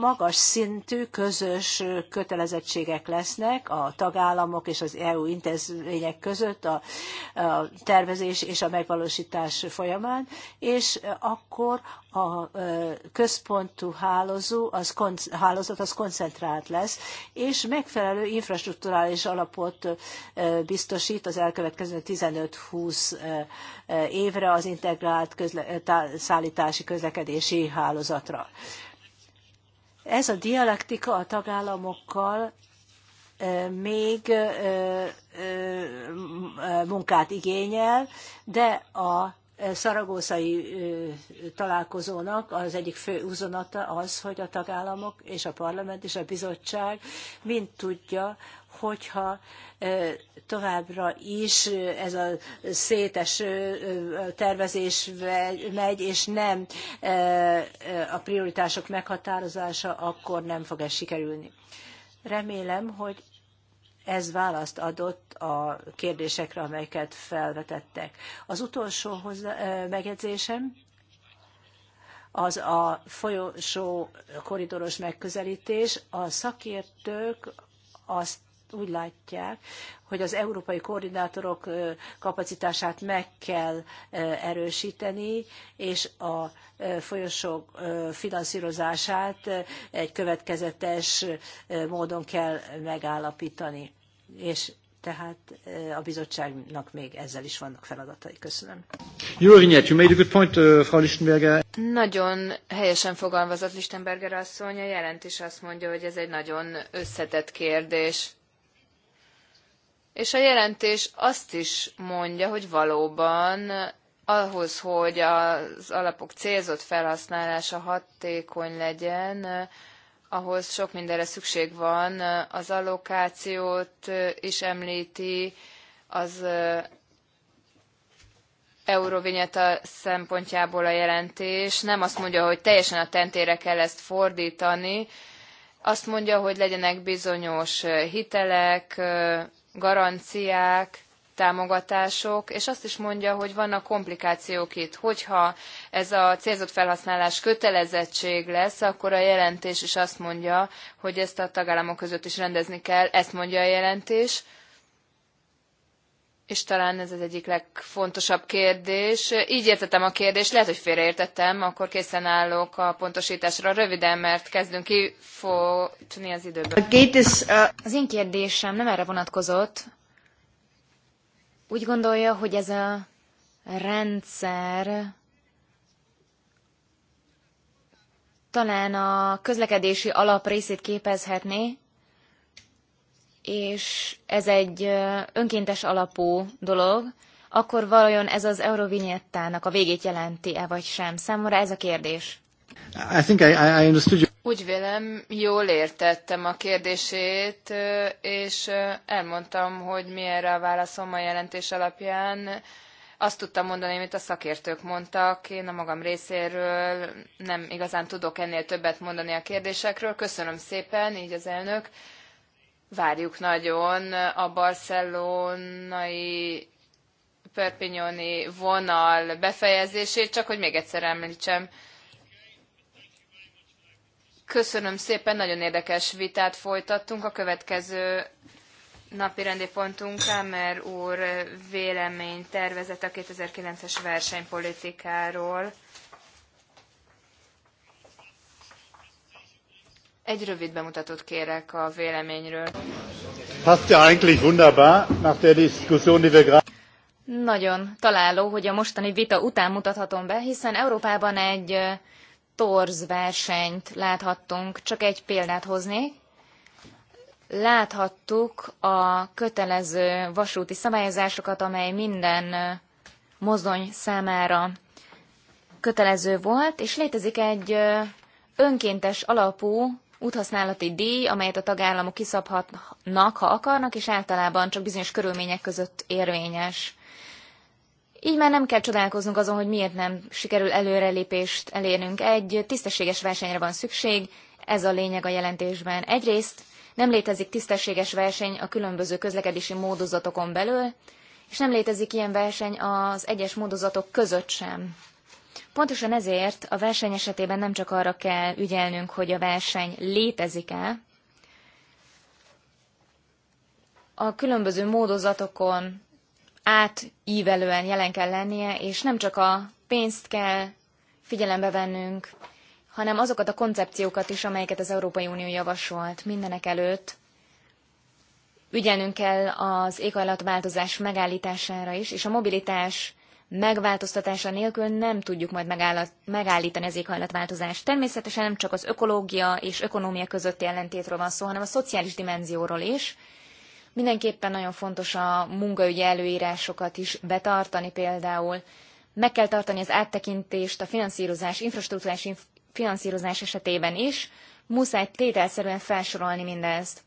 magas szintű közös kötelezettségek lesznek a tagállamok és az EU intézmények között a, a tervezés és a megvalósítás folyamán, és akkor a központú hálózó, az, hálózat az koncentrált lesz, és megfelelő infrastruktúrális alapot biztosít az elkövetkező 15-20 évre az integrált közle, szállítási közlekedési hálózatra. Ez a dialektika a tagállamokkal még munkát igényel, de a szaragószai találkozónak az egyik fő uzonata az, hogy a tagállamok és a parlament és a bizottság mind tudja, hogyha továbbra is ez a szétes tervezés megy, és nem a prioritások meghatározása, akkor nem fog ez sikerülni. Remélem, hogy ez választ adott a kérdésekre, amelyeket felvetettek. Az utolsó hozzá, megjegyzésem az a folyosó koridoros megközelítés. A szakértők azt úgy látják, hogy az európai koordinátorok kapacitását meg kell erősíteni, és a folyosók finanszírozását egy következetes módon kell megállapítani. És tehát a bizottságnak még ezzel is vannak feladatai. Köszönöm. Jó, you made a good point, Frau Lichtenberger. Nagyon helyesen fogalmazott Lichtenberger asszony, a jelentés azt mondja, hogy ez egy nagyon összetett kérdés. És a jelentés azt is mondja, hogy valóban ahhoz, hogy az alapok célzott felhasználása hatékony legyen, ahhoz sok mindenre szükség van. Az allokációt is említi, az Eurovinyeta szempontjából a jelentés. Nem azt mondja, hogy teljesen a tentére kell ezt fordítani, azt mondja, hogy legyenek bizonyos hitelek, garanciák, támogatások, és azt is mondja, hogy vannak komplikációk itt. Hogyha ez a célzott felhasználás kötelezettség lesz, akkor a jelentés is azt mondja, hogy ezt a tagállamok között is rendezni kell, ezt mondja a jelentés és talán ez az egyik legfontosabb kérdés. Így értettem a kérdést, lehet, hogy félreértettem, akkor készen állok a pontosításra röviden, mert kezdünk kifutni az időből. Uh, az én kérdésem nem erre vonatkozott. Úgy gondolja, hogy ez a rendszer talán a közlekedési alap részét képezhetné, és ez egy önkéntes alapú dolog, akkor vajon ez az Eurovinyettának a végét jelenti-e vagy sem? Számomra ez a kérdés. I think I, I understood you. Úgy vélem, jól értettem a kérdését, és elmondtam, hogy mi erre a válaszom a jelentés alapján. Azt tudtam mondani, amit a szakértők mondtak. Én a magam részéről nem igazán tudok ennél többet mondani a kérdésekről. Köszönöm szépen, így az elnök várjuk nagyon a barcelonai perpignoni vonal befejezését, csak hogy még egyszer említsem. Köszönöm szépen, nagyon érdekes vitát folytattunk. A következő napi rendi pontunk Kramer úr vélemény tervezett a 2009-es versenypolitikáról. Egy rövid bemutatót kérek a véleményről. Passt ja eigentlich wunderbar nach der Diskussion, die wir gerade nagyon találó, hogy a mostani vita után mutathatom be, hiszen Európában egy torz versenyt láthattunk. Csak egy példát hoznék. Láthattuk a kötelező vasúti szabályozásokat, amely minden mozdony számára kötelező volt, és létezik egy önkéntes alapú úthasználati díj, amelyet a tagállamok kiszabhatnak, ha akarnak, és általában csak bizonyos körülmények között érvényes. Így már nem kell csodálkoznunk azon, hogy miért nem sikerül előrelépést elérnünk. Egy tisztességes versenyre van szükség, ez a lényeg a jelentésben. Egyrészt nem létezik tisztességes verseny a különböző közlekedési módozatokon belül, és nem létezik ilyen verseny az egyes módozatok között sem. Pontosan ezért a verseny esetében nem csak arra kell ügyelnünk, hogy a verseny létezik-e, a különböző módozatokon átívelően jelen kell lennie, és nem csak a pénzt kell figyelembe vennünk, hanem azokat a koncepciókat is, amelyeket az Európai Unió javasolt mindenek előtt. Ügyelnünk kell az éghajlatváltozás megállítására is, és a mobilitás megváltoztatása nélkül nem tudjuk majd megállítani az éghajlatváltozást. Természetesen nem csak az ökológia és ökonómia közötti ellentétről van szó, hanem a szociális dimenzióról is. Mindenképpen nagyon fontos a munkaügyi előírásokat is betartani például. Meg kell tartani az áttekintést a finanszírozás, infrastruktúrás finanszírozás esetében is, muszáj tételszerűen felsorolni mindezt.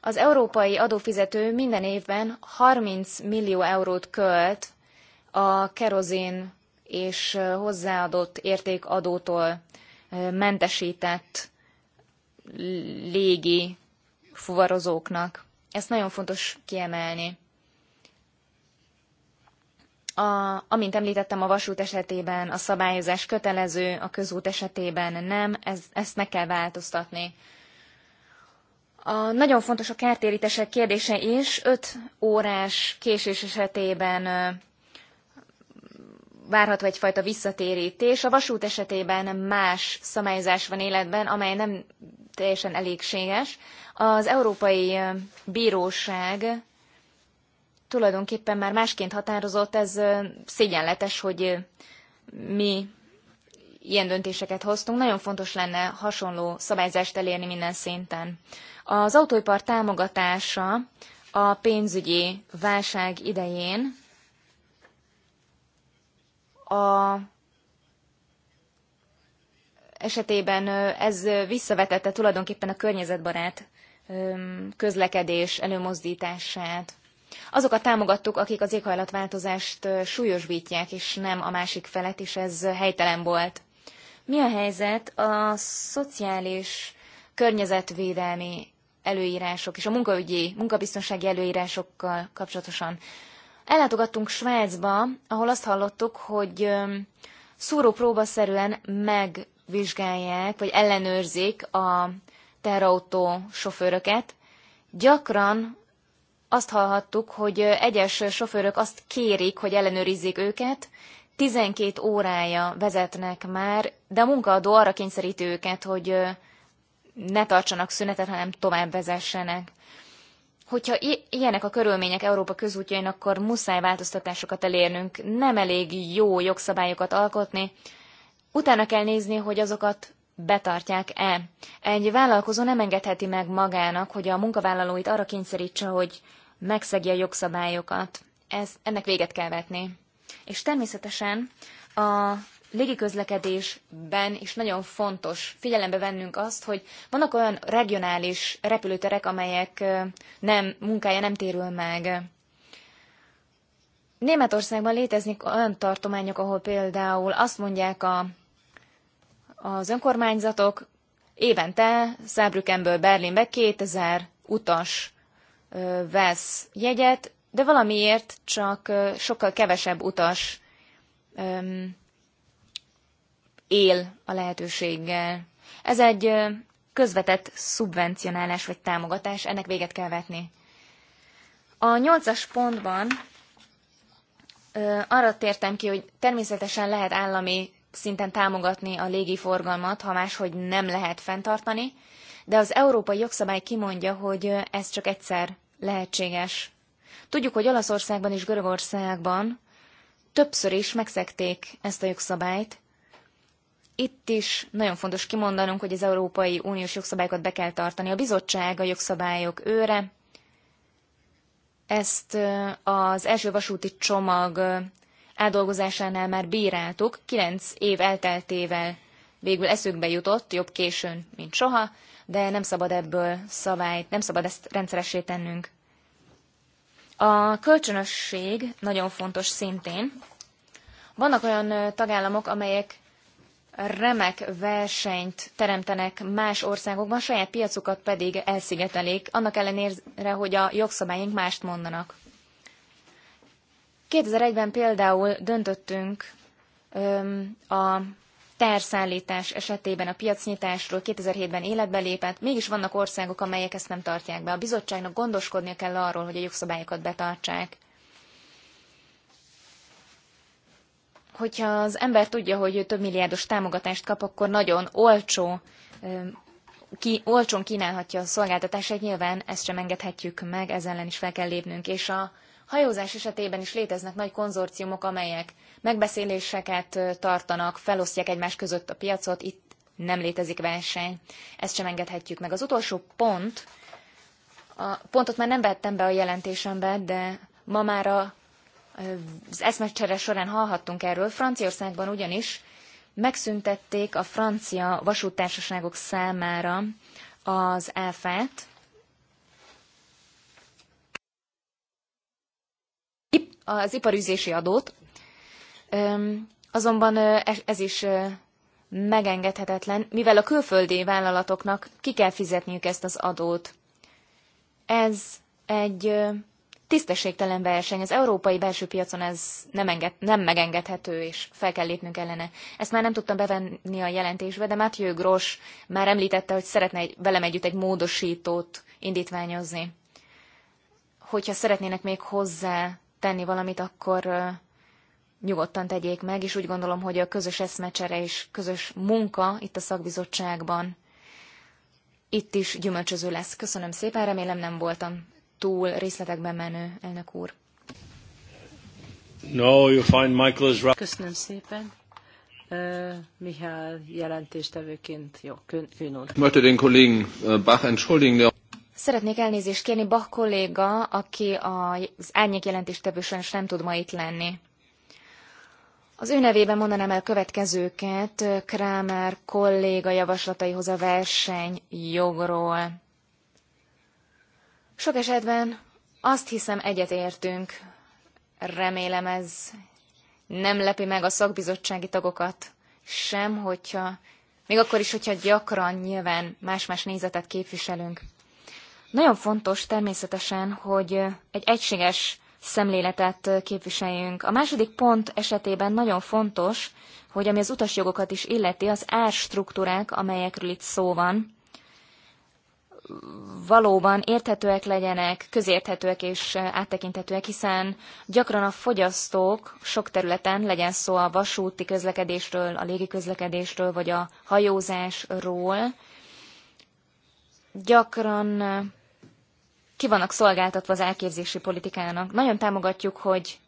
Az európai adófizető minden évben 30 millió eurót költ a kerozin és hozzáadott értékadótól mentesített légi fuvarozóknak. Ezt nagyon fontos kiemelni. A, amint említettem, a vasút esetében a szabályozás kötelező, a közút esetében nem, ez, ezt meg kell változtatni. A, nagyon fontos a kártérítések kérdése is. 5 órás késés esetében várható egyfajta visszatérítés. A vasút esetében más szabályozás van életben, amely nem teljesen elégséges. Az Európai Bíróság tulajdonképpen már másként határozott, ez szégyenletes, hogy mi ilyen döntéseket hoztunk. Nagyon fontos lenne hasonló szabályzást elérni minden szinten. Az autóipar támogatása a pénzügyi válság idején a esetében ez visszavetette tulajdonképpen a környezetbarát közlekedés előmozdítását. Azokat támogattuk, akik az éghajlatváltozást súlyosbítják, és nem a másik felet, és ez helytelen volt. Mi a helyzet a szociális környezetvédelmi előírások és a munkaügyi, munkabiztonsági előírásokkal kapcsolatosan? Ellátogattunk Svájcba, ahol azt hallottuk, hogy próbaszerűen megvizsgálják, vagy ellenőrzik a teherautó sofőröket. Gyakran azt hallhattuk, hogy egyes sofőrök azt kérik, hogy ellenőrizzék őket, 12 órája vezetnek már, de a munkaadó arra kényszeríti őket, hogy ne tartsanak szünetet, hanem tovább vezessenek hogyha ilyenek a körülmények Európa közútjain, akkor muszáj változtatásokat elérnünk, nem elég jó jogszabályokat alkotni. Utána kell nézni, hogy azokat betartják-e. Egy vállalkozó nem engedheti meg magának, hogy a munkavállalóit arra kényszerítse, hogy megszegje a jogszabályokat. Ez, ennek véget kell vetni. És természetesen a légiközlekedésben is nagyon fontos figyelembe vennünk azt, hogy vannak olyan regionális repülőterek, amelyek nem, munkája nem térül meg. Németországban léteznek olyan tartományok, ahol például azt mondják a, az önkormányzatok, évente Szábrükemből Berlinbe 2000 utas vesz jegyet, de valamiért csak sokkal kevesebb utas öm, él a lehetőséggel. Ez egy közvetett szubvencionálás vagy támogatás, ennek véget kell vetni. A nyolcas pontban arra tértem ki, hogy természetesen lehet állami szinten támogatni a légiforgalmat, ha máshogy nem lehet fenntartani, de az európai jogszabály kimondja, hogy ez csak egyszer lehetséges. Tudjuk, hogy Olaszországban és Görögországban többször is megszekték ezt a jogszabályt, itt is nagyon fontos kimondanunk, hogy az Európai Uniós jogszabályokat be kell tartani. A bizottság a jogszabályok őre. Ezt az első vasúti csomag átdolgozásánál már bíráltuk, kilenc év elteltével végül eszükbe jutott, jobb későn, mint soha, de nem szabad ebből szabályt, nem szabad ezt rendszeressé tennünk. A kölcsönösség nagyon fontos szintén. Vannak olyan tagállamok, amelyek remek versenyt teremtenek más országokban, saját piacukat pedig elszigetelik, annak ellenére, hogy a jogszabályink mást mondanak. 2001-ben például döntöttünk öm, a terszállítás esetében a piacnyitásról 2007-ben életbe lépett, mégis vannak országok, amelyek ezt nem tartják be. A bizottságnak gondoskodnia kell arról, hogy a jogszabályokat betartsák. hogyha az ember tudja, hogy ő több milliárdos támogatást kap, akkor nagyon olcsó, ki, olcsón kínálhatja a szolgáltatását, nyilván ezt sem engedhetjük meg, ezzel ellen is fel kell lépnünk. És a hajózás esetében is léteznek nagy konzorciumok, amelyek megbeszéléseket tartanak, felosztják egymás között a piacot, itt nem létezik verseny. Ezt sem engedhetjük meg. Az utolsó pont, a pontot már nem vettem be a jelentésembe, de ma már a az eszmecsere során hallhattunk erről, Franciaországban ugyanis megszüntették a francia vasútársaságok számára az áfát. Az iparüzési adót. Azonban ez is megengedhetetlen, mivel a külföldi vállalatoknak ki kell fizetniük ezt az adót. Ez egy tisztességtelen verseny. Az európai belső piacon ez nem, enged, nem megengedhető, és fel kell lépnünk ellene. Ezt már nem tudtam bevenni a jelentésbe, de Matthew Gros már említette, hogy szeretne egy, velem együtt egy módosítót indítványozni. Hogyha szeretnének még hozzá tenni valamit, akkor nyugodtan tegyék meg, és úgy gondolom, hogy a közös eszmecsere és közös munka itt a szakbizottságban itt is gyümölcsöző lesz. Köszönöm szépen, remélem nem voltam túl részletekbe menő, elnök úr. No, you find Michael is right. Köszönöm szépen. Uh, Mihály jelentéstevőként jó, kün, künod. den Kollegen äh, Bach entschuldigen, der Szeretnék elnézést kérni Bach kolléga, aki az árnyék jelentéstevő sajnos nem tud ma itt lenni. Az ő nevében mondanám el következőket Kramer kolléga javaslataihoz a verseny jogról. Sok esetben azt hiszem egyetértünk, remélem ez nem lepi meg a szakbizottsági tagokat sem, hogyha, még akkor is, hogyha gyakran nyilván más-más nézetet képviselünk. Nagyon fontos természetesen, hogy egy egységes szemléletet képviseljünk. A második pont esetében nagyon fontos, hogy ami az utasjogokat is illeti, az árstruktúrák, amelyekről itt szó van, valóban érthetőek legyenek, közérthetőek és áttekinthetőek, hiszen gyakran a fogyasztók sok területen, legyen szó a vasúti közlekedésről, a légi közlekedésről, vagy a hajózásról, gyakran eh, ki vannak szolgáltatva az elképzési politikának. Nagyon támogatjuk, hogy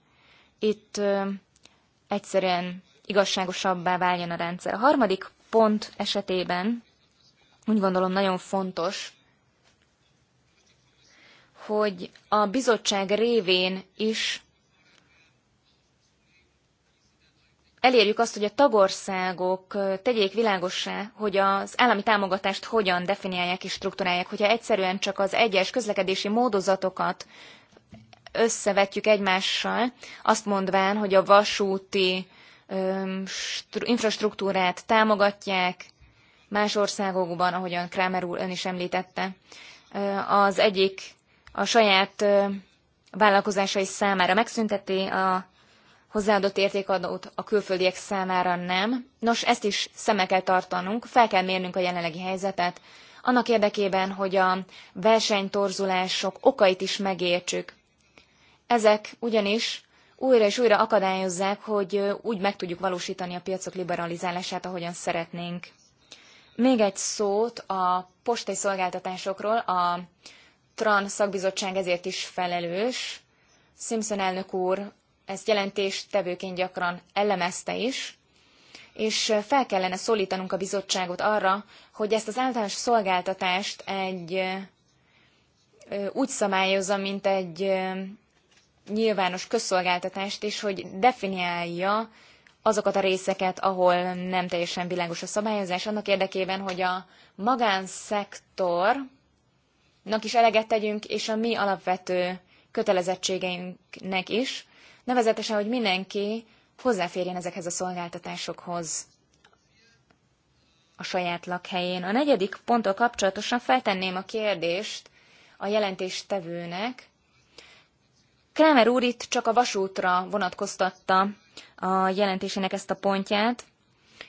itt eh, egyszerűen igazságosabbá váljon a rendszer. A harmadik pont esetében úgy gondolom nagyon fontos hogy a bizottság révén is elérjük azt, hogy a tagországok tegyék világossá, hogy az állami támogatást hogyan definiálják és strukturálják. Hogyha egyszerűen csak az egyes közlekedési módozatokat összevetjük egymással, azt mondván, hogy a vasúti infrastruktúrát támogatják más országokban, ahogyan Kramer úr ön is említette. Az egyik a saját vállalkozásai számára megszünteti a hozzáadott értékadót a külföldiek számára nem. Nos, ezt is szemmel kell tartanunk, fel kell mérnünk a jelenlegi helyzetet, annak érdekében, hogy a versenytorzulások okait is megértsük. Ezek ugyanis újra és újra akadályozzák, hogy úgy meg tudjuk valósítani a piacok liberalizálását, ahogyan szeretnénk. Még egy szót a postai szolgáltatásokról, a TRAN szakbizottság ezért is felelős. Simpson elnök úr ezt jelentéstevőként gyakran elemezte is, és fel kellene szólítanunk a bizottságot arra, hogy ezt az általános szolgáltatást egy úgy szabályozza, mint egy nyilvános közszolgáltatást, és hogy definiálja azokat a részeket, ahol nem teljesen világos a szabályozás, annak érdekében, hogy a magánszektor is eleget tegyünk, és a mi alapvető kötelezettségeinknek is, nevezetesen, hogy mindenki hozzáférjen ezekhez a szolgáltatásokhoz a saját lakhelyén. A negyedik ponttal kapcsolatosan feltenném a kérdést a jelentéstevőnek. Kramer úr itt csak a vasútra vonatkoztatta a jelentésének ezt a pontját,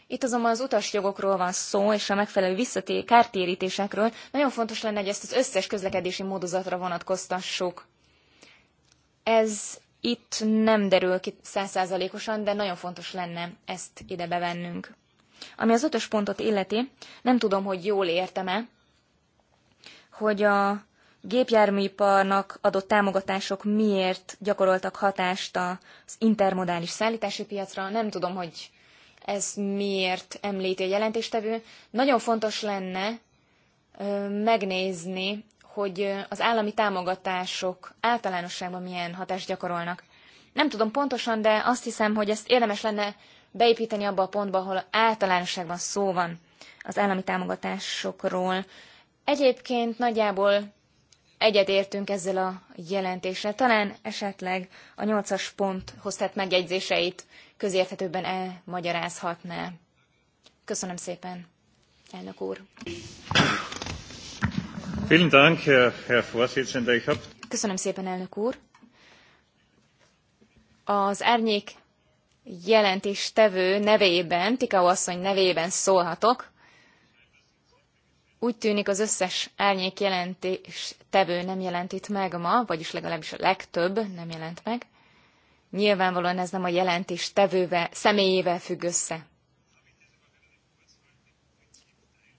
itt azonban az utasjogokról van szó, és a megfelelő visszatér kártérítésekről. Nagyon fontos lenne, hogy ezt az összes közlekedési módozatra vonatkoztassuk. Ez itt nem derül ki százszázalékosan, de nagyon fontos lenne ezt ide bevennünk. Ami az ötös pontot illeti, nem tudom, hogy jól értem-e, hogy a gépjárműiparnak adott támogatások miért gyakoroltak hatást az intermodális szállítási piacra. Nem tudom, hogy ez miért említi a jelentéstevő. Nagyon fontos lenne megnézni, hogy az állami támogatások általánosságban milyen hatást gyakorolnak. Nem tudom pontosan, de azt hiszem, hogy ezt érdemes lenne beépíteni abba a pontba, ahol általánosságban szó van az állami támogatásokról. Egyébként nagyjából egyetértünk ezzel a jelentéssel. Talán esetleg a nyolcas ponthoz tett megjegyzéseit közérthetőbben elmagyarázhatná. Köszönöm szépen, elnök úr. Köszönöm szépen, elnök úr. Az árnyék jelentéstevő nevében, Tikau asszony nevében szólhatok, úgy tűnik az összes árnyék jelentés tevő nem jelent itt meg ma, vagyis legalábbis a legtöbb nem jelent meg. Nyilvánvalóan ez nem a jelentés tevővel, személyével függ össze.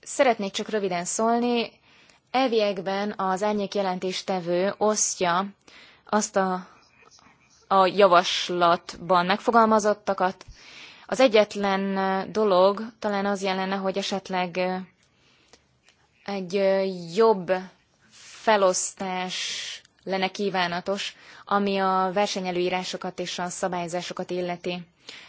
Szeretnék csak röviden szólni. Elviekben az árnyék tevő osztja azt a, a javaslatban megfogalmazottakat. Az egyetlen dolog talán az jelenne, hogy esetleg egy jobb felosztás lenne kívánatos, ami a versenyelőírásokat és a szabályozásokat illeti.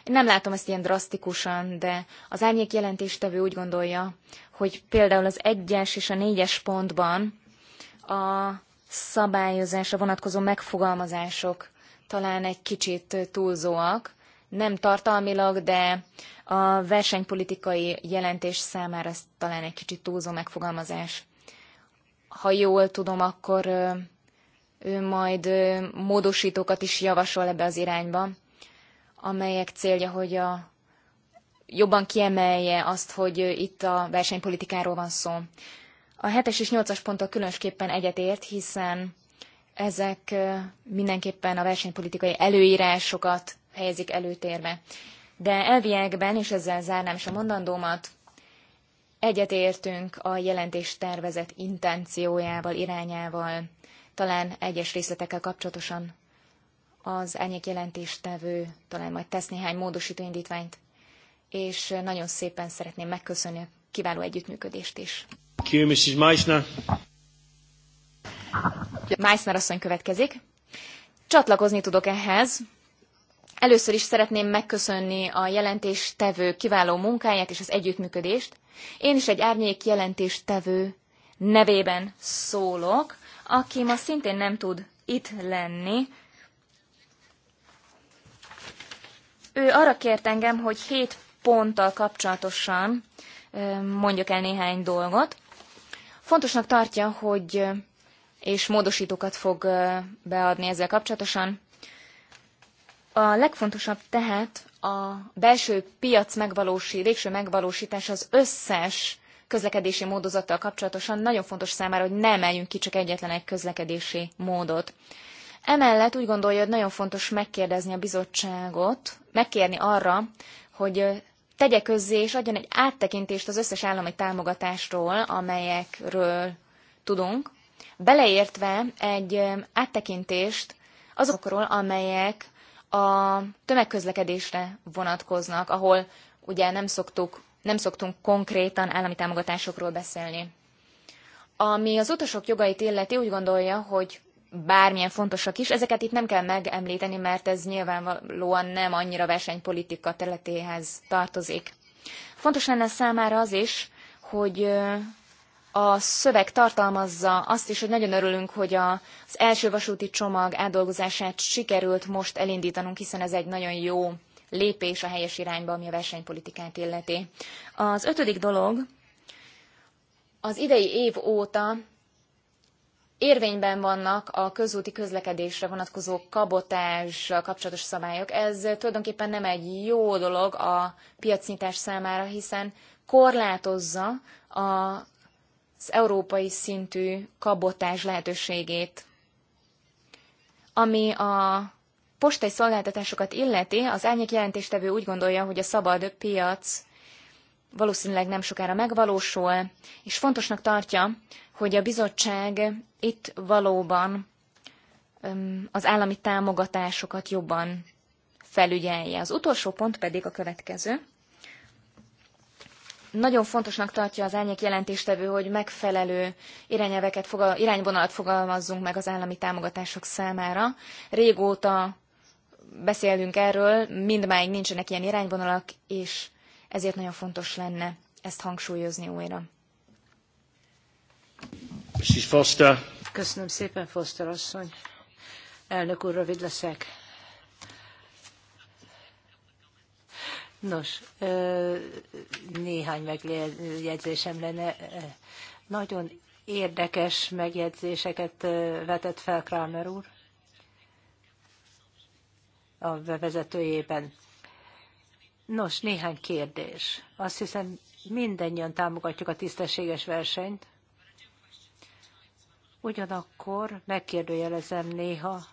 Én nem látom ezt ilyen drasztikusan, de az árnyék jelentéstevő úgy gondolja, hogy például az egyes és a négyes pontban a szabályozásra vonatkozó megfogalmazások talán egy kicsit túlzóak, nem tartalmilag, de a versenypolitikai jelentés számára ez talán egy kicsit túlzó megfogalmazás. Ha jól tudom, akkor ő majd módosítókat is javasol ebbe az irányba, amelyek célja, hogy a jobban kiemelje azt, hogy itt a versenypolitikáról van szó. A 7-es és 8-as pontok különösképpen egyetért, hiszen ezek mindenképpen a versenypolitikai előírásokat helyezik előtérbe. De elviekben, és ezzel zárnám is a mondandómat, egyetértünk a jelentés tervezett intenciójával, irányával, talán egyes részletekkel kapcsolatosan az árnyék jelentéstevő talán majd tesz néhány módosító indítványt, és nagyon szépen szeretném megköszönni a kiváló együttműködést is. Köszönöm, Mrs. Meissner. Meissner asszony következik. Csatlakozni tudok ehhez, Először is szeretném megköszönni a jelentéstevő kiváló munkáját és az együttműködést. Én is egy árnyék tevő nevében szólok, aki ma szintén nem tud itt lenni. Ő arra kért engem, hogy hét ponttal kapcsolatosan mondjak el néhány dolgot. Fontosnak tartja, hogy és módosítókat fog beadni ezzel kapcsolatosan. A legfontosabb tehát a belső piac megvalósi, végső megvalósítás az összes közlekedési módozattal kapcsolatosan nagyon fontos számára, hogy ne emeljünk ki csak egyetlen egy közlekedési módot. Emellett úgy gondolja, hogy nagyon fontos megkérdezni a bizottságot, megkérni arra, hogy tegye közzé és adjon egy áttekintést az összes állami támogatásról, amelyekről tudunk, beleértve egy áttekintést azokról, amelyek a tömegközlekedésre vonatkoznak, ahol ugye nem, szoktuk, nem szoktunk konkrétan állami támogatásokról beszélni. Ami az utasok jogait illeti, úgy gondolja, hogy bármilyen fontosak is, ezeket itt nem kell megemlíteni, mert ez nyilvánvalóan nem annyira versenypolitika területéhez tartozik. Fontos lenne számára az is, hogy a szöveg tartalmazza azt is, hogy nagyon örülünk, hogy a, az első vasúti csomag átdolgozását sikerült most elindítanunk, hiszen ez egy nagyon jó lépés a helyes irányba, ami a versenypolitikát illeti. Az ötödik dolog, az idei év óta érvényben vannak a közúti közlekedésre vonatkozó kabotás kapcsolatos szabályok. Ez tulajdonképpen nem egy jó dolog a piacnyitás számára, hiszen korlátozza a az európai szintű kabotás lehetőségét. Ami a postai szolgáltatásokat illeti, az árnyék jelentéstevő úgy gondolja, hogy a szabad piac valószínűleg nem sokára megvalósul, és fontosnak tartja, hogy a bizottság itt valóban az állami támogatásokat jobban felügyelje. Az utolsó pont pedig a következő nagyon fontosnak tartja az árnyék jelentéstevő, hogy megfelelő irányelveket, irányvonalat fogalmazzunk meg az állami támogatások számára. Régóta beszélünk erről, mindmáig nincsenek ilyen irányvonalak, és ezért nagyon fontos lenne ezt hangsúlyozni újra. Mrs. Foster. Köszönöm szépen, Foster asszony. Elnök úr, rövid leszek Nos, néhány megjegyzésem lenne. Nagyon érdekes megjegyzéseket vetett fel Kramer úr a bevezetőjében. Nos, néhány kérdés. Azt hiszem, mindannyian támogatjuk a tisztességes versenyt. Ugyanakkor megkérdőjelezem néha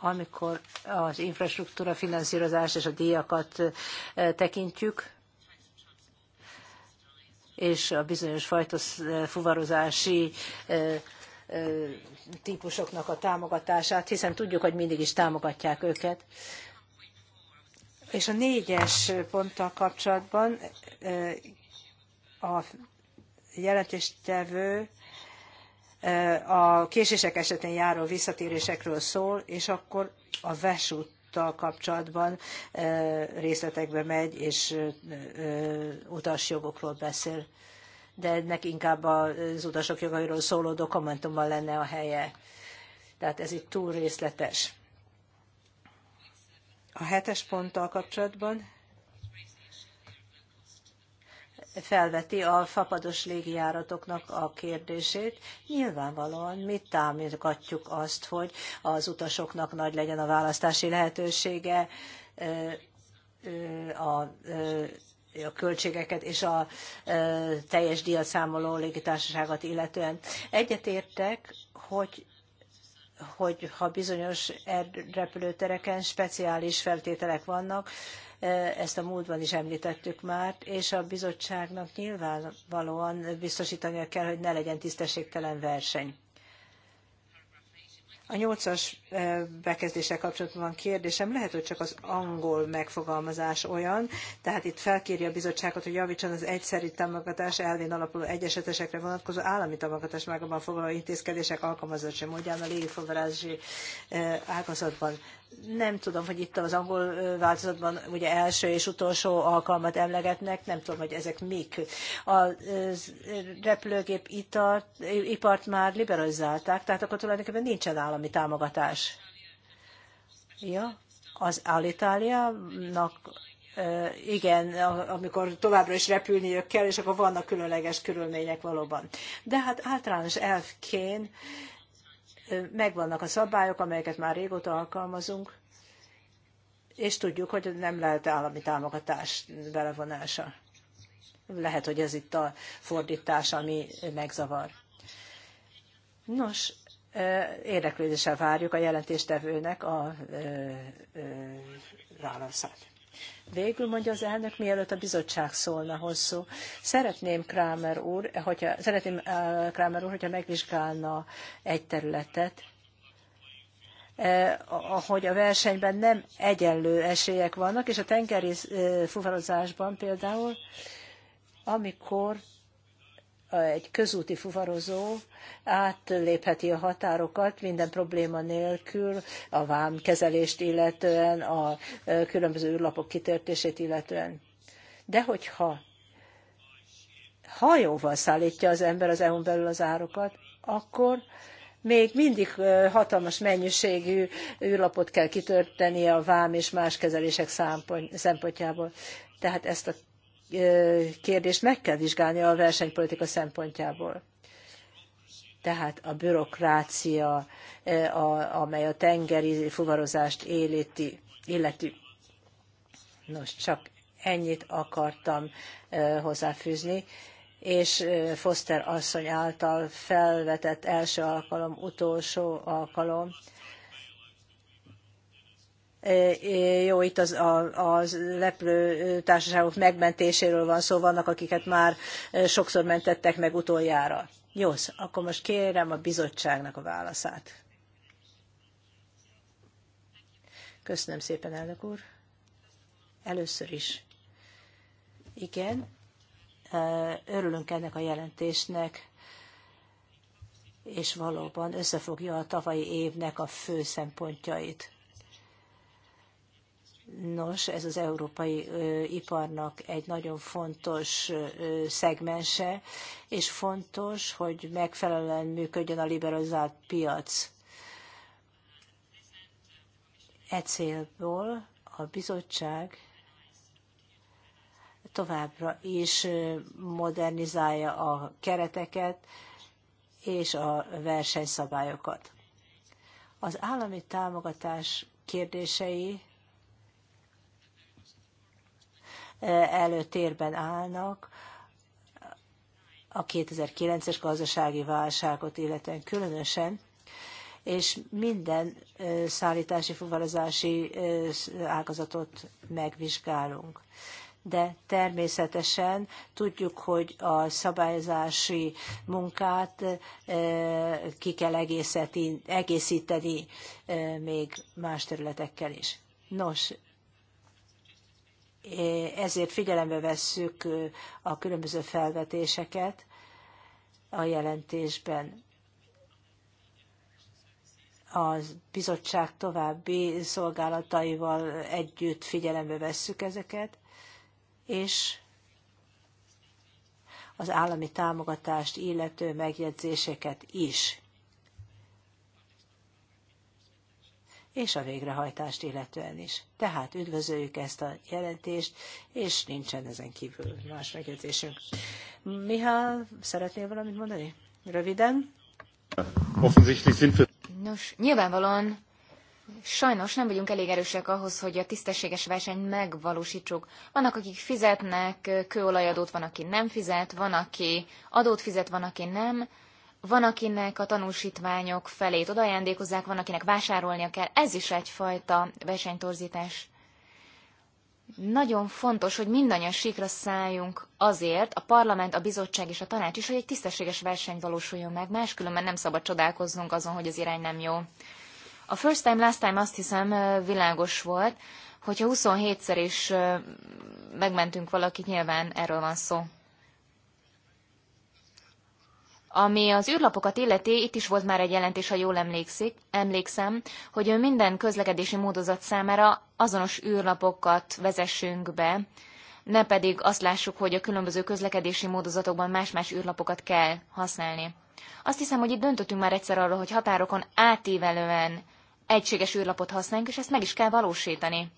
amikor az infrastruktúra finanszírozás és a díjakat tekintjük, és a bizonyos fajta fuvarozási típusoknak a támogatását, hiszen tudjuk, hogy mindig is támogatják őket. És a négyes ponttal kapcsolatban a jelentéstevő Eh, a késések esetén járó visszatérésekről szól, és akkor a vasúttal kapcsolatban eh, részletekbe megy, és eh, utasjogokról beszél. De ennek inkább az utasok jogairól szóló dokumentumban lenne a helye. Tehát ez itt túl részletes. A hetes ponttal kapcsolatban felveti a fapados légijáratoknak a kérdését. Nyilvánvalóan mi támogatjuk azt, hogy az utasoknak nagy legyen a választási lehetősége, a, a költségeket és a teljes díjat számoló légitársaságot illetően. Egyetértek, hogy hogy ha bizonyos repülőtereken speciális feltételek vannak, Eh, ezt a múltban is említettük már, és a bizottságnak nyilvánvalóan biztosítania kell, hogy ne legyen tisztességtelen verseny. A nyolcas eh, bekezdéssel kapcsolatban van kérdésem, lehet, hogy csak az angol megfogalmazás olyan, tehát itt felkéri a bizottságot, hogy javítson az egyszerű támogatás elvén alapuló egyesetesekre vonatkozó állami támogatás megabban foglaló intézkedések alkalmazása módján a légiforgalási eh, ágazatban nem tudom, hogy itt az angol változatban ugye első és utolsó alkalmat emlegetnek, nem tudom, hogy ezek mik. A repülőgép itart, ipart már liberalizálták, tehát akkor tulajdonképpen nincsen állami támogatás. Ja, az Alitáliának igen, amikor továbbra is repülniük kell, és akkor vannak különleges körülmények valóban. De hát általános elfként Megvannak a szabályok, amelyeket már régóta alkalmazunk, és tudjuk, hogy nem lehet állami támogatás belevonása. Lehet, hogy ez itt a fordítás, ami megzavar. Nos, érdeklődéssel várjuk a jelentéstevőnek a válaszát. Végül mondja az elnök, mielőtt a bizottság szólna hosszú. Szeretném Kramer úr, hogyha, szeretném eh, Kramer úr, hogyha megvizsgálna egy területet, eh, hogy a versenyben nem egyenlő esélyek vannak, és a tengeri eh, fuvarozásban például, amikor egy közúti fuvarozó átlépheti a határokat minden probléma nélkül, a vám kezelést illetően, a különböző űrlapok kitörtését illetően. De hogyha hajóval szállítja az ember az EU-n belül az árokat, akkor még mindig hatalmas mennyiségű űrlapot kell kitörtenie a vám és más kezelések szempontjából. Tehát ezt a kérdést meg kell vizsgálni a versenypolitika szempontjából. Tehát a bürokrácia, amely a tengeri fuvarozást életi, illeti. Nos, csak ennyit akartam hozzáfűzni, és Foster asszony által felvetett első alkalom, utolsó alkalom, E, e, jó, itt az, a, az leplő társaságok megmentéséről van szó, vannak, akiket már sokszor mentettek meg utoljára. Jó, akkor most kérem a bizottságnak a válaszát. Köszönöm szépen, elnök úr. Először is. Igen, örülünk ennek a jelentésnek, és valóban összefogja a tavalyi évnek a fő szempontjait. Nos, ez az európai iparnak egy nagyon fontos szegmense, és fontos, hogy megfelelően működjön a liberalizált piac. E célból a bizottság továbbra is modernizálja a kereteket és a versenyszabályokat. Az állami támogatás kérdései Eh, előtérben állnak, a 2009-es gazdasági válságot illetően különösen, és minden eh, szállítási, fuvarozási eh, ágazatot megvizsgálunk. De természetesen tudjuk, hogy a szabályozási munkát ki kell egészíteni még más területekkel is. Nos, ezért figyelembe vesszük a különböző felvetéseket a jelentésben. A bizottság további szolgálataival együtt figyelembe vesszük ezeket, és az állami támogatást illető megjegyzéseket is. és a végrehajtást illetően is. Tehát üdvözöljük ezt a jelentést, és nincsen ezen kívül más megjegyzésünk. Mihály, szeretnél valamit mondani? Röviden? Nos, nyilvánvalóan sajnos nem vagyunk elég erősek ahhoz, hogy a tisztességes versenyt megvalósítsuk. Vannak, akik fizetnek kőolajadót, van, aki nem fizet, van, aki adót fizet, van, aki nem. Van, akinek a tanúsítványok felét odaajándékozzák, van, akinek vásárolnia kell. Ez is egyfajta versenytorzítás. Nagyon fontos, hogy mindannyian síkra szálljunk azért, a parlament, a bizottság és a tanács is, hogy egy tisztességes verseny valósuljon meg, máskülönben nem szabad csodálkoznunk azon, hogy az irány nem jó. A first time, last time azt hiszem világos volt, hogyha 27-szer is megmentünk valakit, nyilván erről van szó. Ami az űrlapokat illeti, itt is volt már egy jelentés, ha jól emlékszik, emlékszem, hogy minden közlekedési módozat számára azonos űrlapokat vezessünk be, ne pedig azt lássuk, hogy a különböző közlekedési módozatokban más-más űrlapokat kell használni. Azt hiszem, hogy itt döntöttünk már egyszer arról, hogy határokon átívelően egységes űrlapot használjunk, és ezt meg is kell valósítani.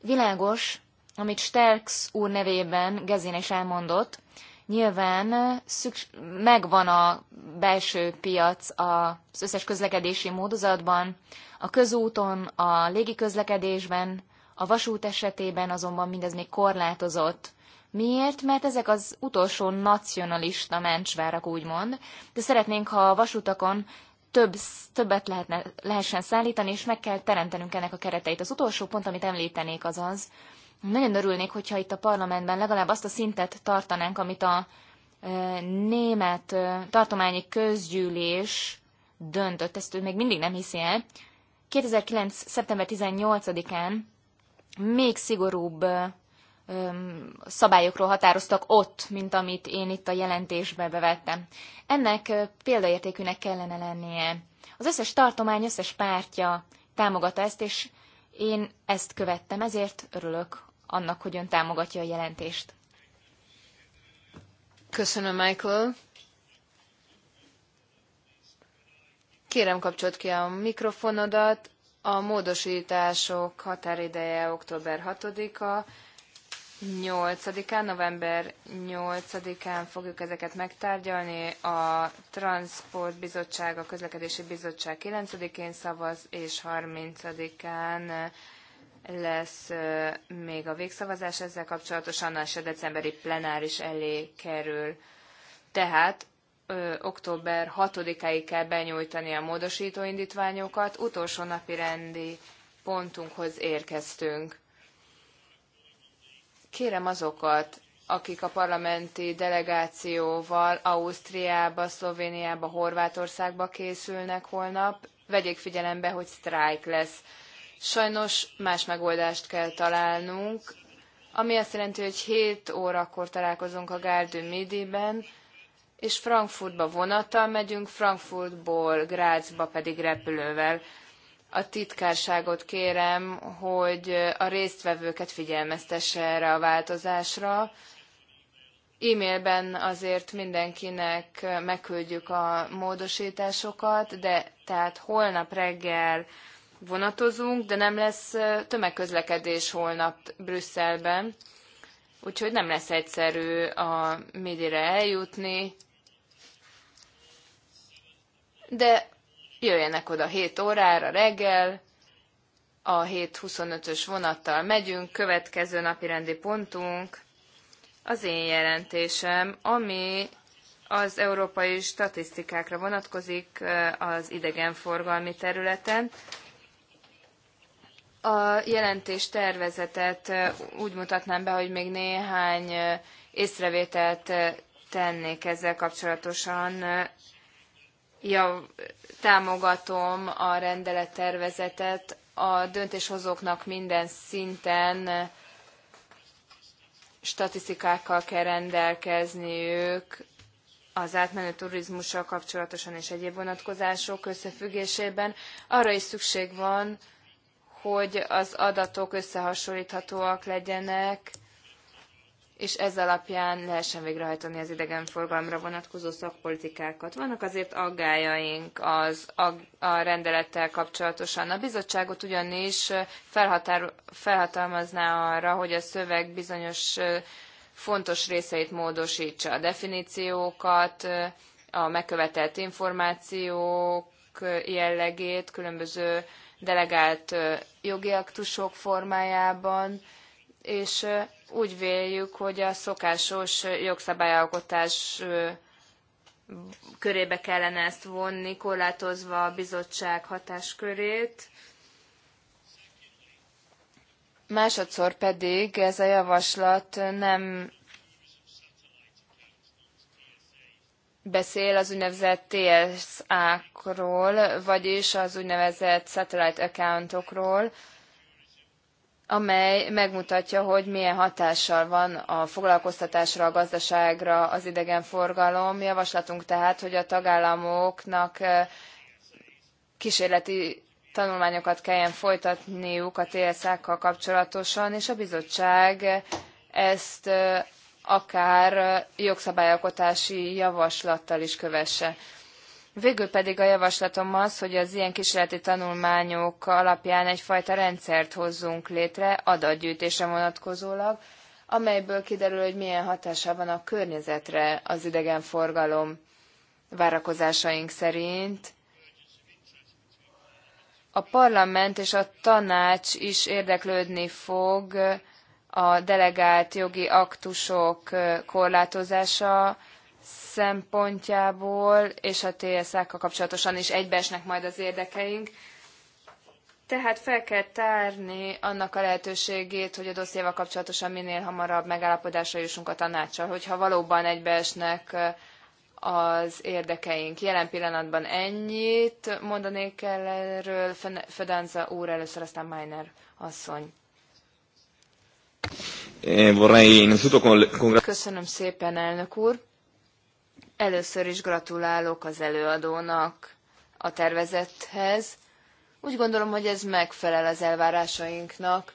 Világos, amit Sterks úr nevében Gezin is elmondott, Nyilván szüks- megvan a belső piac az összes közlekedési módozatban, a közúton, a légiközlekedésben, a vasút esetében azonban mindez még korlátozott. Miért? Mert ezek az utolsó nacionalista mencsvárak, úgymond, de szeretnénk, ha a vasutakon több, többet lehetne, lehessen szállítani, és meg kell teremtenünk ennek a kereteit. Az utolsó pont, amit említenék, az az, nagyon örülnék, hogyha itt a parlamentben legalább azt a szintet tartanánk, amit a német tartományi közgyűlés döntött, ezt ő még mindig nem hiszi el. 2009. szeptember 18-án még szigorúbb szabályokról határoztak ott, mint amit én itt a jelentésbe bevettem. Ennek példaértékűnek kellene lennie. Az összes tartomány, összes pártja támogatta ezt, és én ezt követtem, ezért örülök annak, hogy ön támogatja a jelentést. Köszönöm, Michael. Kérem, kapcsolt ki a mikrofonodat. A módosítások határideje október 6-a, 8-án, november 8-án fogjuk ezeket megtárgyalni. A Transport Bizottság, a Közlekedési Bizottság 9-én szavaz, és 30-án lesz még a végszavazás ezzel kapcsolatosan, és a decemberi plenáris elé kerül. Tehát ö, október 6-áig kell benyújtani a módosító indítványokat, utolsó napi rendi pontunkhoz érkeztünk. Kérem azokat, akik a parlamenti delegációval Ausztriába, Szlovéniába, Horvátországba készülnek holnap, vegyék figyelembe, hogy sztrájk lesz Sajnos más megoldást kell találnunk, ami azt jelenti, hogy 7 órakor találkozunk a Gárdő Midiben, és Frankfurtba vonattal megyünk, Frankfurtból Grazba pedig repülővel. A titkárságot kérem, hogy a résztvevőket figyelmeztesse erre a változásra. E-mailben azért mindenkinek megküldjük a módosításokat, de tehát holnap reggel vonatozunk, de nem lesz tömegközlekedés holnap Brüsszelben, úgyhogy nem lesz egyszerű a midire eljutni, de jöjjenek oda 7 órára reggel, a 7.25-ös vonattal megyünk, következő napi rendi pontunk az én jelentésem, ami az európai statisztikákra vonatkozik az idegenforgalmi területen. A jelentés tervezetet úgy mutatnám be, hogy még néhány észrevételt tennék ezzel kapcsolatosan. Ja, támogatom a rendelettervezetet. A döntéshozóknak minden szinten statisztikákkal kell ők az átmenő turizmussal kapcsolatosan és egyéb vonatkozások összefüggésében. Arra is szükség van, hogy az adatok összehasonlíthatóak legyenek, és ez alapján lehessen végrehajtani az idegenforgalomra vonatkozó szakpolitikákat. Vannak azért aggájaink az ag- a rendelettel kapcsolatosan. A bizottságot ugyanis felhatár- felhatalmazná arra, hogy a szöveg bizonyos fontos részeit módosítsa. A definíciókat, a megkövetelt információk jellegét, különböző delegált jogi aktusok formájában, és úgy véljük, hogy a szokásos jogszabályalkotás körébe kellene ezt vonni, korlátozva a bizottság hatáskörét. Másodszor pedig ez a javaslat nem beszél az úgynevezett TSA-król, vagyis az úgynevezett satellite accountokról, amely megmutatja, hogy milyen hatással van a foglalkoztatásra, a gazdaságra az idegenforgalom. Javaslatunk tehát, hogy a tagállamoknak eh, kísérleti tanulmányokat kelljen folytatniuk a TSZ-kkal kapcsolatosan, és a bizottság eh, ezt eh, akár jogszabályalkotási javaslattal is kövesse. Végül pedig a javaslatom az, hogy az ilyen kísérleti tanulmányok alapján egyfajta rendszert hozzunk létre adatgyűjtésre vonatkozólag, amelyből kiderül, hogy milyen hatása van a környezetre az idegenforgalom várakozásaink szerint. A parlament és a tanács is érdeklődni fog a delegált jogi aktusok korlátozása szempontjából, és a TSZ-kkal kapcsolatosan is egybeesnek majd az érdekeink. Tehát fel kell tárni annak a lehetőségét, hogy a dossziéval kapcsolatosan minél hamarabb megállapodásra jussunk a tanácssal, hogyha valóban egybeesnek az érdekeink. Jelen pillanatban ennyit mondanék el erről Fedanza úr, először aztán Miner asszony. Eh, Köszönöm szépen, elnök úr. Először is gratulálok az előadónak a tervezethez. Úgy gondolom, hogy ez megfelel az elvárásainknak,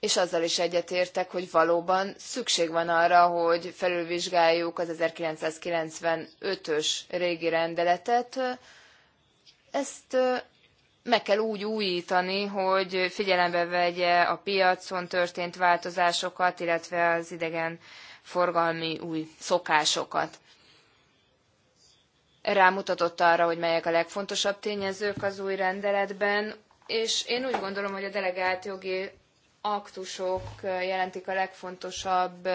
és azzal is egyetértek, hogy valóban szükség van arra, hogy felülvizsgáljuk az 1995-ös régi rendeletet. Ezt meg kell úgy újítani, hogy figyelembe vegye a piacon történt változásokat, illetve az idegen forgalmi új szokásokat. Rámutatott arra, hogy melyek a legfontosabb tényezők az új rendeletben, és én úgy gondolom, hogy a delegált jogi aktusok jelentik a legfontosabb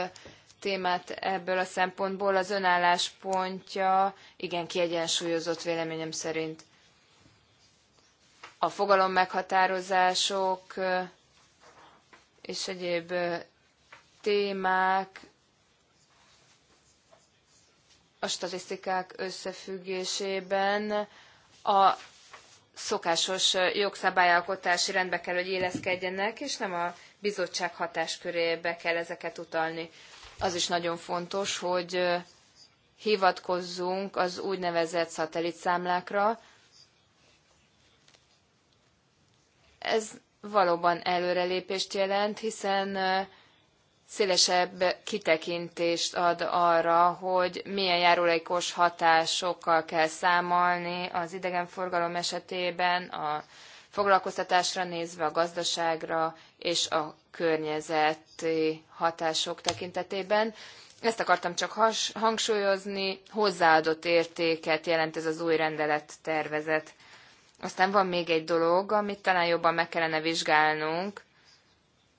témát ebből a szempontból. Az önálláspontja igen kiegyensúlyozott véleményem szerint a fogalom meghatározások és egyéb témák a statisztikák összefüggésében a szokásos jogszabályalkotási rendbe kell, hogy éleszkedjenek, és nem a bizottság hatáskörébe kell ezeket utalni. Az is nagyon fontos, hogy hivatkozzunk az úgynevezett szatellitszámlákra, Ez valóban előrelépést jelent, hiszen szélesebb kitekintést ad arra, hogy milyen járulékos hatásokkal kell számolni az idegenforgalom esetében, a foglalkoztatásra nézve, a gazdaságra és a környezeti hatások tekintetében. Ezt akartam csak hangsúlyozni, hozzáadott értéket jelent ez az új rendelet tervezet. Aztán van még egy dolog, amit talán jobban meg kellene vizsgálnunk,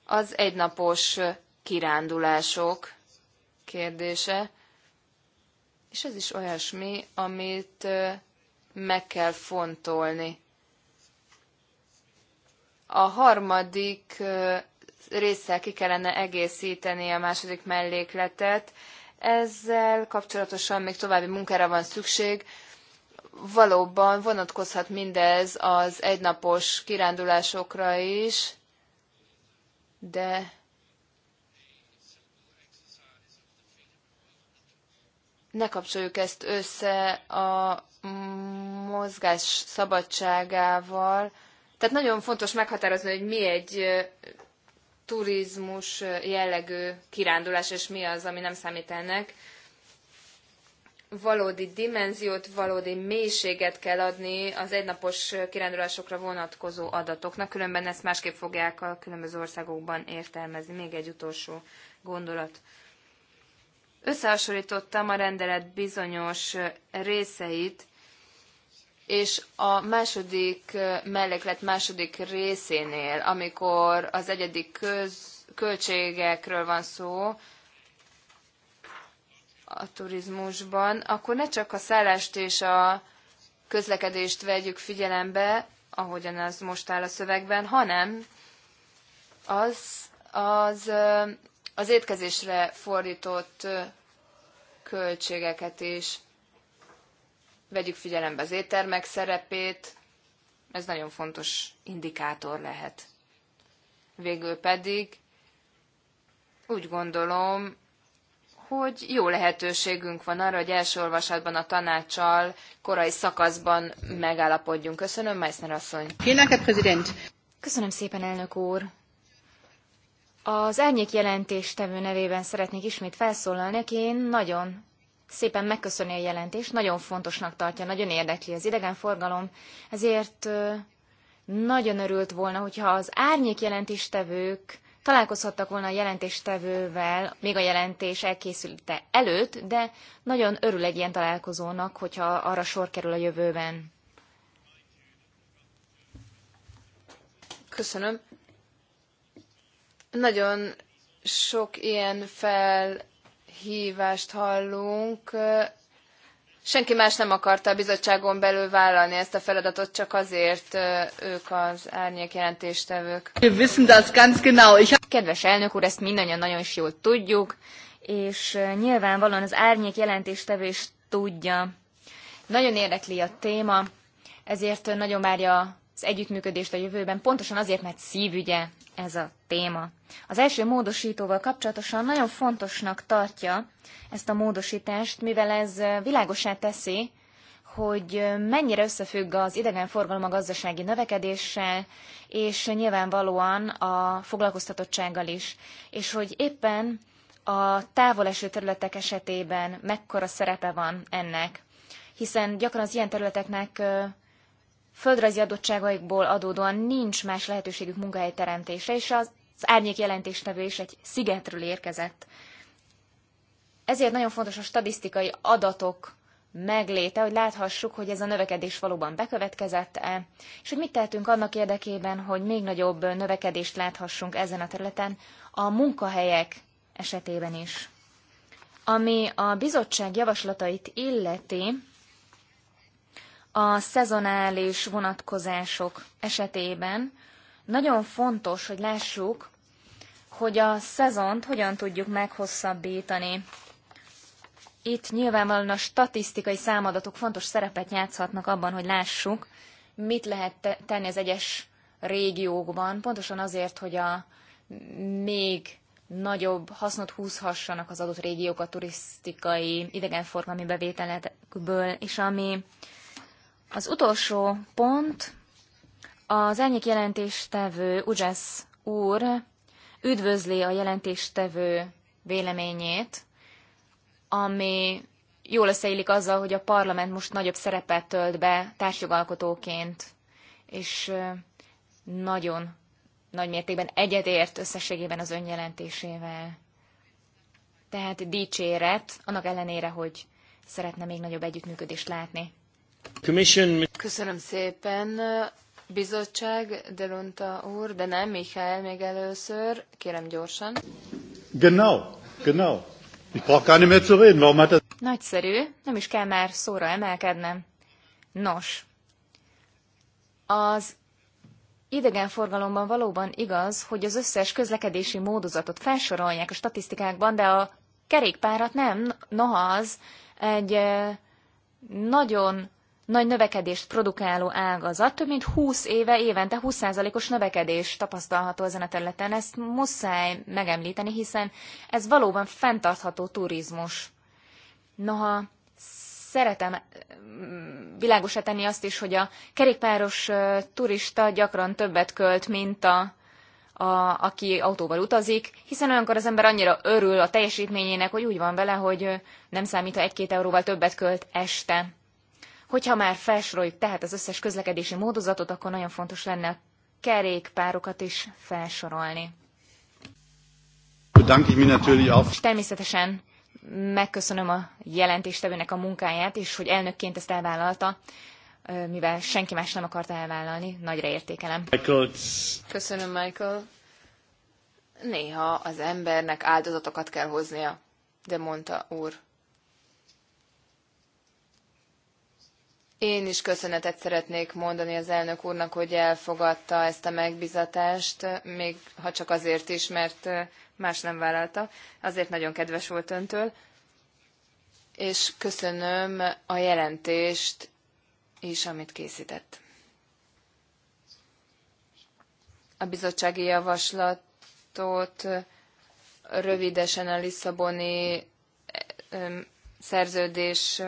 az egynapos kirándulások kérdése, és ez is olyasmi, amit meg kell fontolni. A harmadik résszel ki kellene egészíteni a második mellékletet, ezzel kapcsolatosan még további munkára van szükség, valóban vonatkozhat mindez az egynapos kirándulásokra is, de ne kapcsoljuk ezt össze a mozgás szabadságával. Tehát nagyon fontos meghatározni, hogy mi egy turizmus jellegű kirándulás, és mi az, ami nem számít ennek valódi dimenziót, valódi mélységet kell adni az egynapos kirándulásokra vonatkozó adatoknak, különben ezt másképp fogják a különböző országokban értelmezni. Még egy utolsó gondolat. Összehasonlítottam a rendelet bizonyos részeit, és a második melléklet második részénél, amikor az egyedik köz, költségekről van szó, a turizmusban, akkor ne csak a szállást és a közlekedést vegyük figyelembe, ahogyan az most áll a szövegben, hanem az, az, az étkezésre fordított költségeket is. Vegyük figyelembe az éttermek szerepét, ez nagyon fontos indikátor lehet. Végül pedig úgy gondolom, hogy jó lehetőségünk van arra, hogy első olvasatban a tanácsal, korai szakaszban megállapodjunk. Köszönöm, Meissner asszony. Köszönöm szépen, elnök úr. Az árnyék jelentéstevő nevében szeretnék ismét felszólalni, aki én nagyon szépen megköszöni a jelentést, nagyon fontosnak tartja, nagyon érdekli az idegenforgalom, ezért nagyon örült volna, hogyha az árnyék jelentéstevők találkozhattak volna a jelentéstevővel, még a jelentés elkészülte előtt, de nagyon örül egy ilyen találkozónak, hogyha arra sor kerül a jövőben. Köszönöm. Nagyon sok ilyen felhívást hallunk, senki más nem akarta a bizottságon belül vállalni ezt a feladatot, csak azért ők az árnyék jelentéstevők. Kedves elnök úr, ezt mindannyian nagyon is jól tudjuk, és nyilvánvalóan az árnyék jelentéstevő is tudja. Nagyon érdekli a téma, ezért nagyon várja az együttműködést a jövőben, pontosan azért, mert szívügye ez a téma. Az első módosítóval kapcsolatosan nagyon fontosnak tartja ezt a módosítást, mivel ez világosá teszi, hogy mennyire összefügg az idegenforgalom a gazdasági növekedéssel, és nyilvánvalóan a foglalkoztatottsággal is, és hogy éppen a távoleső területek esetében mekkora szerepe van ennek, hiszen gyakran az ilyen területeknek földrajzi adottságaikból adódóan nincs más lehetőségük munkahelyteremtésre, és az árnyék jelentéstevő is egy szigetről érkezett. Ezért nagyon fontos a statisztikai adatok megléte, hogy láthassuk, hogy ez a növekedés valóban bekövetkezett-e, és hogy mit tehetünk annak érdekében, hogy még nagyobb növekedést láthassunk ezen a területen a munkahelyek esetében is. Ami a bizottság javaslatait illeti, a szezonális vonatkozások esetében nagyon fontos, hogy lássuk, hogy a szezont hogyan tudjuk meghosszabbítani. Itt nyilvánvalóan a statisztikai számadatok fontos szerepet játszhatnak abban, hogy lássuk, mit lehet tenni az egyes régiókban, pontosan azért, hogy a még nagyobb hasznot húzhassanak az adott régiók a turisztikai idegenforgalmi bevételekből, és ami az utolsó pont az egyik jelentéstevő Ugyesz úr üdvözli a jelentéstevő véleményét, ami jól összeillik azzal, hogy a parlament most nagyobb szerepet tölt be társjogalkotóként, és nagyon nagy mértékben egyetért összességében az önjelentésével. Tehát dicséret, annak ellenére, hogy szeretne még nagyobb együttműködést látni. Köszönöm szépen. Bizottság, Delonta úr, de nem, Michael, még először. Kérem gyorsan. Genau, genau. Ich brauche gar nicht mehr zu reden. Warum hat das... Nagyszerű, nem is kell már szóra emelkednem. Nos, az idegenforgalomban valóban igaz, hogy az összes közlekedési módozatot felsorolják a statisztikákban, de a kerékpárat nem, noha az egy eh, nagyon nagy növekedést produkáló ágazat, több mint 20 éve évente 20%-os növekedés tapasztalható ezen a területen. Ezt muszáj megemlíteni, hiszen ez valóban fenntartható turizmus. Noha szeretem mm, világosra tenni azt is, hogy a kerékpáros turista gyakran többet költ, mint a, a, aki autóval utazik, hiszen olyankor az ember annyira örül a teljesítményének, hogy úgy van vele, hogy nem számít, ha egy-két euróval többet költ este. Hogyha már felsoroljuk tehát az összes közlekedési módozatot, akkor nagyon fontos lenne a kerékpárokat is felsorolni. És természetesen megköszönöm a jelentéstevőnek a munkáját, és hogy elnökként ezt elvállalta, mivel senki más nem akarta elvállalni, nagyra értékelem. Michael. Köszönöm, Michael. Néha az embernek áldozatokat kell hoznia, de mondta úr. Én is köszönetet szeretnék mondani az elnök úrnak, hogy elfogadta ezt a megbizatást, még ha csak azért is, mert más nem vállalta. Azért nagyon kedves volt öntől. És köszönöm a jelentést is, amit készített. A bizottsági javaslatot rövidesen a Lisszaboni szerződés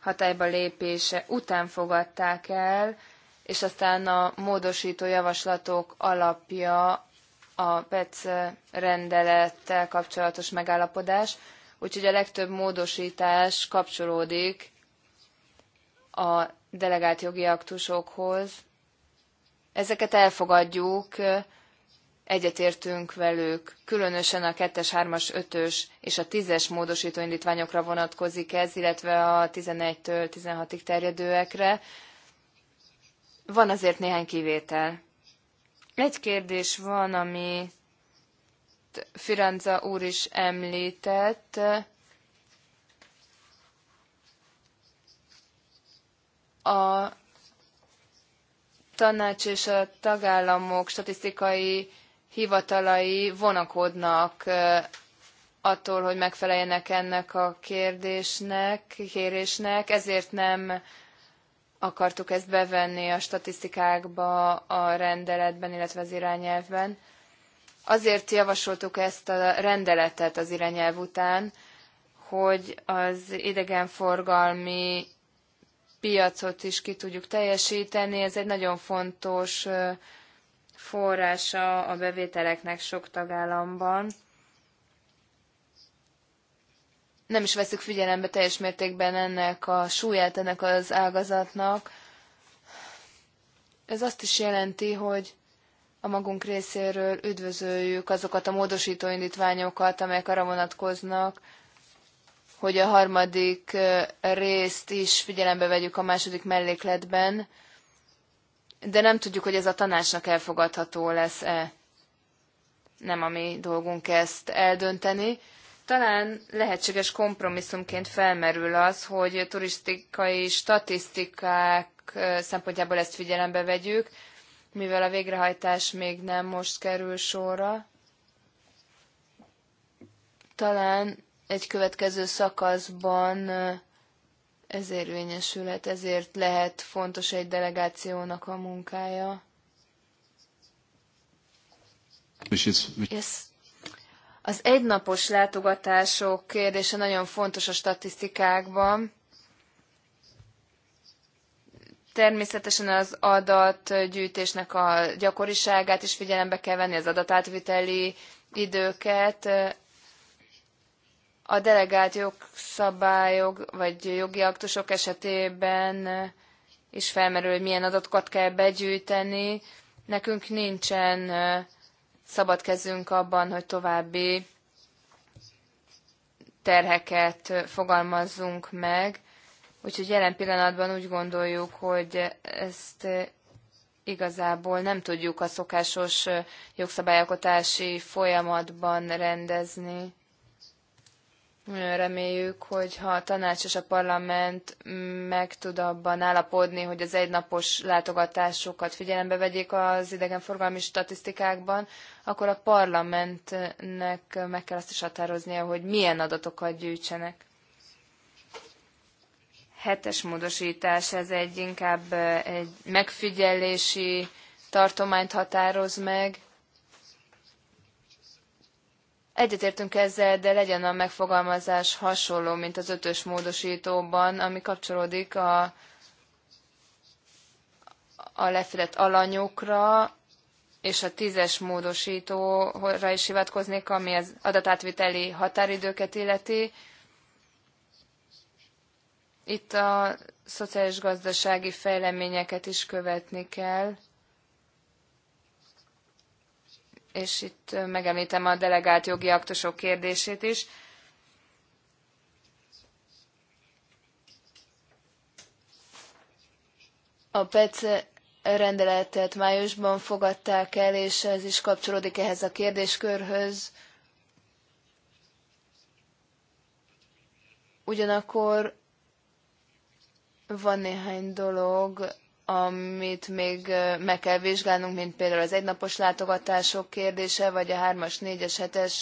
hatályba lépése után fogadták el, és aztán a módosító javaslatok alapja a PEC rendelettel kapcsolatos megállapodás, úgyhogy a legtöbb módosítás kapcsolódik a delegált jogi aktusokhoz. Ezeket elfogadjuk, egyetértünk velük, különösen a 2-es, 3-as, 5-ös és a 10-es módosítóindítványokra vonatkozik ez, illetve a 11-től 16-ig terjedőekre. Van azért néhány kivétel. Egy kérdés van, ami Firanza úr is említett, a tanács és a tagállamok statisztikai hivatalai vonakodnak attól, hogy megfeleljenek ennek a kérdésnek, kérésnek, ezért nem akartuk ezt bevenni a statisztikákba, a rendeletben, illetve az irányelvben. Azért javasoltuk ezt a rendeletet az irányelv után, hogy az idegenforgalmi piacot is ki tudjuk teljesíteni. Ez egy nagyon fontos forrása a bevételeknek sok tagállamban. Nem is veszük figyelembe teljes mértékben ennek a súlyát, ennek az ágazatnak. Ez azt is jelenti, hogy a magunk részéről üdvözöljük azokat a módosító indítványokat, amelyek arra vonatkoznak, hogy a harmadik eh, részt is figyelembe vegyük a második mellékletben, de nem tudjuk, hogy ez a tanácsnak elfogadható lesz-e. Nem a mi dolgunk ezt eldönteni. Talán lehetséges kompromisszumként felmerül az, hogy turisztikai statisztikák szempontjából ezt figyelembe vegyük, mivel a végrehajtás még nem most kerül sorra. Talán egy következő szakaszban ez érvényesülhet, ezért lehet fontos egy delegációnak a munkája. Yes. Az egynapos látogatások kérdése nagyon fontos a statisztikákban. Természetesen az adatgyűjtésnek a gyakoriságát is figyelembe kell venni, az adatátviteli időket, a delegált jogszabályok vagy jogi aktusok esetében is felmerül, hogy milyen adatokat kell begyűjteni. Nekünk nincsen szabad kezünk abban, hogy további terheket fogalmazzunk meg. Úgyhogy jelen pillanatban úgy gondoljuk, hogy ezt igazából nem tudjuk a szokásos jogszabályokotási folyamatban rendezni. Nagyon reméljük, hogy ha a tanács és a parlament meg tud abban állapodni, hogy az egynapos látogatásokat figyelembe vegyék az idegenforgalmi statisztikákban, akkor a parlamentnek meg kell azt is határoznia, hogy milyen adatokat gyűjtsenek. Hetes módosítás, ez egy inkább eh, egy megfigyelési tartományt határoz meg, Egyetértünk ezzel, de legyen a megfogalmazás hasonló, mint az ötös módosítóban, ami kapcsolódik a, a lefedett alanyokra, és a tízes módosítóra is hivatkoznék, ami az adatátviteli határidőket illeti. Itt a szociális gazdasági fejleményeket is követni kell és itt megemlítem a delegált jogi aktusok kérdését is. A PEC rendeletet májusban fogadták el, és ez is kapcsolódik ehhez a kérdéskörhöz. Ugyanakkor van néhány dolog, amit még meg kell vizsgálnunk, mint például az egynapos látogatások kérdése, vagy a 3-as, 4-es, 7-es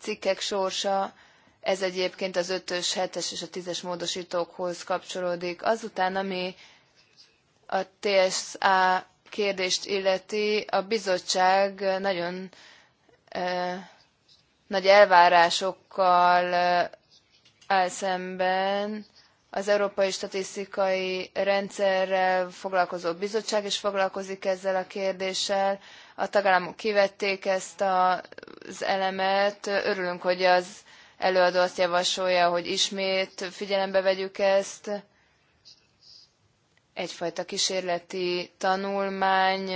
cikkek sorsa. Ez egyébként az 5-ös, 7-es és a 10-es módosítókhoz kapcsolódik. Azután, ami a TSA kérdést illeti, a bizottság nagyon eh, nagy elvárásokkal áll szemben, az Európai Statisztikai Rendszerrel foglalkozó bizottság is foglalkozik ezzel a kérdéssel. A tagállamok kivették ezt az elemet. Örülünk, hogy az előadó azt javasolja, hogy ismét figyelembe vegyük ezt. Egyfajta kísérleti tanulmány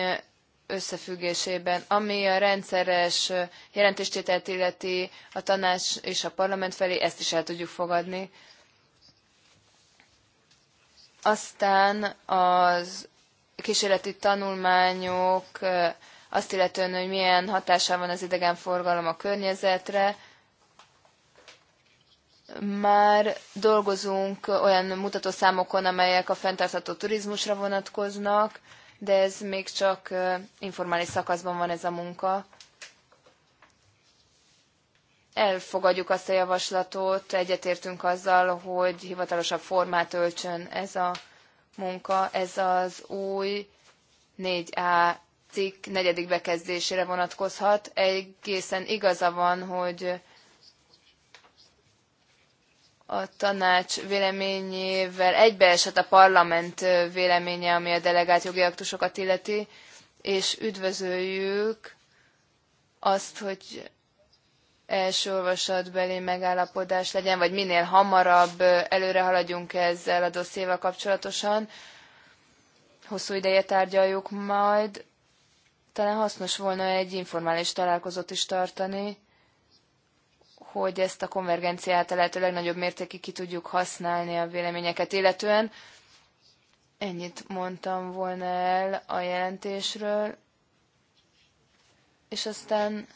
összefüggésében, ami a rendszeres jelentéstételt illeti a tanács és a parlament felé, ezt is el tudjuk fogadni. Aztán az kísérleti tanulmányok azt illetően, hogy milyen hatással van az idegenforgalom a környezetre, már dolgozunk olyan mutatószámokon, amelyek a fenntartható turizmusra vonatkoznak, de ez még csak informális szakaszban van ez a munka elfogadjuk azt a javaslatot, egyetértünk azzal, hogy hivatalosabb formát öltsön ez a munka, ez az új 4A cikk negyedik bekezdésére vonatkozhat. Egészen igaza van, hogy a tanács véleményével egybeesett a parlament véleménye, ami a delegált jogi aktusokat illeti, és üdvözöljük azt, hogy első olvasatbeli megállapodás legyen, vagy minél hamarabb előre haladjunk ezzel a dossziéval kapcsolatosan. Hosszú ideje tárgyaljuk majd. Talán hasznos volna egy informális találkozót is tartani, hogy ezt a konvergenciát a lehető legnagyobb mértékig ki tudjuk használni a véleményeket illetően. Ennyit mondtam volna el a jelentésről, és aztán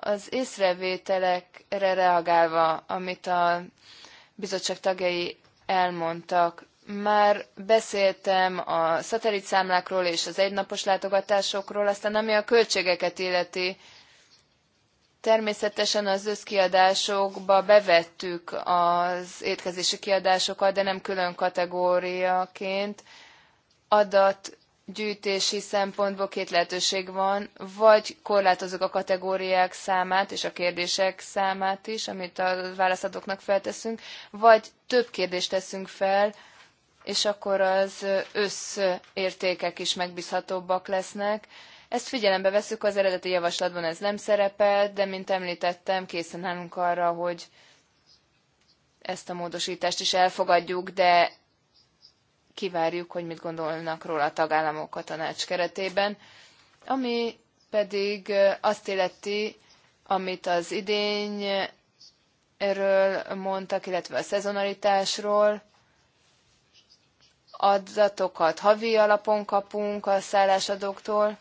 az észrevételekre reagálva, amit a bizottság tagjai elmondtak, már beszéltem a szatellitszámlákról és az egynapos látogatásokról, aztán ami a költségeket illeti, természetesen az összkiadásokba bevettük az étkezési kiadásokat, de nem külön kategóriaként. Adat gyűjtési szempontból két lehetőség van, vagy korlátozok a kategóriák számát és a kérdések számát is, amit a válaszadóknak felteszünk, vagy több kérdést teszünk fel, és akkor az összértékek is megbízhatóbbak lesznek. Ezt figyelembe veszük, az eredeti javaslatban ez nem szerepel, de mint említettem, készen állunk arra, hogy ezt a módosítást is elfogadjuk, de kivárjuk, hogy mit gondolnak róla a tagállamok a tanács keretében, ami pedig azt illeti, amit az idényről erről mondtak, illetve a szezonalitásról. Adatokat havi alapon kapunk a szállásadóktól,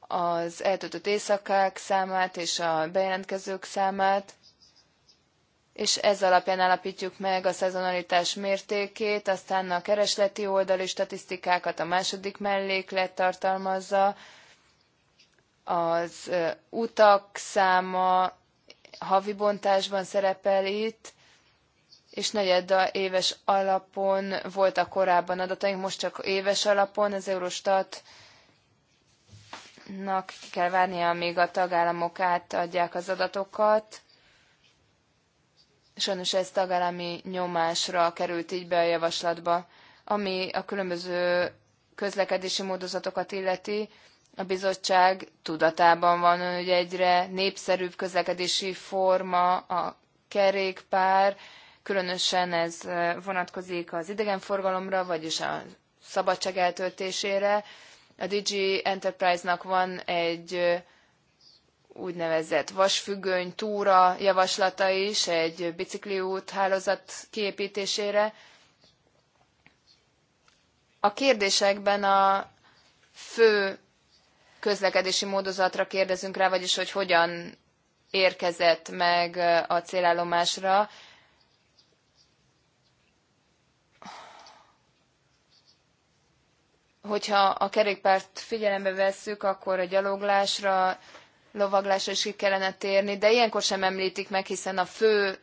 az eltöltött éjszakák számát és a bejelentkezők számát, és ez alapján állapítjuk meg a szezonalitás mértékét, aztán a keresleti oldali statisztikákat a második melléklet tartalmazza, az utak száma havi bontásban szerepel itt, és negyed éves alapon voltak korábban adataink, most csak éves alapon az Eurostat nak kell várnia, amíg a tagállamok átadják az adatokat Sajnos ez tagállami nyomásra került így be a javaslatba, ami a különböző közlekedési módozatokat illeti. A bizottság tudatában van, hogy egyre népszerűbb közlekedési forma a kerékpár, különösen ez eh, vonatkozik az idegenforgalomra, vagyis a szabadság eltöltésére. A DG Enterprise-nak van egy eh, úgynevezett vasfüggöny túra javaslata is egy bicikliút hálózat kiépítésére. A kérdésekben a fő közlekedési módozatra kérdezünk rá, vagyis hogy hogyan érkezett meg a célállomásra. Hogyha a kerékpárt figyelembe vesszük, akkor a gyaloglásra lovaglásra is ki kellene térni, de ilyenkor sem említik meg, hiszen a fő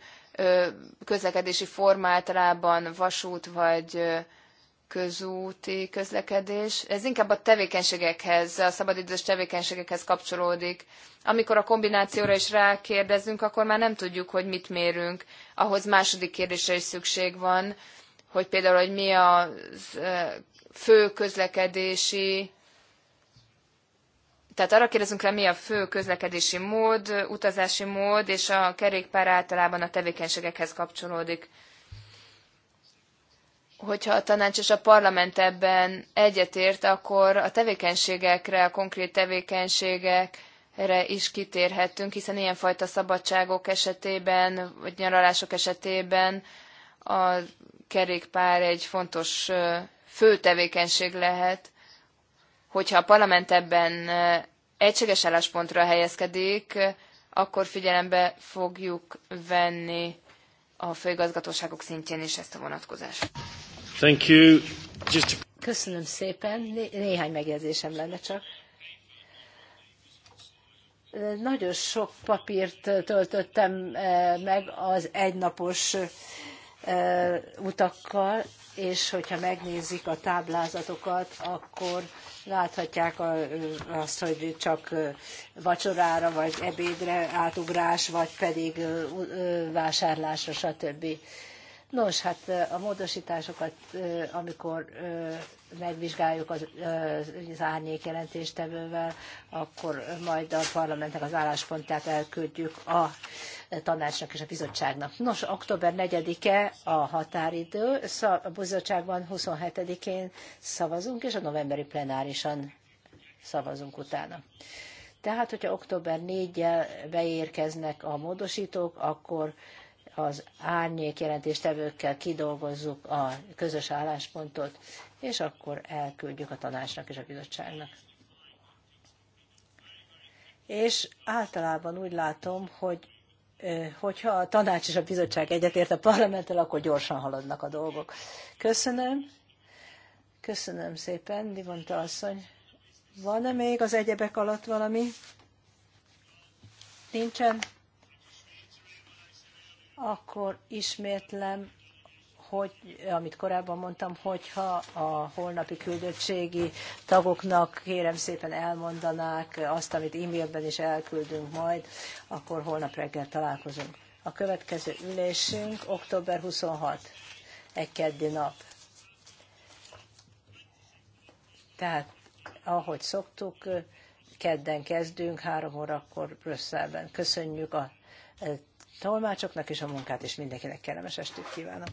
közlekedési forma általában vasút vagy közúti közlekedés. Ez inkább a tevékenységekhez, a szabadidős tevékenységekhez kapcsolódik. Amikor a kombinációra is rákérdezünk, akkor már nem tudjuk, hogy mit mérünk. Ahhoz második kérdésre is szükség van, hogy például, hogy mi a fő közlekedési tehát arra kérdezünk rá, mi a fő közlekedési mód, utazási mód, és a kerékpár általában a tevékenységekhez kapcsolódik. Hogyha a tanács és a parlament ebben egyetért, akkor a tevékenységekre, a konkrét tevékenységekre is kitérhetünk, hiszen ilyenfajta szabadságok esetében, vagy nyaralások esetében a kerékpár egy fontos fő tevékenység lehet hogyha a parlament ebben egységes álláspontra helyezkedik, akkor figyelembe fogjuk venni a főigazgatóságok szintjén is ezt a vonatkozást. Thank you. Just to... Köszönöm szépen. Né- néhány megjegyzésem lenne csak. Nagyon sok papírt töltöttem meg az egynapos utakkal, és hogyha megnézik a táblázatokat, akkor Láthatják azt, hogy csak vacsorára, vagy ebédre átugrás, vagy pedig vásárlásra, stb. Nos, hát a módosításokat, amikor megvizsgáljuk az, az árnyék jelentéstevővel, akkor majd a parlamentnek az álláspontját elküldjük a tanácsnak és a bizottságnak. Nos, október 4-e a határidő, a bizottságban 27-én szavazunk, és a novemberi plenárisan szavazunk utána. Tehát, hogyha október 4-jel beérkeznek a módosítók, akkor az árnyék jelentéstevőkkel kidolgozzuk a közös álláspontot, és akkor elküldjük a tanácsnak és a bizottságnak. És általában úgy látom, hogy hogyha a tanács és a bizottság egyetért a parlamenttel, akkor gyorsan haladnak a dolgok. Köszönöm. Köszönöm szépen, Divonta asszony. Van-e még az egyebek alatt valami? Nincsen akkor ismétlem, hogy, amit korábban mondtam, hogyha a holnapi küldöttségi tagoknak kérem szépen elmondanák azt, amit e-mailben is elküldünk majd, akkor holnap reggel találkozunk. A következő ülésünk október 26, egy keddi nap. Tehát, ahogy szoktuk, kedden kezdünk, három órakor Brüsszelben. Köszönjük a tolmácsoknak is a munkát, és mindenkinek kellemes estét kívánok.